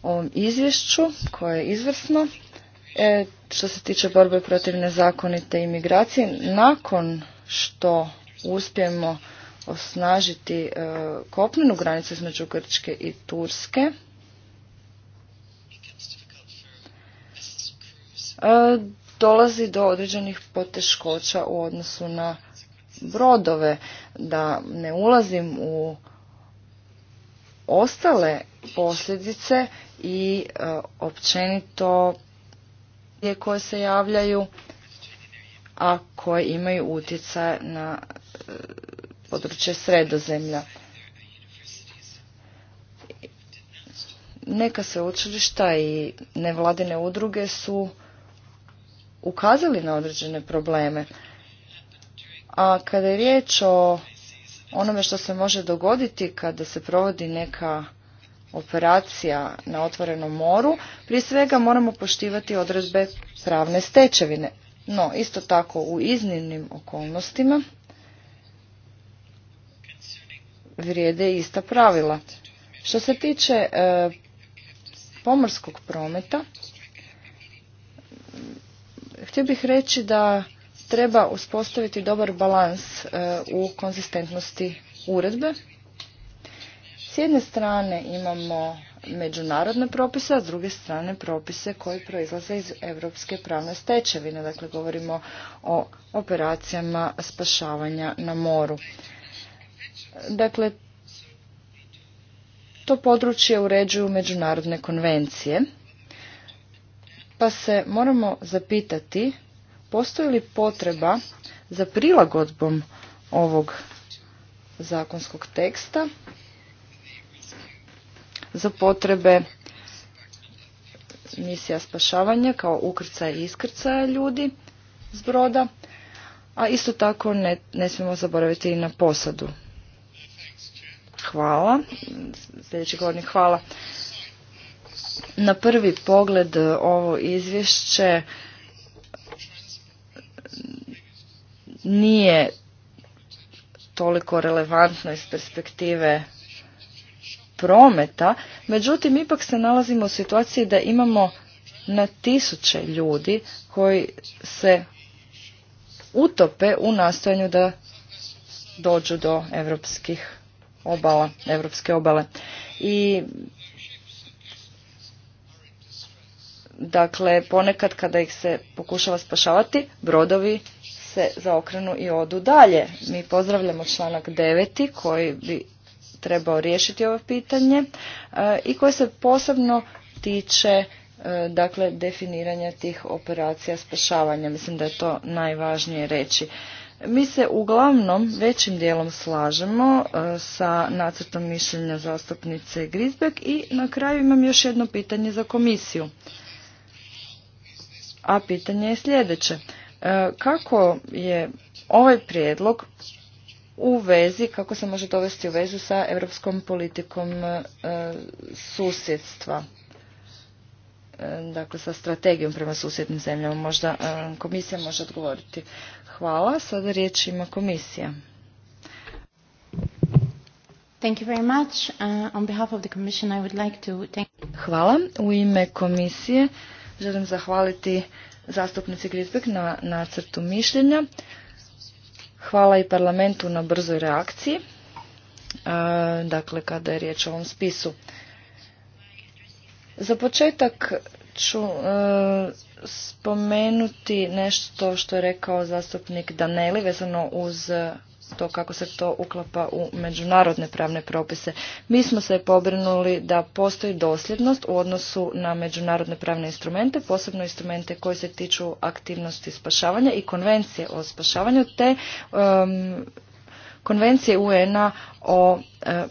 ovom izvješću koje je izvrsno. E, što se tiče borbe protiv nezakonite imigracije, nakon što uspijemo osnažiti e, kopnenu granicu između Grčke i Turske, e, dolazi do određenih poteškoća u odnosu na brodove da ne ulazim u ostale posljedice i e, općenito koje se javljaju, a koje imaju utjecaj na e, područje sredozemlja. Neka sveučilišta i nevladine udruge su ukazali na određene probleme. A kada je riječ o onome što se može dogoditi kada se provodi neka operacija na otvorenom moru, prije svega moramo poštivati odredbe pravne stečevine. No, isto tako u iznimnim okolnostima vrijede ista pravila. Što se tiče e, pomorskog prometa, htio bih reći da treba uspostaviti dobar balans e, u konzistentnosti uredbe. S jedne strane imamo međunarodne propise, a s druge strane propise koji proizlaze iz europske pravne stečevine. Dakle, govorimo o operacijama spašavanja na moru. Dakle, to područje uređuju međunarodne konvencije, pa se moramo zapitati Postoji li potreba za prilagodbom ovog zakonskog teksta za potrebe misija spašavanja kao ukrcaja i iskrcaja ljudi s broda, a isto tako ne, smijemo zaboraviti i na posadu. Hvala. Sljedeći govornik, hvala. Na prvi pogled ovo izvješće nije toliko relevantno iz perspektive prometa, međutim ipak se nalazimo u situaciji da imamo na tisuće ljudi koji se utope u nastojanju da dođu do evropskih obala, evropske obale. I dakle ponekad kada ih se pokušava spašavati, brodovi se zaokrenu i odu dalje. Mi pozdravljamo članak 9. koji bi trebao riješiti ovo pitanje e, i koje se posebno tiče e, dakle definiranja tih operacija spašavanja. Mislim da je to najvažnije reći. Mi se uglavnom većim dijelom slažemo e, sa nacrtom mišljenja zastupnice Grisbeck i na kraju imam još jedno pitanje za komisiju. A pitanje je sljedeće. E, kako je ovaj prijedlog u vezi, kako se može dovesti u vezu sa europskom politikom e, susjedstva, e, dakle sa strategijom prema susjednim zemljama. Možda komisija može odgovoriti. Hvala. Sada riječ ima komisija. Hvala. U ime komisije želim zahvaliti zastupnici Grisbek na nacrtu mišljenja. Hvala i parlamentu na brzoj reakciji, e, dakle kada je riječ o ovom spisu. Za početak ću e, spomenuti nešto što je rekao zastupnik Daneli vezano uz to kako se to uklapa u međunarodne pravne propise. Mi smo se pobrinuli da postoji dosljednost u odnosu na međunarodne pravne instrumente, posebno instrumente koji se tiču aktivnosti spašavanja i konvencije o spašavanju, te konvencije UN-a o e,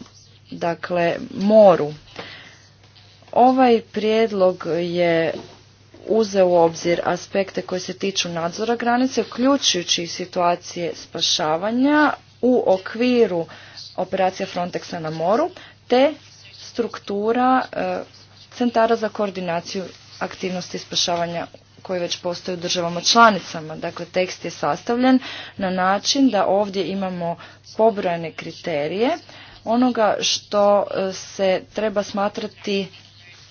dakle moru. Ovaj prijedlog je uzeo u obzir aspekte koji se tiču nadzora granice, uključujući situacije spašavanja u okviru operacija Frontexa na moru, te struktura e, centara za koordinaciju aktivnosti spašavanja koji već postoje u državama članicama. Dakle, tekst je sastavljen na način da ovdje imamo pobrojane kriterije onoga što e, se treba smatrati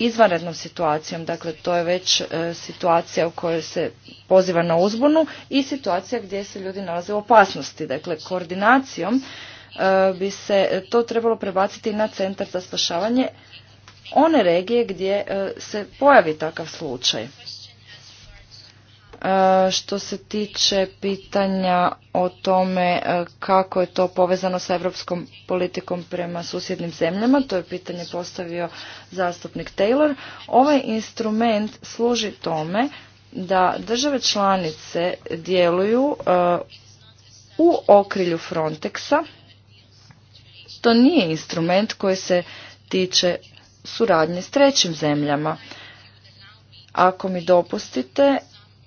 izvanrednom situacijom, dakle to je već e, situacija u kojoj se poziva na uzbunu i situacija gdje se ljudi nalaze u opasnosti. Dakle, koordinacijom e, bi se to trebalo prebaciti na centar za spašavanje one regije gdje e, se pojavi takav slučaj. E, što se tiče pitanja o tome e, kako je to povezano sa europskom politikom prema susjednim zemljama, to je pitanje postavio zastupnik Taylor. Ovaj instrument služi tome da države članice djeluju e, u okrilju Frontexa. To nije instrument koji se tiče suradnje s trećim zemljama. Ako mi dopustite,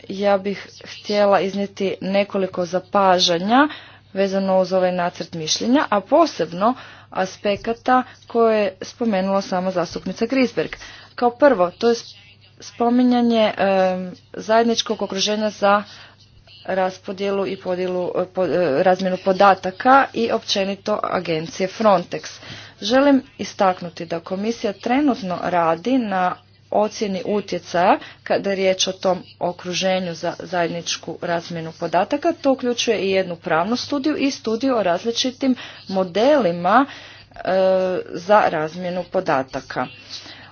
ja bih htjela iznijeti nekoliko zapažanja vezano uz ovaj nacrt mišljenja, a posebno aspekata koje je spomenula sama zastupnica Grisberg. Kao prvo, to je spominjanje zajedničkog okruženja za raspodjelu i podjelu, e, e, razmjenu podataka i općenito agencije Frontex. Želim istaknuti da komisija trenutno radi na ocjeni utjecaja kada je riječ o tom okruženju za zajedničku razmjenu podataka. To uključuje i jednu pravnu studiju i studiju o različitim modelima e, za razmjenu podataka.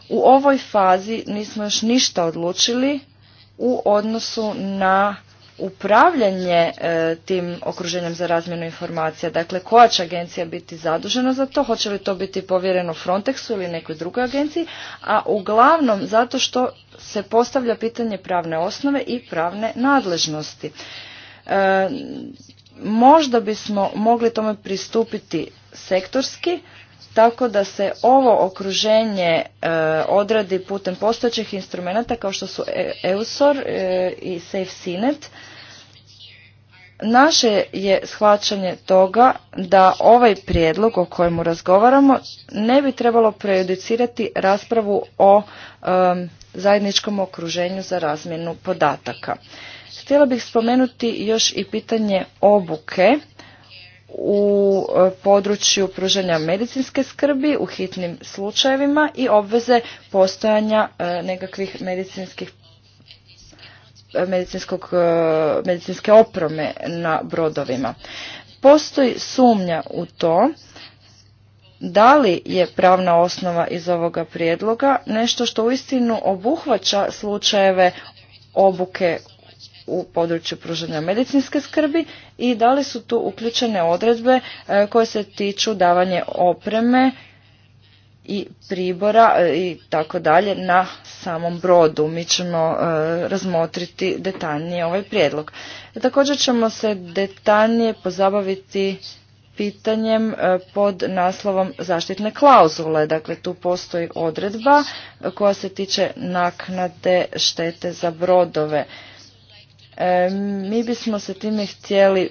U ovoj fazi nismo još ništa odlučili u odnosu na upravljanje e, tim okruženjem za razmjenu informacija? Dakle, koja će agencija biti zadužena za to? Hoće li to biti povjereno Frontexu ili nekoj drugoj agenciji? A uglavnom zato što se postavlja pitanje pravne osnove i pravne nadležnosti. E, možda bismo mogli tome pristupiti sektorski, tako da se ovo okruženje e, odradi putem postojećih instrumenata kao što su EUSOR e, i SafeCinet Naše je shvaćanje toga da ovaj prijedlog o kojemu razgovaramo ne bi trebalo prejudicirati raspravu o zajedničkom okruženju za razmjenu podataka. Htjela bih spomenuti još i pitanje obuke u e, području pružanja medicinske skrbi u hitnim slučajevima i obveze postojanja e, nekakvih medicinskih E, medicinske oprome na brodovima. Postoji sumnja u to da li je pravna osnova iz ovoga prijedloga nešto što uistinu obuhvaća slučajeve obuke u području pružanja medicinske skrbi i da li su tu uključene odredbe e, koje se tiču davanje opreme i pribora e, i tako dalje na samom brodu. Mi ćemo e, razmotriti detaljnije ovaj prijedlog. E, također ćemo se detaljnije pozabaviti pitanjem pod naslovom zaštitne klauzule. Dakle, tu postoji odredba koja se tiče naknade štete za brodove. Mi bismo se time htjeli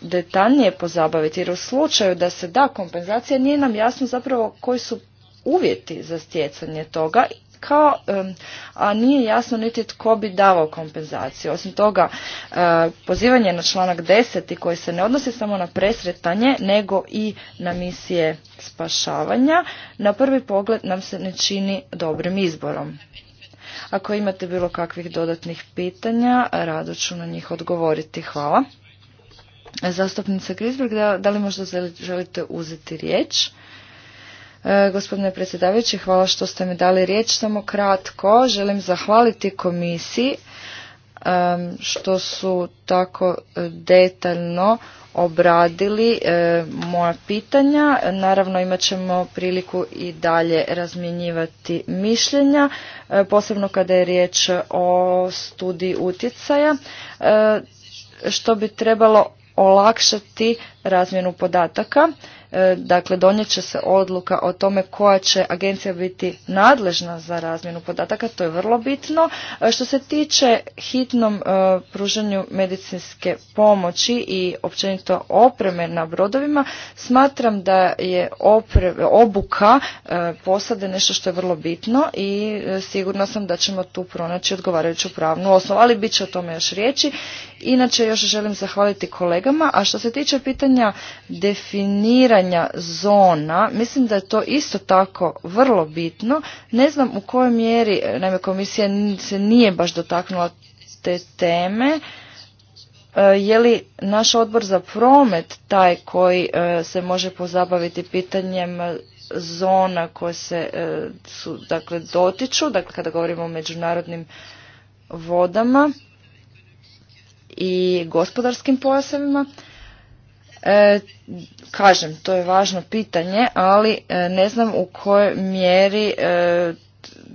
detaljnije pozabaviti jer u slučaju da se da kompenzacija nije nam jasno zapravo koji su uvjeti za stjecanje toga kao, a nije jasno niti tko bi davao kompenzaciju. Osim toga, e, pozivanje na članak 10. koji se ne odnosi samo na presretanje, nego i na misije spašavanja, na prvi pogled nam se ne čini dobrim izborom. Ako imate bilo kakvih dodatnih pitanja, rado ću na njih odgovoriti. Hvala. Zastupnica Grisberg, da, da li možda želite uzeti riječ? E, gospodine predsjedavajući, hvala što ste mi dali riječ. Samo kratko, želim zahvaliti komisiji e, što su tako detaljno obradili e, moja pitanja. Naravno imat ćemo priliku i dalje razmjenjivati mišljenja, posebno kada je riječ o studiji utjecaja, što bi trebalo olakšati razmjenu podataka. E, dakle, donijet će se odluka o tome koja će agencija biti nadležna za razmjenu podataka, to je vrlo bitno. E, što se tiče hitnom e, pružanju medicinske pomoći i općenito opreme na brodovima, smatram da je obuka posade nešto što je vrlo bitno i sigurna sam da ćemo tu pronaći odgovarajuću pravnu osnovu, ali bit će o tome još riječi Inače još želim zahvaliti kolegama, a što se tiče pitanja definiranja zona, mislim da je to isto tako vrlo bitno. Ne znam u kojoj mjeri, naime komisija se nije baš dotaknula te teme, e, je li naš odbor za promet taj koji e, se može pozabaviti pitanjem zona koje se e, su, dakle, dotiču, dakle kada govorimo o međunarodnim vodama i gospodarskim pojasevima. E, kažem, to je važno pitanje, ali e, ne znam u kojoj mjeri e,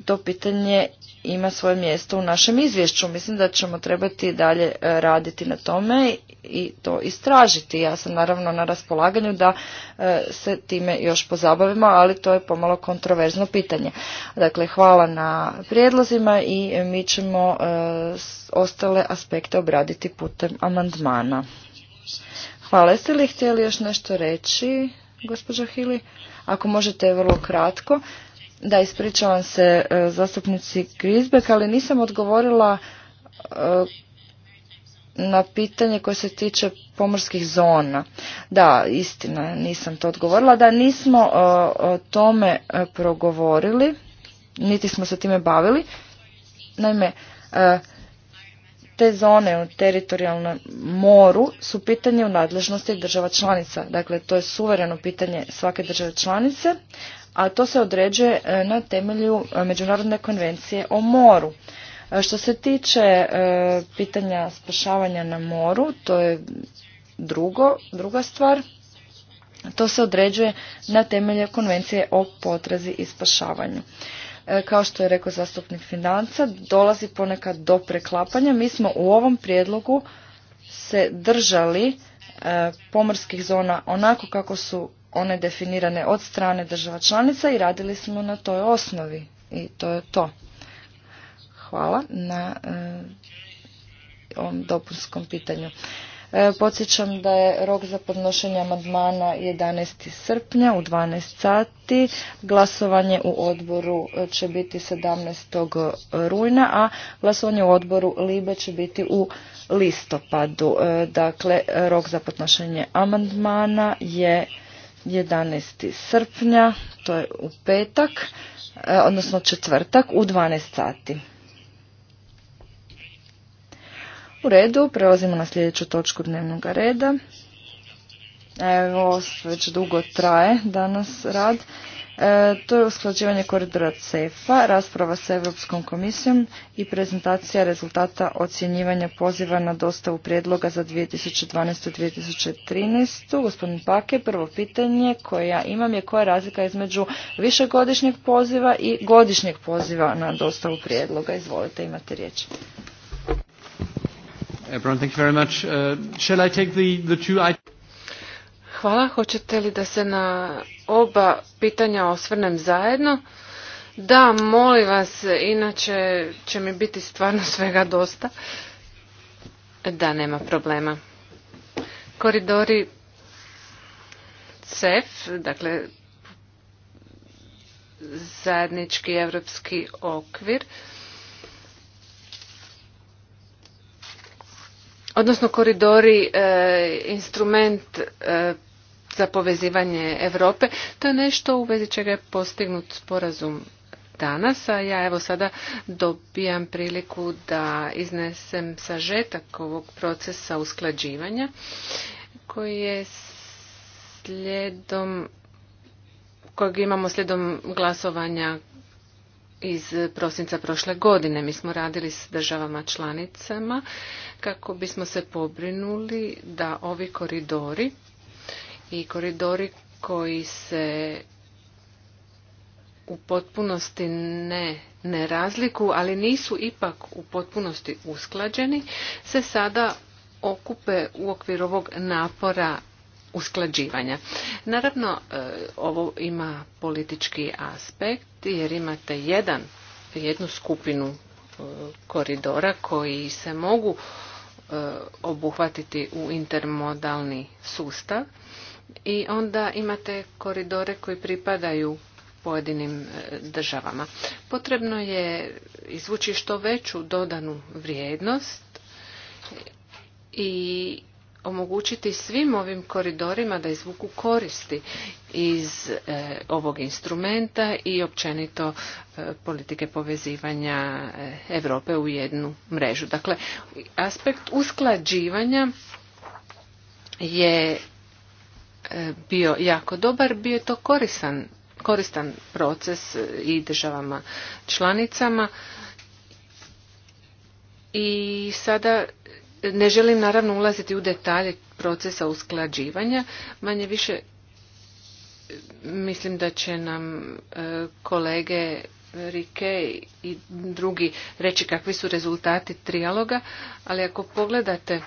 to pitanje ima svoje mjesto u našem izvješću. Mislim da ćemo trebati dalje e, raditi na tome i to istražiti. Ja sam naravno na raspolaganju da e, se time još pozabavimo, ali to je pomalo kontroverzno pitanje. Dakle, hvala na prijedlozima i mi ćemo e, ostale aspekte obraditi putem amandmana. Hvala, jeste li htjeli još nešto reći, gospođo Hili? Ako možete, vrlo kratko. Da, ispričavam se e, zastupnici Grisbeck, ali nisam odgovorila e, na pitanje koje se tiče pomorskih zona. Da, istina, nisam to odgovorila. Da, nismo e, o tome progovorili, niti smo se time bavili. Naime, te zone u teritorijalnom moru su pitanje u nadležnosti država članica. Dakle, to je suvereno pitanje svake države članice, a to se određuje e, na temelju e, Međunarodne konvencije o moru. E, što se tiče pitanja spašavanja na moru, to je drugo, druga stvar. To se određuje na temelju konvencije o potrazi i spašavanju. Kao što je rekao zastupnik financa, dolazi ponekad do preklapanja. Mi smo u ovom prijedlogu se držali pomorskih zona onako kako su one definirane od strane država članica i radili smo na toj osnovi i to je to. Hvala na eh, ovom dopunskom pitanju. Eh, podsjećam da je rok za podnošenje amandmana 11. srpnja u 12 sati. Glasovanje u odboru eh, će biti 17. rujna, a glasovanje u odboru Libe će biti u listopadu. dakle, rok za podnošenje amandmana je 11. srpnja, to je u petak, e, odnosno četvrtak u 12 sati. U redu, prelazimo na sljedeću točku dnevnog reda. Evo, već dugo traje danas rad. E, to je usklađivanje koridora CEFA, rasprava sa Europskom komisijom i prezentacija rezultata ocjenjivanja poziva na dostavu prijedloga za 2012. i 2013. Gospodin Pake, prvo pitanje koje ja imam je koja je razlika između višegodišnjeg poziva i godišnjeg poziva na dostavu prijedloga. Izvolite, imate riječ. Hvala. Hoćete li da se na oba pitanja osvrnem zajedno? Da, molim vas, inače će mi biti stvarno svega dosta. Da, nema problema. Koridori CEF, dakle zajednički evropski okvir, odnosno koridori e, instrument e, za povezivanje Europe. To je nešto u vezi čega je postignut sporazum danas, a ja evo sada dobijam priliku da iznesem sažetak ovog procesa usklađivanja koji je slijedom kojeg imamo slijedom glasovanja iz prosinca prošle godine. Mi smo radili s državama članicama kako bismo se pobrinuli da ovi koridori i koridori koji se u potpunosti ne, ne razliku, ali nisu ipak u potpunosti usklađeni, se sada okupe u okviru ovog napora usklađivanja. Naravno, e, ovo ima politički aspekt jer imate jedan, jednu skupinu e, koridora koji se mogu e, obuhvatiti u intermodalni sustav i onda imate koridore koji pripadaju pojedinim e, državama. Potrebno je izvući što veću dodanu vrijednost i omogućiti svim ovim koridorima da izvuku koristi iz e, ovog instrumenta i općenito e, politike povezivanja Europe u jednu mrežu. Dakle, aspekt usklađivanja je E, bio jako dobar, bio je to koristan, koristan proces e, i državama članicama. I sada ne želim naravno ulaziti u detalje procesa usklađivanja, manje više mislim da će nam e, kolege Rike i drugi reći kakvi su rezultati trijaloga, ali ako pogledate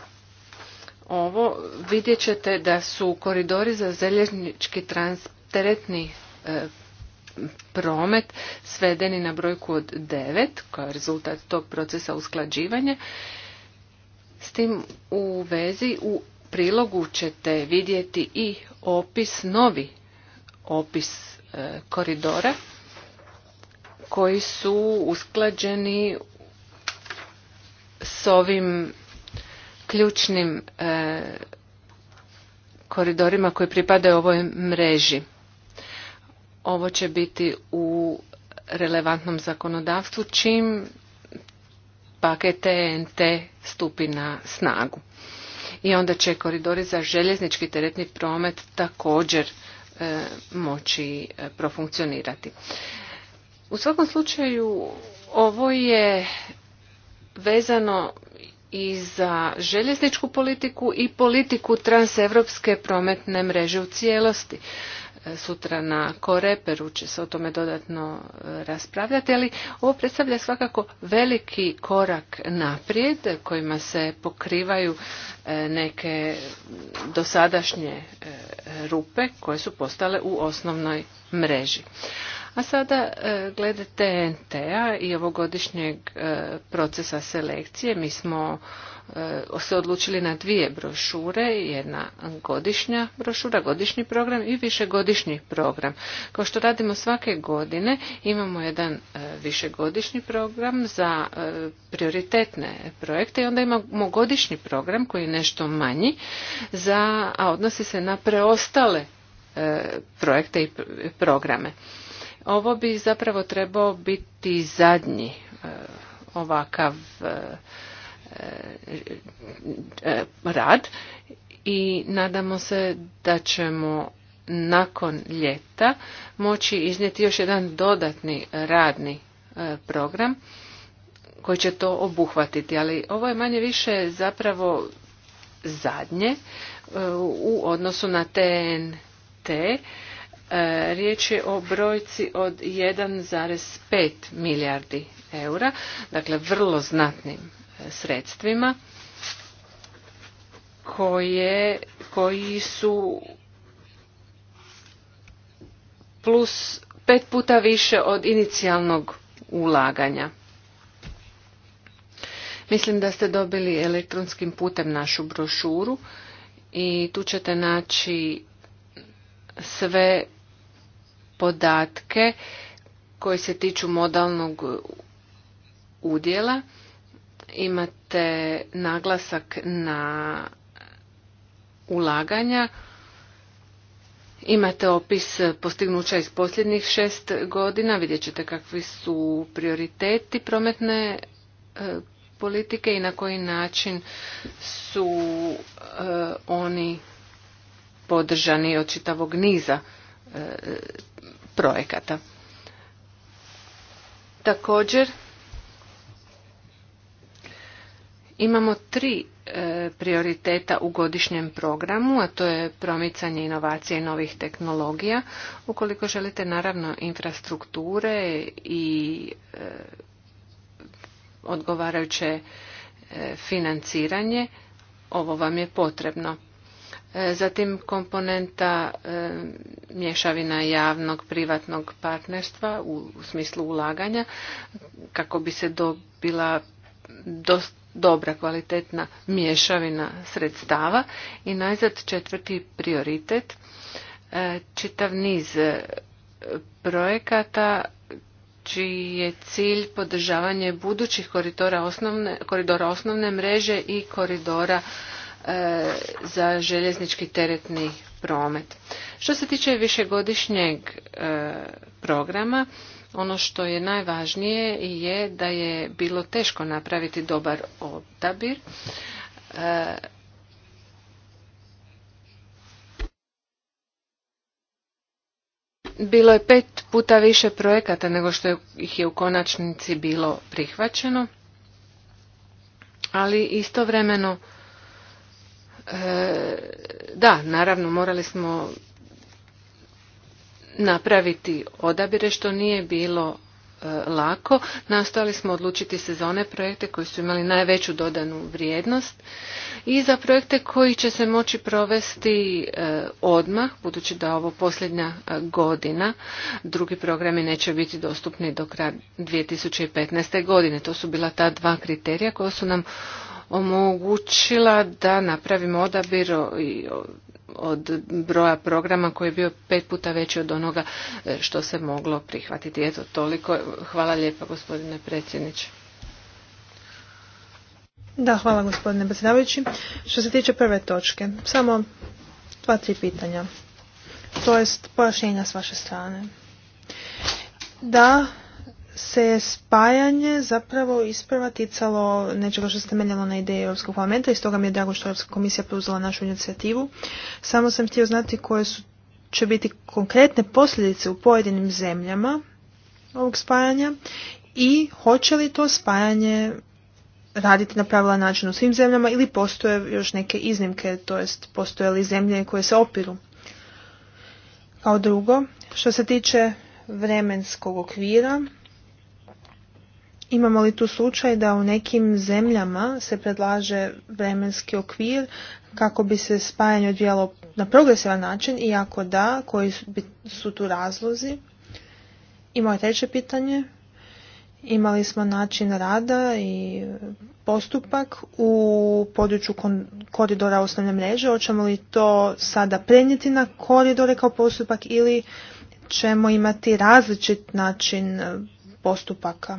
ovo vidjet ćete da su koridori za željeznički teretni e, promet svedeni na brojku od 9 koja je rezultat tog procesa usklađivanja. S tim u vezi u prilogu ćete vidjeti i opis, novi opis e, koridora koji su usklađeni s ovim ključnim e, koridorima koji pripadaju ovoj mreži. Ovo će biti u relevantnom zakonodavstvu čim paket TNT e stupi na snagu. I onda će koridori za željeznički teretni promet također e, moći profunkcionirati. U svakom slučaju ovo je vezano i za željezničku politiku i politiku transevropske prometne mreže u cijelosti. E, sutra na Koreperu će se o tome dodatno e, raspravljati, ali ovo predstavlja svakako veliki korak naprijed kojima se pokrivaju e, neke dosadašnje rupe koje su postale u osnovnoj mreži. A sada e, glede TNT-a i ovogodišnjeg e, procesa selekcije, mi smo e, se odlučili na dvije brošure, jedna godišnja brošura, godišnji program i višegodišnji program. Kao što radimo svake godine, imamo jedan višegodišnji program za prioritetne projekte i onda imamo godišnji program koji je nešto manji, za, a odnosi se na preostale projekte i programe. Ovo bi zapravo trebao biti zadnji e, ovakav e, e, rad i nadamo se da ćemo nakon ljeta moći iznijeti još jedan dodatni radni program koji će to obuhvatiti, ali ovo je manje više zapravo zadnje u odnosu na TNT E, riječ je o brojci od 1,5 milijardi eura, dakle vrlo znatnim e, sredstvima koje, koji su plus pet puta više od inicijalnog ulaganja. Mislim da ste dobili elektronskim putem našu brošuru i tu ćete naći sve podatke koji se tiču modalnog udjela. Imate naglasak na ulaganja. Imate opis postignuća iz posljednjih šest godina. Vidjet ćete kakvi su prioriteti prometne e, politike i na koji način su e, oni podržani od čitavog niza e, projekata. Također imamo tri e, prioriteta u godišnjem programu, a to je promicanje inovacije i novih tehnologija. Ukoliko želite naravno infrastrukture i e, odgovarajuće e, financiranje, ovo vam je potrebno. Zatim komponenta mješavina javnog privatnog partnerstva u, smislu ulaganja kako bi se dobila dobra kvalitetna mješavina sredstava i najzad četvrti prioritet e, čitav niz e, projekata čiji je cilj podržavanje budućih koridora osnovne, koridora osnovne mreže i koridora e, za željeznički teretni promet. Što se tiče višegodišnjeg e, programa, ono što je najvažnije je da je bilo teško napraviti dobar odabir. E, bilo je pet puta više projekata nego što ih je u konačnici bilo prihvaćeno, ali istovremeno E, da, naravno morali smo napraviti odabire što nije bilo e, lako. Nastojali smo odlučiti se za one projekte koji su imali najveću dodanu vrijednost i za projekte koji će se moći provesti e, odmah, budući da ovo posljednja godina. Drugi programi neće biti dostupni do kraja 2015. godine. To su bila ta dva kriterija koja su nam omogućila da napravimo odabir od broja programa koji je bio pet puta veći od onoga e, što se moglo prihvatiti. Eto, toliko. Hvala lijepa gospodine predsjedniče. Da, hvala gospodine predsjedavajući. Što se tiče prve točke, samo dva, tri pitanja. To jest pojašnjenja s vaše strane. Da, se spajanje zapravo isprava ticalo nečega što se temeljalo na ideji Europskog parlamenta i stoga mi je drago što Europska komisija preuzela našu inicijativu. Samo sam htio znati koje su, će biti konkretne posljedice u pojedinim zemljama ovog spajanja i hoće li to spajanje raditi na pravilan način u svim zemljama ili postoje još neke iznimke, to jest postoje li zemlje koje se opiru. Kao drugo, što se tiče vremenskog okvira, Imamo li tu slučaj da u nekim zemljama se predlaže vremenski okvir kako bi se spajanje odvijalo na progresivan način i ako da, koji su tu razlozi? I moje treće pitanje, imali smo način rada i postupak u području koridora osnovne mreže. Hoćemo li to sada prenijeti na koridore kao postupak ili ćemo imati različit način postupaka?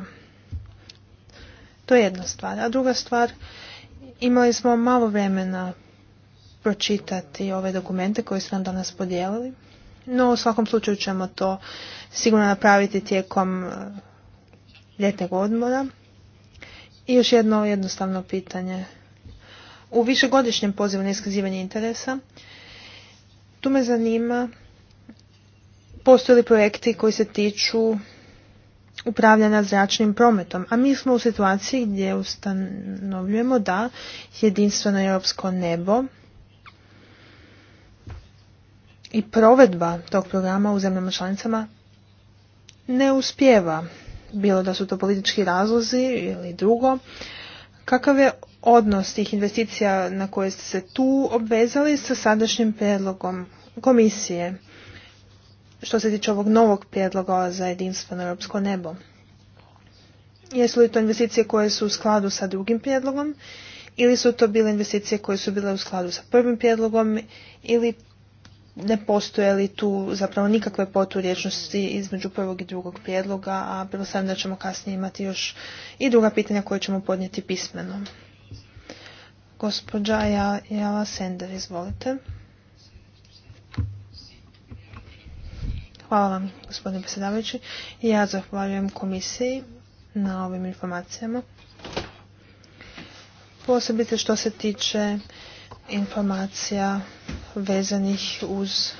To je jedna stvar. A druga stvar, imali smo malo vremena pročitati ove dokumente koje su nam danas podijelili. No, u svakom slučaju ćemo to sigurno napraviti tijekom e, ljetnog odmora. I još jedno jednostavno pitanje. U višegodišnjem pozivu na iskazivanje interesa, tu me zanima postoje li projekti koji se tiču upravljanja zračnim prometom. A mi smo u situaciji gdje ustanovljujemo da jedinstveno europsko nebo i provedba tog programa u zemljama članicama ne uspjeva. Bilo da su to politički razlozi ili drugo. Kakav je odnos tih investicija na koje ste se tu obvezali sa sadašnjim predlogom komisije? što se tiče ovog novog prijedloga za jedinstveno europsko nebo. Jesu li to investicije koje su u skladu sa drugim prijedlogom ili su to bile investicije koje su bile u skladu sa prvim prijedlogom ili ne postoje li tu zapravo nikakve rječnosti između prvog i drugog prijedloga, a sam da ćemo kasnije imati još i druga pitanja koje ćemo podnijeti pismeno. Gospođa Jala Sender, izvolite. Hvala vam, gospodine predsjedavajući. Ja zahvaljujem komisiji na ovim informacijama. Posebice što se tiče informacija vezanih uz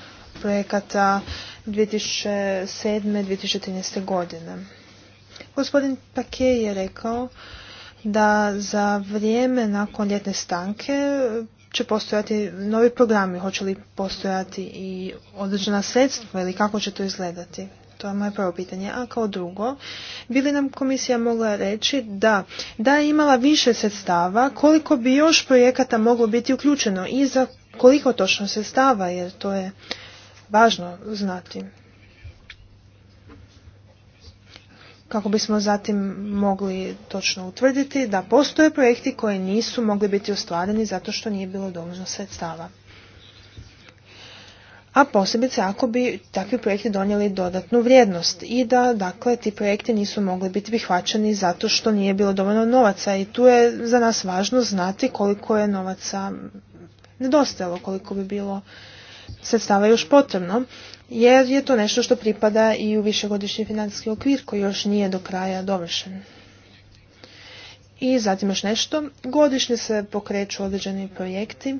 projekata 2007-2013. godine. Gospodin Pake je rekao da za vrijeme nakon ljetne stanke će postojati novi programi, hoće li postojati i određena sredstva ili kako će to izgledati? To je moje prvo pitanje. A kao drugo, bi li nam komisija mogla reći da, da je imala više sredstava, koliko bi još projekata moglo biti uključeno i za koliko točno sredstava, jer to je važno znati. kako bismo zatim mogli točno utvrditi da postoje projekti koji nisu mogli biti ostvareni zato što nije bilo dovoljno sredstava. A posebice ako bi takvi projekti donijeli dodatnu vrijednost i da dakle ti projekti nisu mogli biti prihvaćeni zato što nije bilo dovoljno novaca i tu je za nas važno znati koliko je novaca nedostajalo, koliko bi bilo sredstava još potrebno jer je to nešto što pripada i u višegodišnji financijski okvir koji još nije do kraja dovršen. I zatim još nešto, godišnje se pokreću određeni projekti,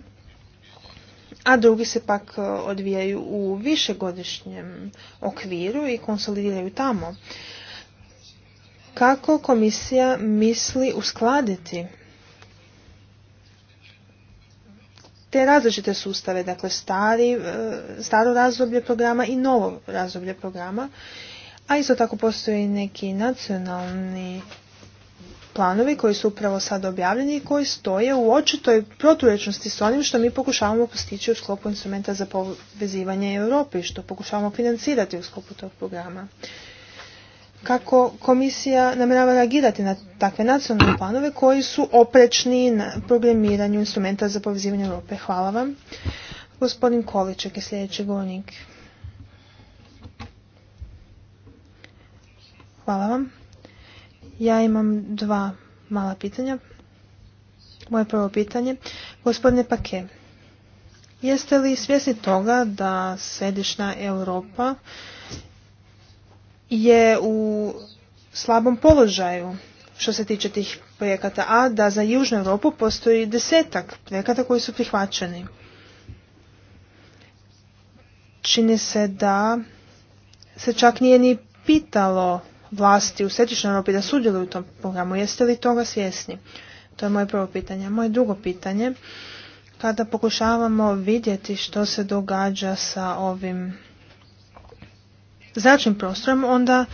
a drugi se pak e, odvijaju u višegodišnjem okviru i konsolidiraju tamo. Kako komisija misli uskladiti te različite sustave, dakle stari, e, staro razdoblje programa i novo razdoblje programa, a isto tako i neki nacionalni planovi koji su upravo sad objavljeni i koji stoje u očitoj proturečnosti s onim što mi pokušavamo postići u sklopu instrumenta za povezivanje Europe i što pokušavamo financirati u sklopu tog programa kako komisija namjerava reagirati na takve nacionalne planove koji su oprečni na programiranju instrumenta za povezivanje Europe. Hvala vam. Gospodin Količek je sljedeći govornik. Hvala vam. Ja imam dva mala pitanja. Moje prvo pitanje. Gospodine Pake, jeste li svjesni toga da središnja Europa je u slabom položaju što se tiče tih projekata, a da za Južnu Europu postoji desetak projekata koji su prihvaćeni. Čini se da se čak nije ni pitalo vlasti u Središnjoj Europi da sudjeluju u tom programu. Jeste li toga svjesni? To je moje prvo pitanje. Moje drugo pitanje, kada pokušavamo vidjeti što se događa sa ovim zračnim prostorom, onda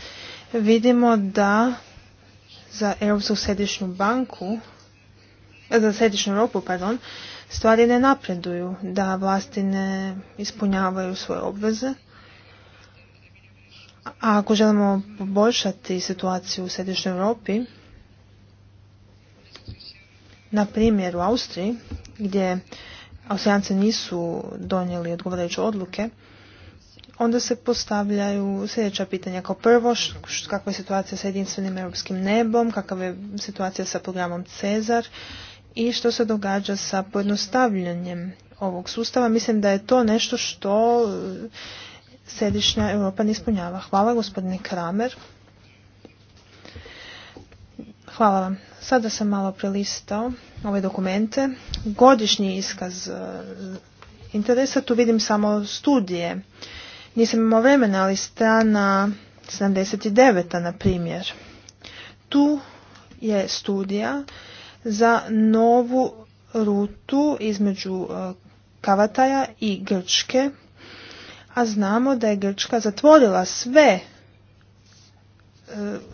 vidimo da za Europsku središnju banku, eh, za središnju Europu, pardon, stvari ne napreduju, da vlasti ne ispunjavaju svoje obveze. A ako želimo poboljšati situaciju u središnjoj Europi, na primjer u Austriji, gdje Austrijanci nisu donijeli odgovarajuće odluke, onda se postavljaju sljedeća pitanja. Kao prvo, kakva je situacija sa jedinstvenim europskim nebom, kakva je situacija sa programom Cezar i što se događa sa pojednostavljanjem ovog sustava. Mislim da je to nešto što e, središnja Europa ne ispunjava. Hvala gospodine Kramer. Hvala vam. Sada sam malo prelistao ove dokumente. Godišnji iskaz e, interesa, tu vidim samo studije nisam imao vremena, ali strana 79. na primjer. Tu je studija za novu rutu između e, Kavataja i Grčke, a znamo da je Grčka zatvorila sve e,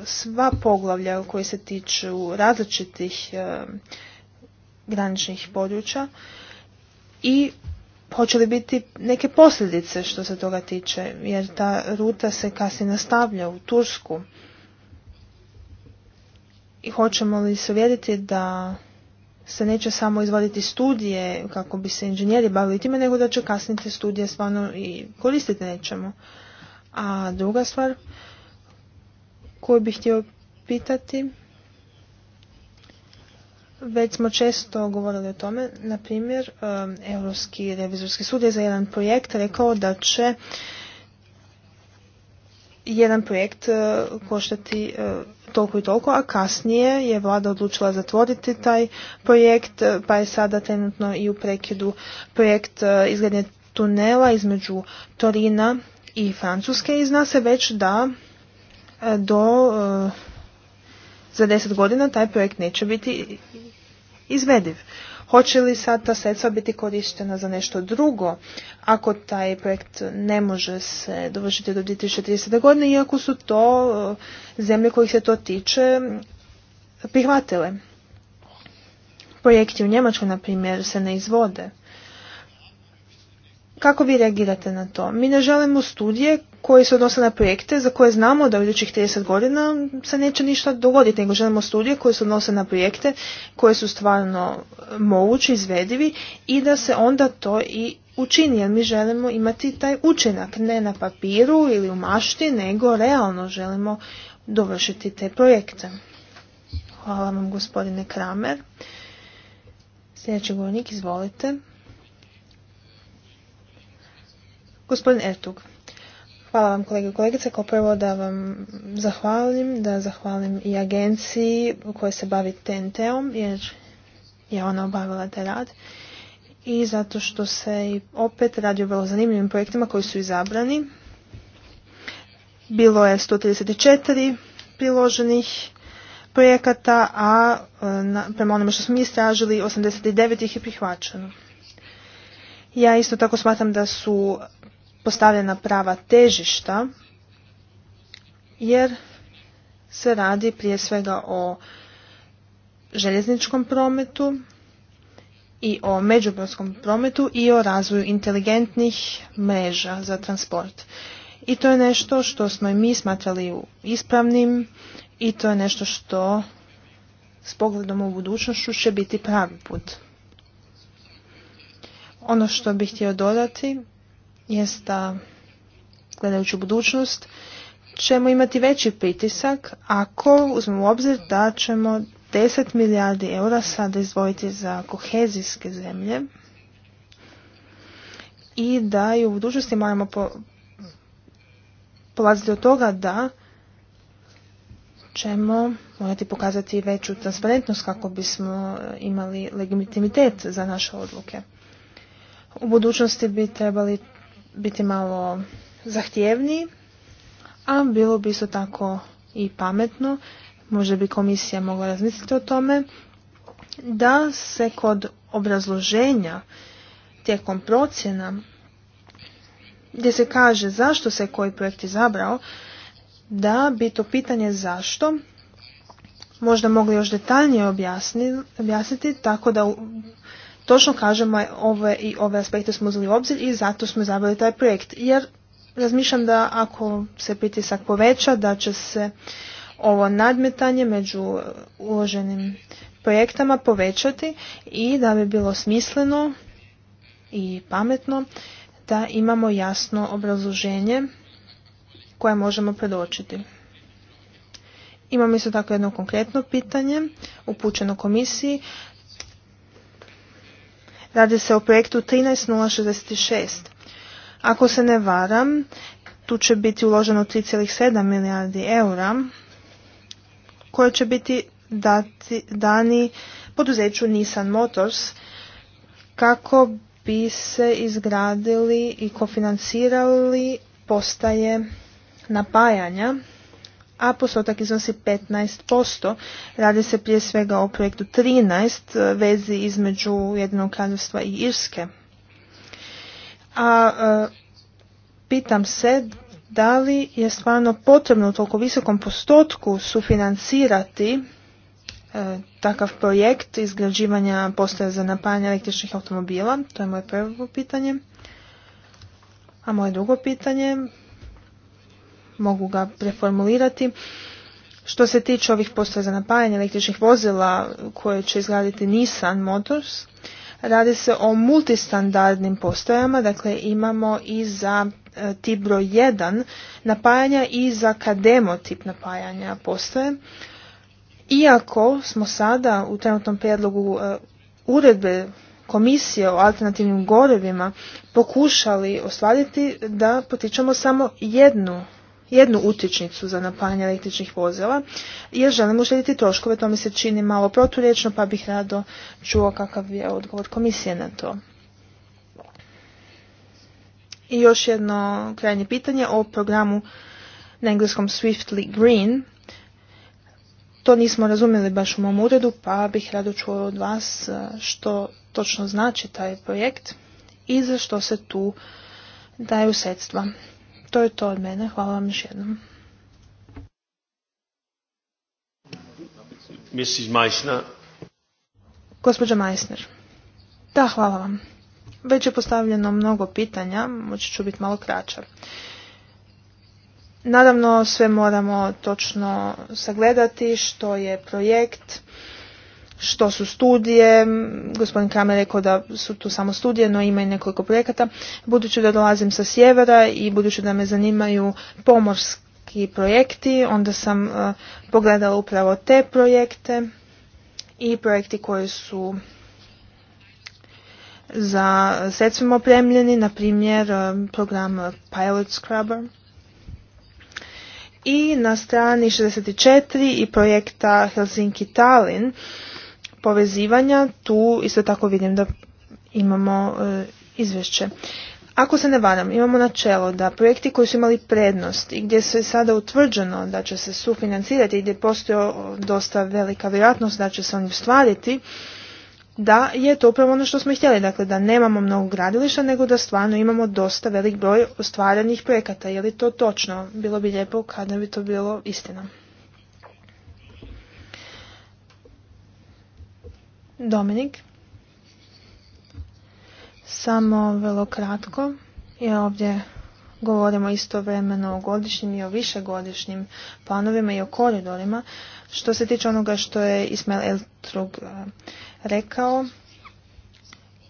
sva poglavlja koji se tiču različitih e, graničnih područja i hoće li biti neke posljedice što se toga tiče, jer ta ruta se kasnije nastavlja u Tursku. I hoćemo li se uvjeriti da se neće samo izvaditi studije kako bi se inženjeri bavili time, nego da će kasniti studije stvarno i koristiti nečemu. A druga stvar koju bih htio pitati već smo često govorili o tome, na primjer, um, Europski revizorski sud je za jedan projekt rekao da će jedan projekt uh, koštati uh, toliko i toliko, a kasnije je vlada odlučila zatvoriti taj projekt, uh, pa je sada trenutno i u prekidu projekt izgradnje tunela između Torina i Francuske i zna se već da do za deset godina taj projekt neće biti izvediv. Hoće li sad ta sredstva biti korištena za nešto drugo ako taj projekt ne može se dovršiti do 2030. godine, iako su to e, zemlje kojih se to tiče prihvatile. Projekti u Njemačkoj, na primjer, se ne izvode. Kako vi reagirate na to? Mi ne želimo studije koje se odnose na projekte za koje znamo da u idućih 30 godina se neće ništa dogoditi, nego želimo studije koje se odnose na projekte koje su stvarno e, mogući, izvedivi i da se onda to i učini, jer mi želimo imati taj učinak, ne na papiru ili u mašti, nego realno želimo dovršiti te projekte. Hvala vam gospodine Kramer. Sljedeći govornik, izvolite. Gospodin Ertug. Hvala vam kolege i kolegice. Kao prvo da vam zahvalim, da zahvalim i agenciji koja se bavi TNT-om jer je ona obavila taj rad i zato što se opet radi o vrlo zanimljivim projektima koji su izabrani. Bilo je 134 priloženih projekata, a e, prema onome što smo mi istražili, 89 ih je prihvaćeno. Ja isto tako smatram da su postavljena prava težišta jer se radi prije svega o željezničkom prometu i o međubrodskom prometu i o razvoju inteligentnih mreža za transport. I to je nešto što smo i mi smatrali ispravnim i to je nešto što s pogledom u budućnošću će biti pravi put. Ono što bih htio dodati jest gledajući u budućnost ćemo imati veći pritisak ako uzmemo u obzir da ćemo 10 milijardi eura sada izdvojiti za kohezijske zemlje i da i u budućnosti moramo po, polaziti od toga da ćemo morati pokazati veću transparentnost kako bismo imali legitimitet za naše odluke. U budućnosti bi trebali biti malo zahtjevniji, a bilo bi isto tako i pametno, možda bi komisija mogla razmisliti o tome, da se kod obrazloženja tijekom procjena gdje se kaže zašto se koji projekt izabrao, da bi to pitanje zašto možda mogli još detaljnije objasniti tako da točno kažemo ove i ove aspekte smo uzeli u obzir i zato smo izabrali taj projekt. Jer razmišljam da ako se pritisak poveća, da će se ovo nadmetanje među uloženim projektama povećati i da bi bilo smisleno i pametno da imamo jasno obrazloženje koje možemo predočiti. Imamo isto tako jedno konkretno pitanje upućeno komisiji Radi se o projektu 13066. Ako se ne varam, tu će biti uloženo 3,7 milijardi eura koje će biti dati, dani poduzeću Nissan Motors kako bi se izgradili i kofinancirali postaje napajanja a postotak iznosi 15%. Radi se prije svega o projektu 13 e, vezi između jedinog kraljevstva i Irske. A e, pitam se da li je stvarno potrebno u toliko visokom postotku sufinancirati e, takav projekt izgrađivanja postaja za napajanje električnih automobila? To je moje prvo pitanje. A moje drugo pitanje mogu ga preformulirati. Što se tiče ovih postoja za napajanje električnih vozila koje će izgraditi Nissan Motors, radi se o multistandardnim postojama, dakle imamo i za e, tip broj 1 napajanja i za kademo tip napajanja postoje. Iako smo sada u trenutnom prijedlogu e, uredbe komisije o alternativnim gorevima pokušali ostvariti da potičemo samo jednu jednu utječnicu za napajanje električnih vozila jer želim uštediti troškove. To mi se čini malo proturječno pa bih rado čuo kakav je odgovor komisije na to. I još jedno krajnje pitanje o programu na engleskom Swiftly Green. To nismo razumjeli baš u mom uredu, pa bih rado čuo od vas e, što točno znači taj projekt i za što se tu daju sredstva. To je to od mene. Hvala vam još jednom. Mrs. Meissner. Da, hvala vam. Već je postavljeno mnogo pitanja, moći ću biti malo kraća. Naravno sve moramo točno sagledati što je projekt, što su studije, gospodin Kramer rekao da su tu samo studije, no ima i nekoliko projekata. Budući da dolazim sa sjevera i budući da me zanimaju pomorski projekti, onda sam e, pogledala upravo te projekte i projekti koji su za sredstvom opremljeni, na primjer e, program Pilot Scrubber. I na strani 64 i projekta Helsinki Tallinn povezivanja, tu isto tako vidim da imamo e, izvješće. Ako se ne varam, imamo načelo da projekti koji su imali prednost i gdje se sada utvrđeno da će se sufinancirati i gdje postoji dosta velika vjerojatnost da će se oni ostvariti, da je to upravo ono što smo htjeli, dakle da nemamo mnogo gradilišta, nego da stvarno imamo dosta velik broj ostvarenih projekata. Je li to točno? Bilo bi lijepo kada bi to bilo istina. Dominik. Samo vrlo kratko, jer ovdje govorimo istovremeno o godišnjim i o višegodišnjim planovima i o koridorima. Što se tiče onoga što je Ismail Eltrug eh, rekao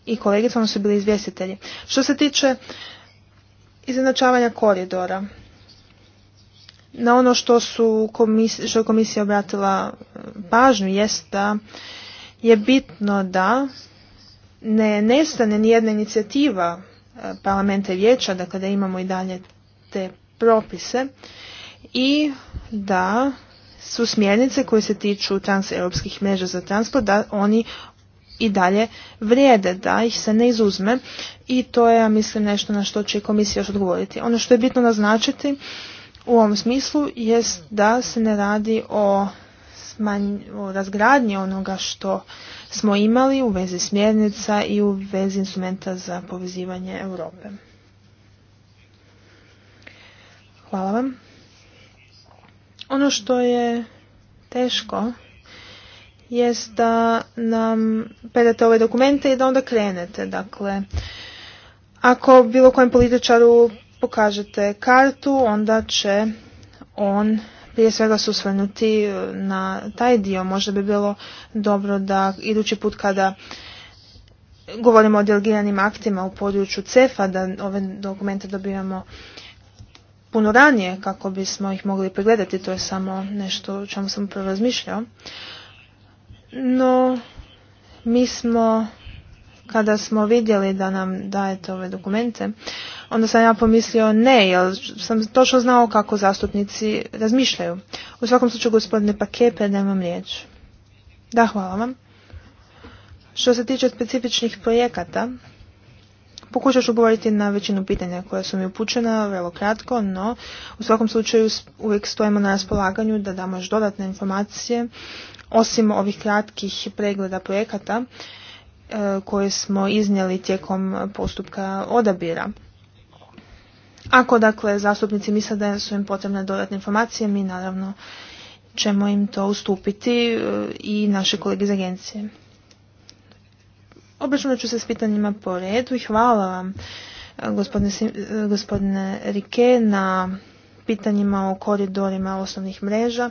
i kolegica, ono su bili izvjestitelji. Što se tiče izjednačavanja koridora, na ono što su komisija, što je komisija obratila eh, pažnju jest da je bitno da ne nestane nijedna inicijativa e, parlamenta i vijeća, dakle da imamo i dalje te propise i da su smjernice koje se tiču transeuropskih mreža za transport, da oni i dalje vrijede, da ih se ne izuzme i to je, ja mislim, nešto na što će komisija još odgovoriti. Ono što je bitno naznačiti u ovom smislu jest da se ne radi o razgradnje razgradnji onoga što smo imali u vezi smjernica i u vezi instrumenta za povezivanje Europe. Hvala vam. Ono što je teško jest da nam predate ove dokumente i da onda krenete. Dakle, ako bilo kojem političaru pokažete kartu, onda će on prije svega susvrnuti e, na taj dio. Možda bi bilo dobro da idući put kada govorimo o delegiranim aktima u području CEFA, da ove dokumente dobivamo puno ranije kako bismo ih mogli pregledati. To je samo nešto o čemu sam prvo razmišljao. No, mi smo kada smo vidjeli da nam dajete ove dokumente, onda sam ja pomislio ne, jer sam točno znao kako zastupnici razmišljaju. U svakom slučaju, gospodine Pakepe, nemam vam riječ. Da, hvala vam. Što se tiče specifičnih projekata, Pokušat ću govoriti na većinu pitanja koja su mi upućena, vrlo kratko, no u svakom slučaju uvijek stojimo na raspolaganju da damo još dodatne informacije, osim ovih kratkih pregleda projekata E, koje smo iznijeli tijekom postupka odabira. Ako dakle zastupnici misle da su im potrebne dodatne informacije, mi naravno ćemo im to ustupiti e, i naše kolege iz agencije. Obračunat ću se s pitanjima po redu i hvala vam e, gospodine, gospodine Rike na pitanjima o koridorima osnovnih mreža.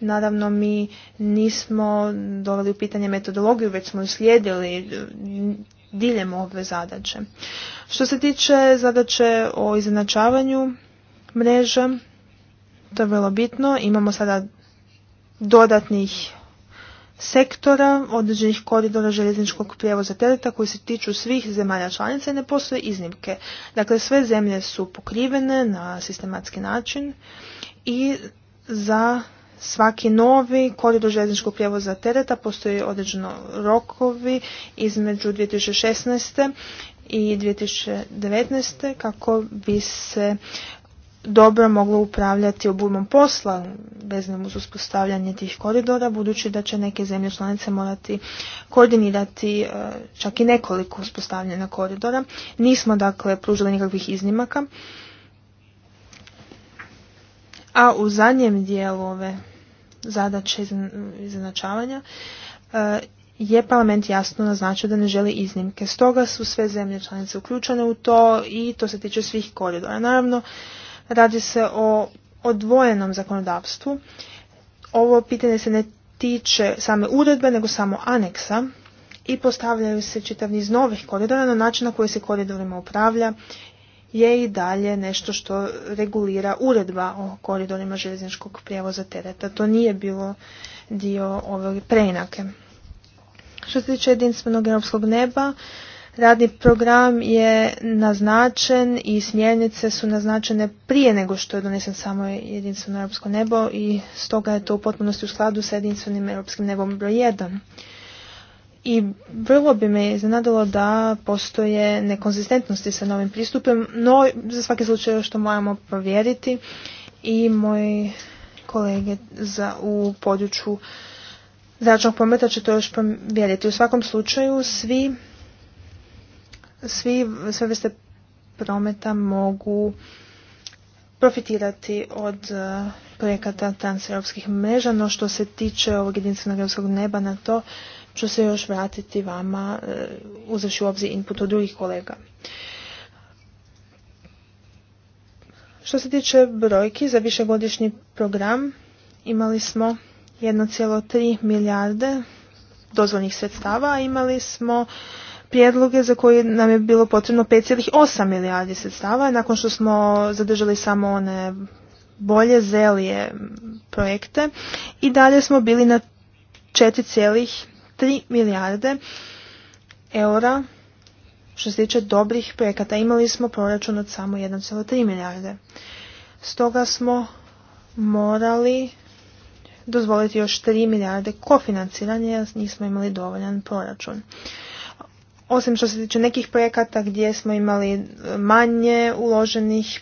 Naravno, mi nismo doveli u pitanje metodologiju, već smo ju slijedili e, diljem ove zadaće. Što se tiče zadaće o izjednačavanju mreža, to je vrlo bitno. Imamo sada dodatnih sektora, određenih koridora željezničkog prijevoza tereta koji se tiču svih zemalja članica i ne postoje iznimke. Dakle, sve zemlje su pokrivene na sistematski način i za svaki novi koridor željezničkog prijevoza tereta postoje određeno rokovi između 2016. i 2019. kako bi se dobro moglo upravljati obujmom posla bez uz uspostavljanje tih koridora, budući da će neke zemlje članice morati koordinirati e, čak i nekoliko uspostavljanja koridora. Nismo dakle pružili nikakvih iznimaka. A u zadnjem dijelu ove zadaće izjednačavanja e, je parlament jasno naznačio da ne želi iznimke. Stoga su sve zemlje članice uključene u to i to se tiče svih koridora. Naravno, Radi se o odvojenom zakonodavstvu. Ovo pitanje se ne tiče same uredbe, nego samo aneksa i postavljaju se čitav niz novih koridora, na način na koji se koridorima upravlja je i dalje nešto što regulira uredba o koridorima željezničkog prijevoza tereta. To nije bilo dio ove preinake. Što se tiče jedinstvenog europskog neba, Radni program je naznačen i smjernice su naznačene prije nego što je donesen samo jedinstveno europsko nebo i stoga je to u potpunosti u skladu sa jedinstvenim europskim nebom broj 1. I vrlo bi me iznenadilo da postoje nekonzistentnosti sa novim pristupem, no za svaki slučaj još moramo provjeriti i moji kolege za, u području zračnog prometa će to još provjeriti. U svakom slučaju svi svi, sve vrste prometa mogu profitirati od e, projekata transeuropskih mreža, no što se tiče ovog jedinstvenog europskog neba na to ću se još vratiti vama e, uzevši u obzir input od drugih kolega. Što se tiče brojki za višegodišnji program imali smo 1,3 milijarde dozvoljnih sredstava, a imali smo prijedloge za koje nam je bilo potrebno 5,8 milijardi sredstava, nakon što smo zadržali samo one bolje zelije projekte i dalje smo bili na 4,3 milijarde eura što se tiče dobrih projekata. Imali smo proračun od samo 1,3 milijarde. Stoga smo morali dozvoliti još 3 milijarde kofinanciranja jer nismo imali dovoljan proračun osim što se tiče nekih projekata gdje smo imali e, manje uloženih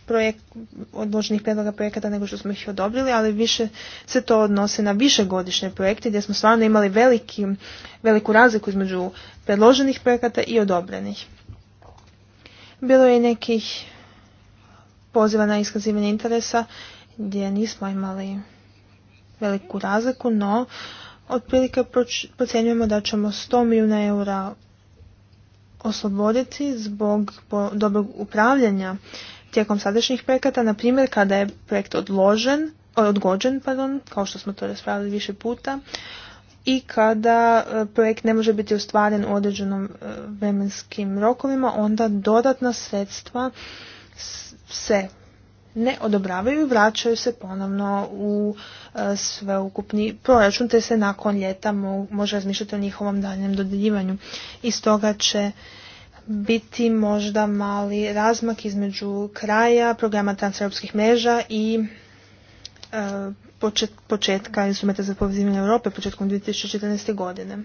odloženih predloga projekata nego što smo ih odobrili, ali više se to odnose na višegodišnje projekte gdje smo stvarno imali veliki, veliku razliku između predloženih projekata i odobrenih. Bilo je nekih poziva na iskazivanje interesa gdje nismo imali veliku razliku, no otprilike procjenjujemo da ćemo 100 milijuna eura osloboditi zbog dobrog upravljanja tijekom sadašnjih projekata, na primjer kada je projekt odložen, odgođen, pardon, kao što smo to raspravili više puta, i kada e, projekt ne može biti ostvaren u određenom e, vremenskim rokovima, onda dodatna sredstva se ne odobravaju i vraćaju se ponovno u e, sveukupni proračun, te se nakon ljeta može razmišljati o njihovom daljem dodeljivanju. I stoga će biti možda mali razmak između kraja programa transeuropskih mreža i e, početka instrumenta za povezivanje Europe početkom 2014. godine.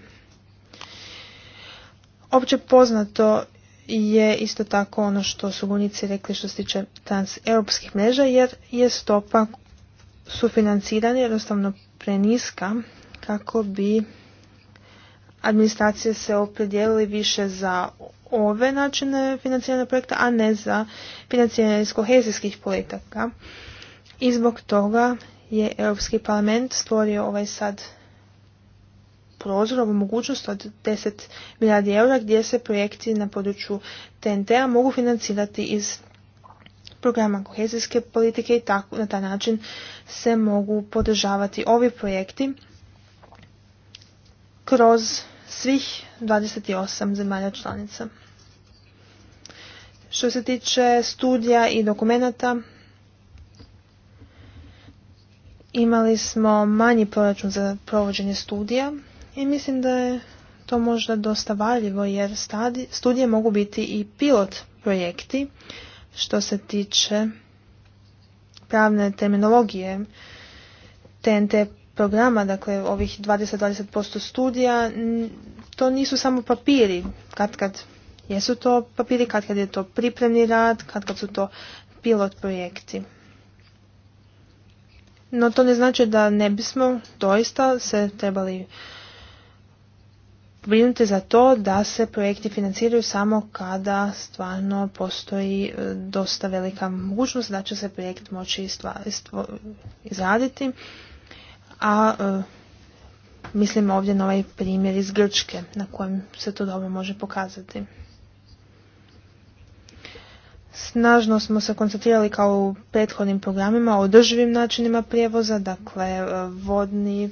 Opće poznato je isto tako ono što su gunici rekli što se tiče transeuropskih mreža jer je stopa sufinanciranja jednostavno preniska kako bi administracije se opredijelili više za ove načine financiranja projekta, a ne za financiranje iz kohezijskih projekata I zbog toga je Europski parlament stvorio ovaj sad prozor, mogućnost od 10 milijardi eura gdje se projekti na području TNT-a mogu financirati iz programa kohezijske politike i tako, na taj način se mogu podržavati ovi projekti kroz svih 28 zemalja članica. Što se tiče studija i dokumenata, imali smo manji proračun za provođenje studija i mislim da je to možda dosta valjivo jer studije mogu biti i pilot projekti što se tiče pravne terminologije TNT programa, dakle ovih 20-20% studija, to nisu samo papiri, kad kad jesu to papiri, kad kad je to pripremni rad, kad kad su to pilot projekti. No to ne znači da ne bismo doista se trebali brinuti za to da se projekti financiraju samo kada stvarno postoji e, dosta velika mogućnost da će se projekt moći izraditi. A e, mislim ovdje na ovaj primjer iz Grčke na kojem se to dobro može pokazati. Snažno smo se koncentrirali kao u prethodnim programima o održivim načinima prijevoza, dakle e, vodni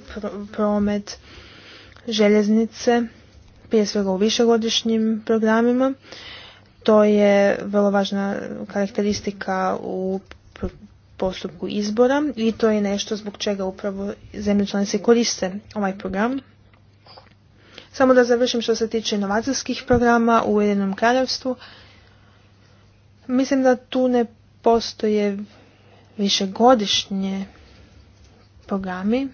promet, željeznice prije svega u višegodišnjim programima. To je vrlo važna karakteristika u postupku izbora i to je nešto zbog čega upravo zemlje članice koriste ovaj program. Samo da završim što se tiče inovacijskih programa u Ujedinom kraljevstvu. Mislim da tu ne postoje višegodišnje programi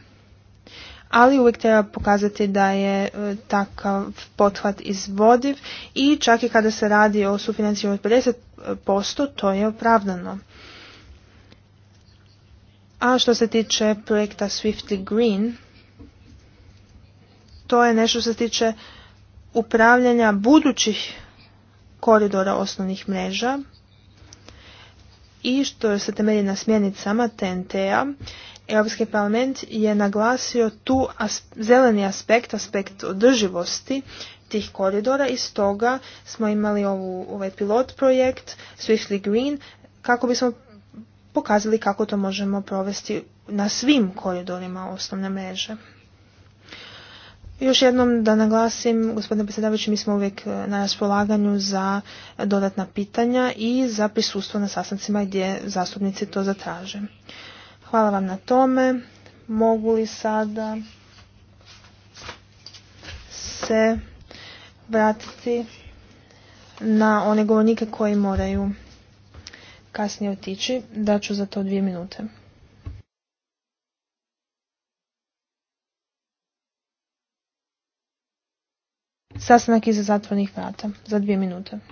ali uvijek treba pokazati da je e, takav pothvat izvodiv i čak i kada se radi o sufinanciranju od 50%, to je opravdano. A što se tiče projekta Swiftly Green, to je nešto što se tiče upravljanja budućih koridora osnovnih mreža, i što se temelji na smjenicama TNT-a, Europski parlament je naglasio tu zeleni aspekt, aspekt održivosti tih koridora i stoga smo imali ovu, ovaj pilot projekt Swiftly Green kako bismo pokazali kako to možemo provesti na svim koridorima osnovne mreže. Još jednom da naglasim, gospodine predsjedavajući, mi smo uvijek e, na raspolaganju za dodatna pitanja i za prisustvo na sastancima gdje zastupnici to zatraže. Hvala vam na tome. Mogu li sada se vratiti na one govornike koji moraju kasnije otići. ću za to dvije minute. Sastanak iza zatvornih vrata za dvije minute.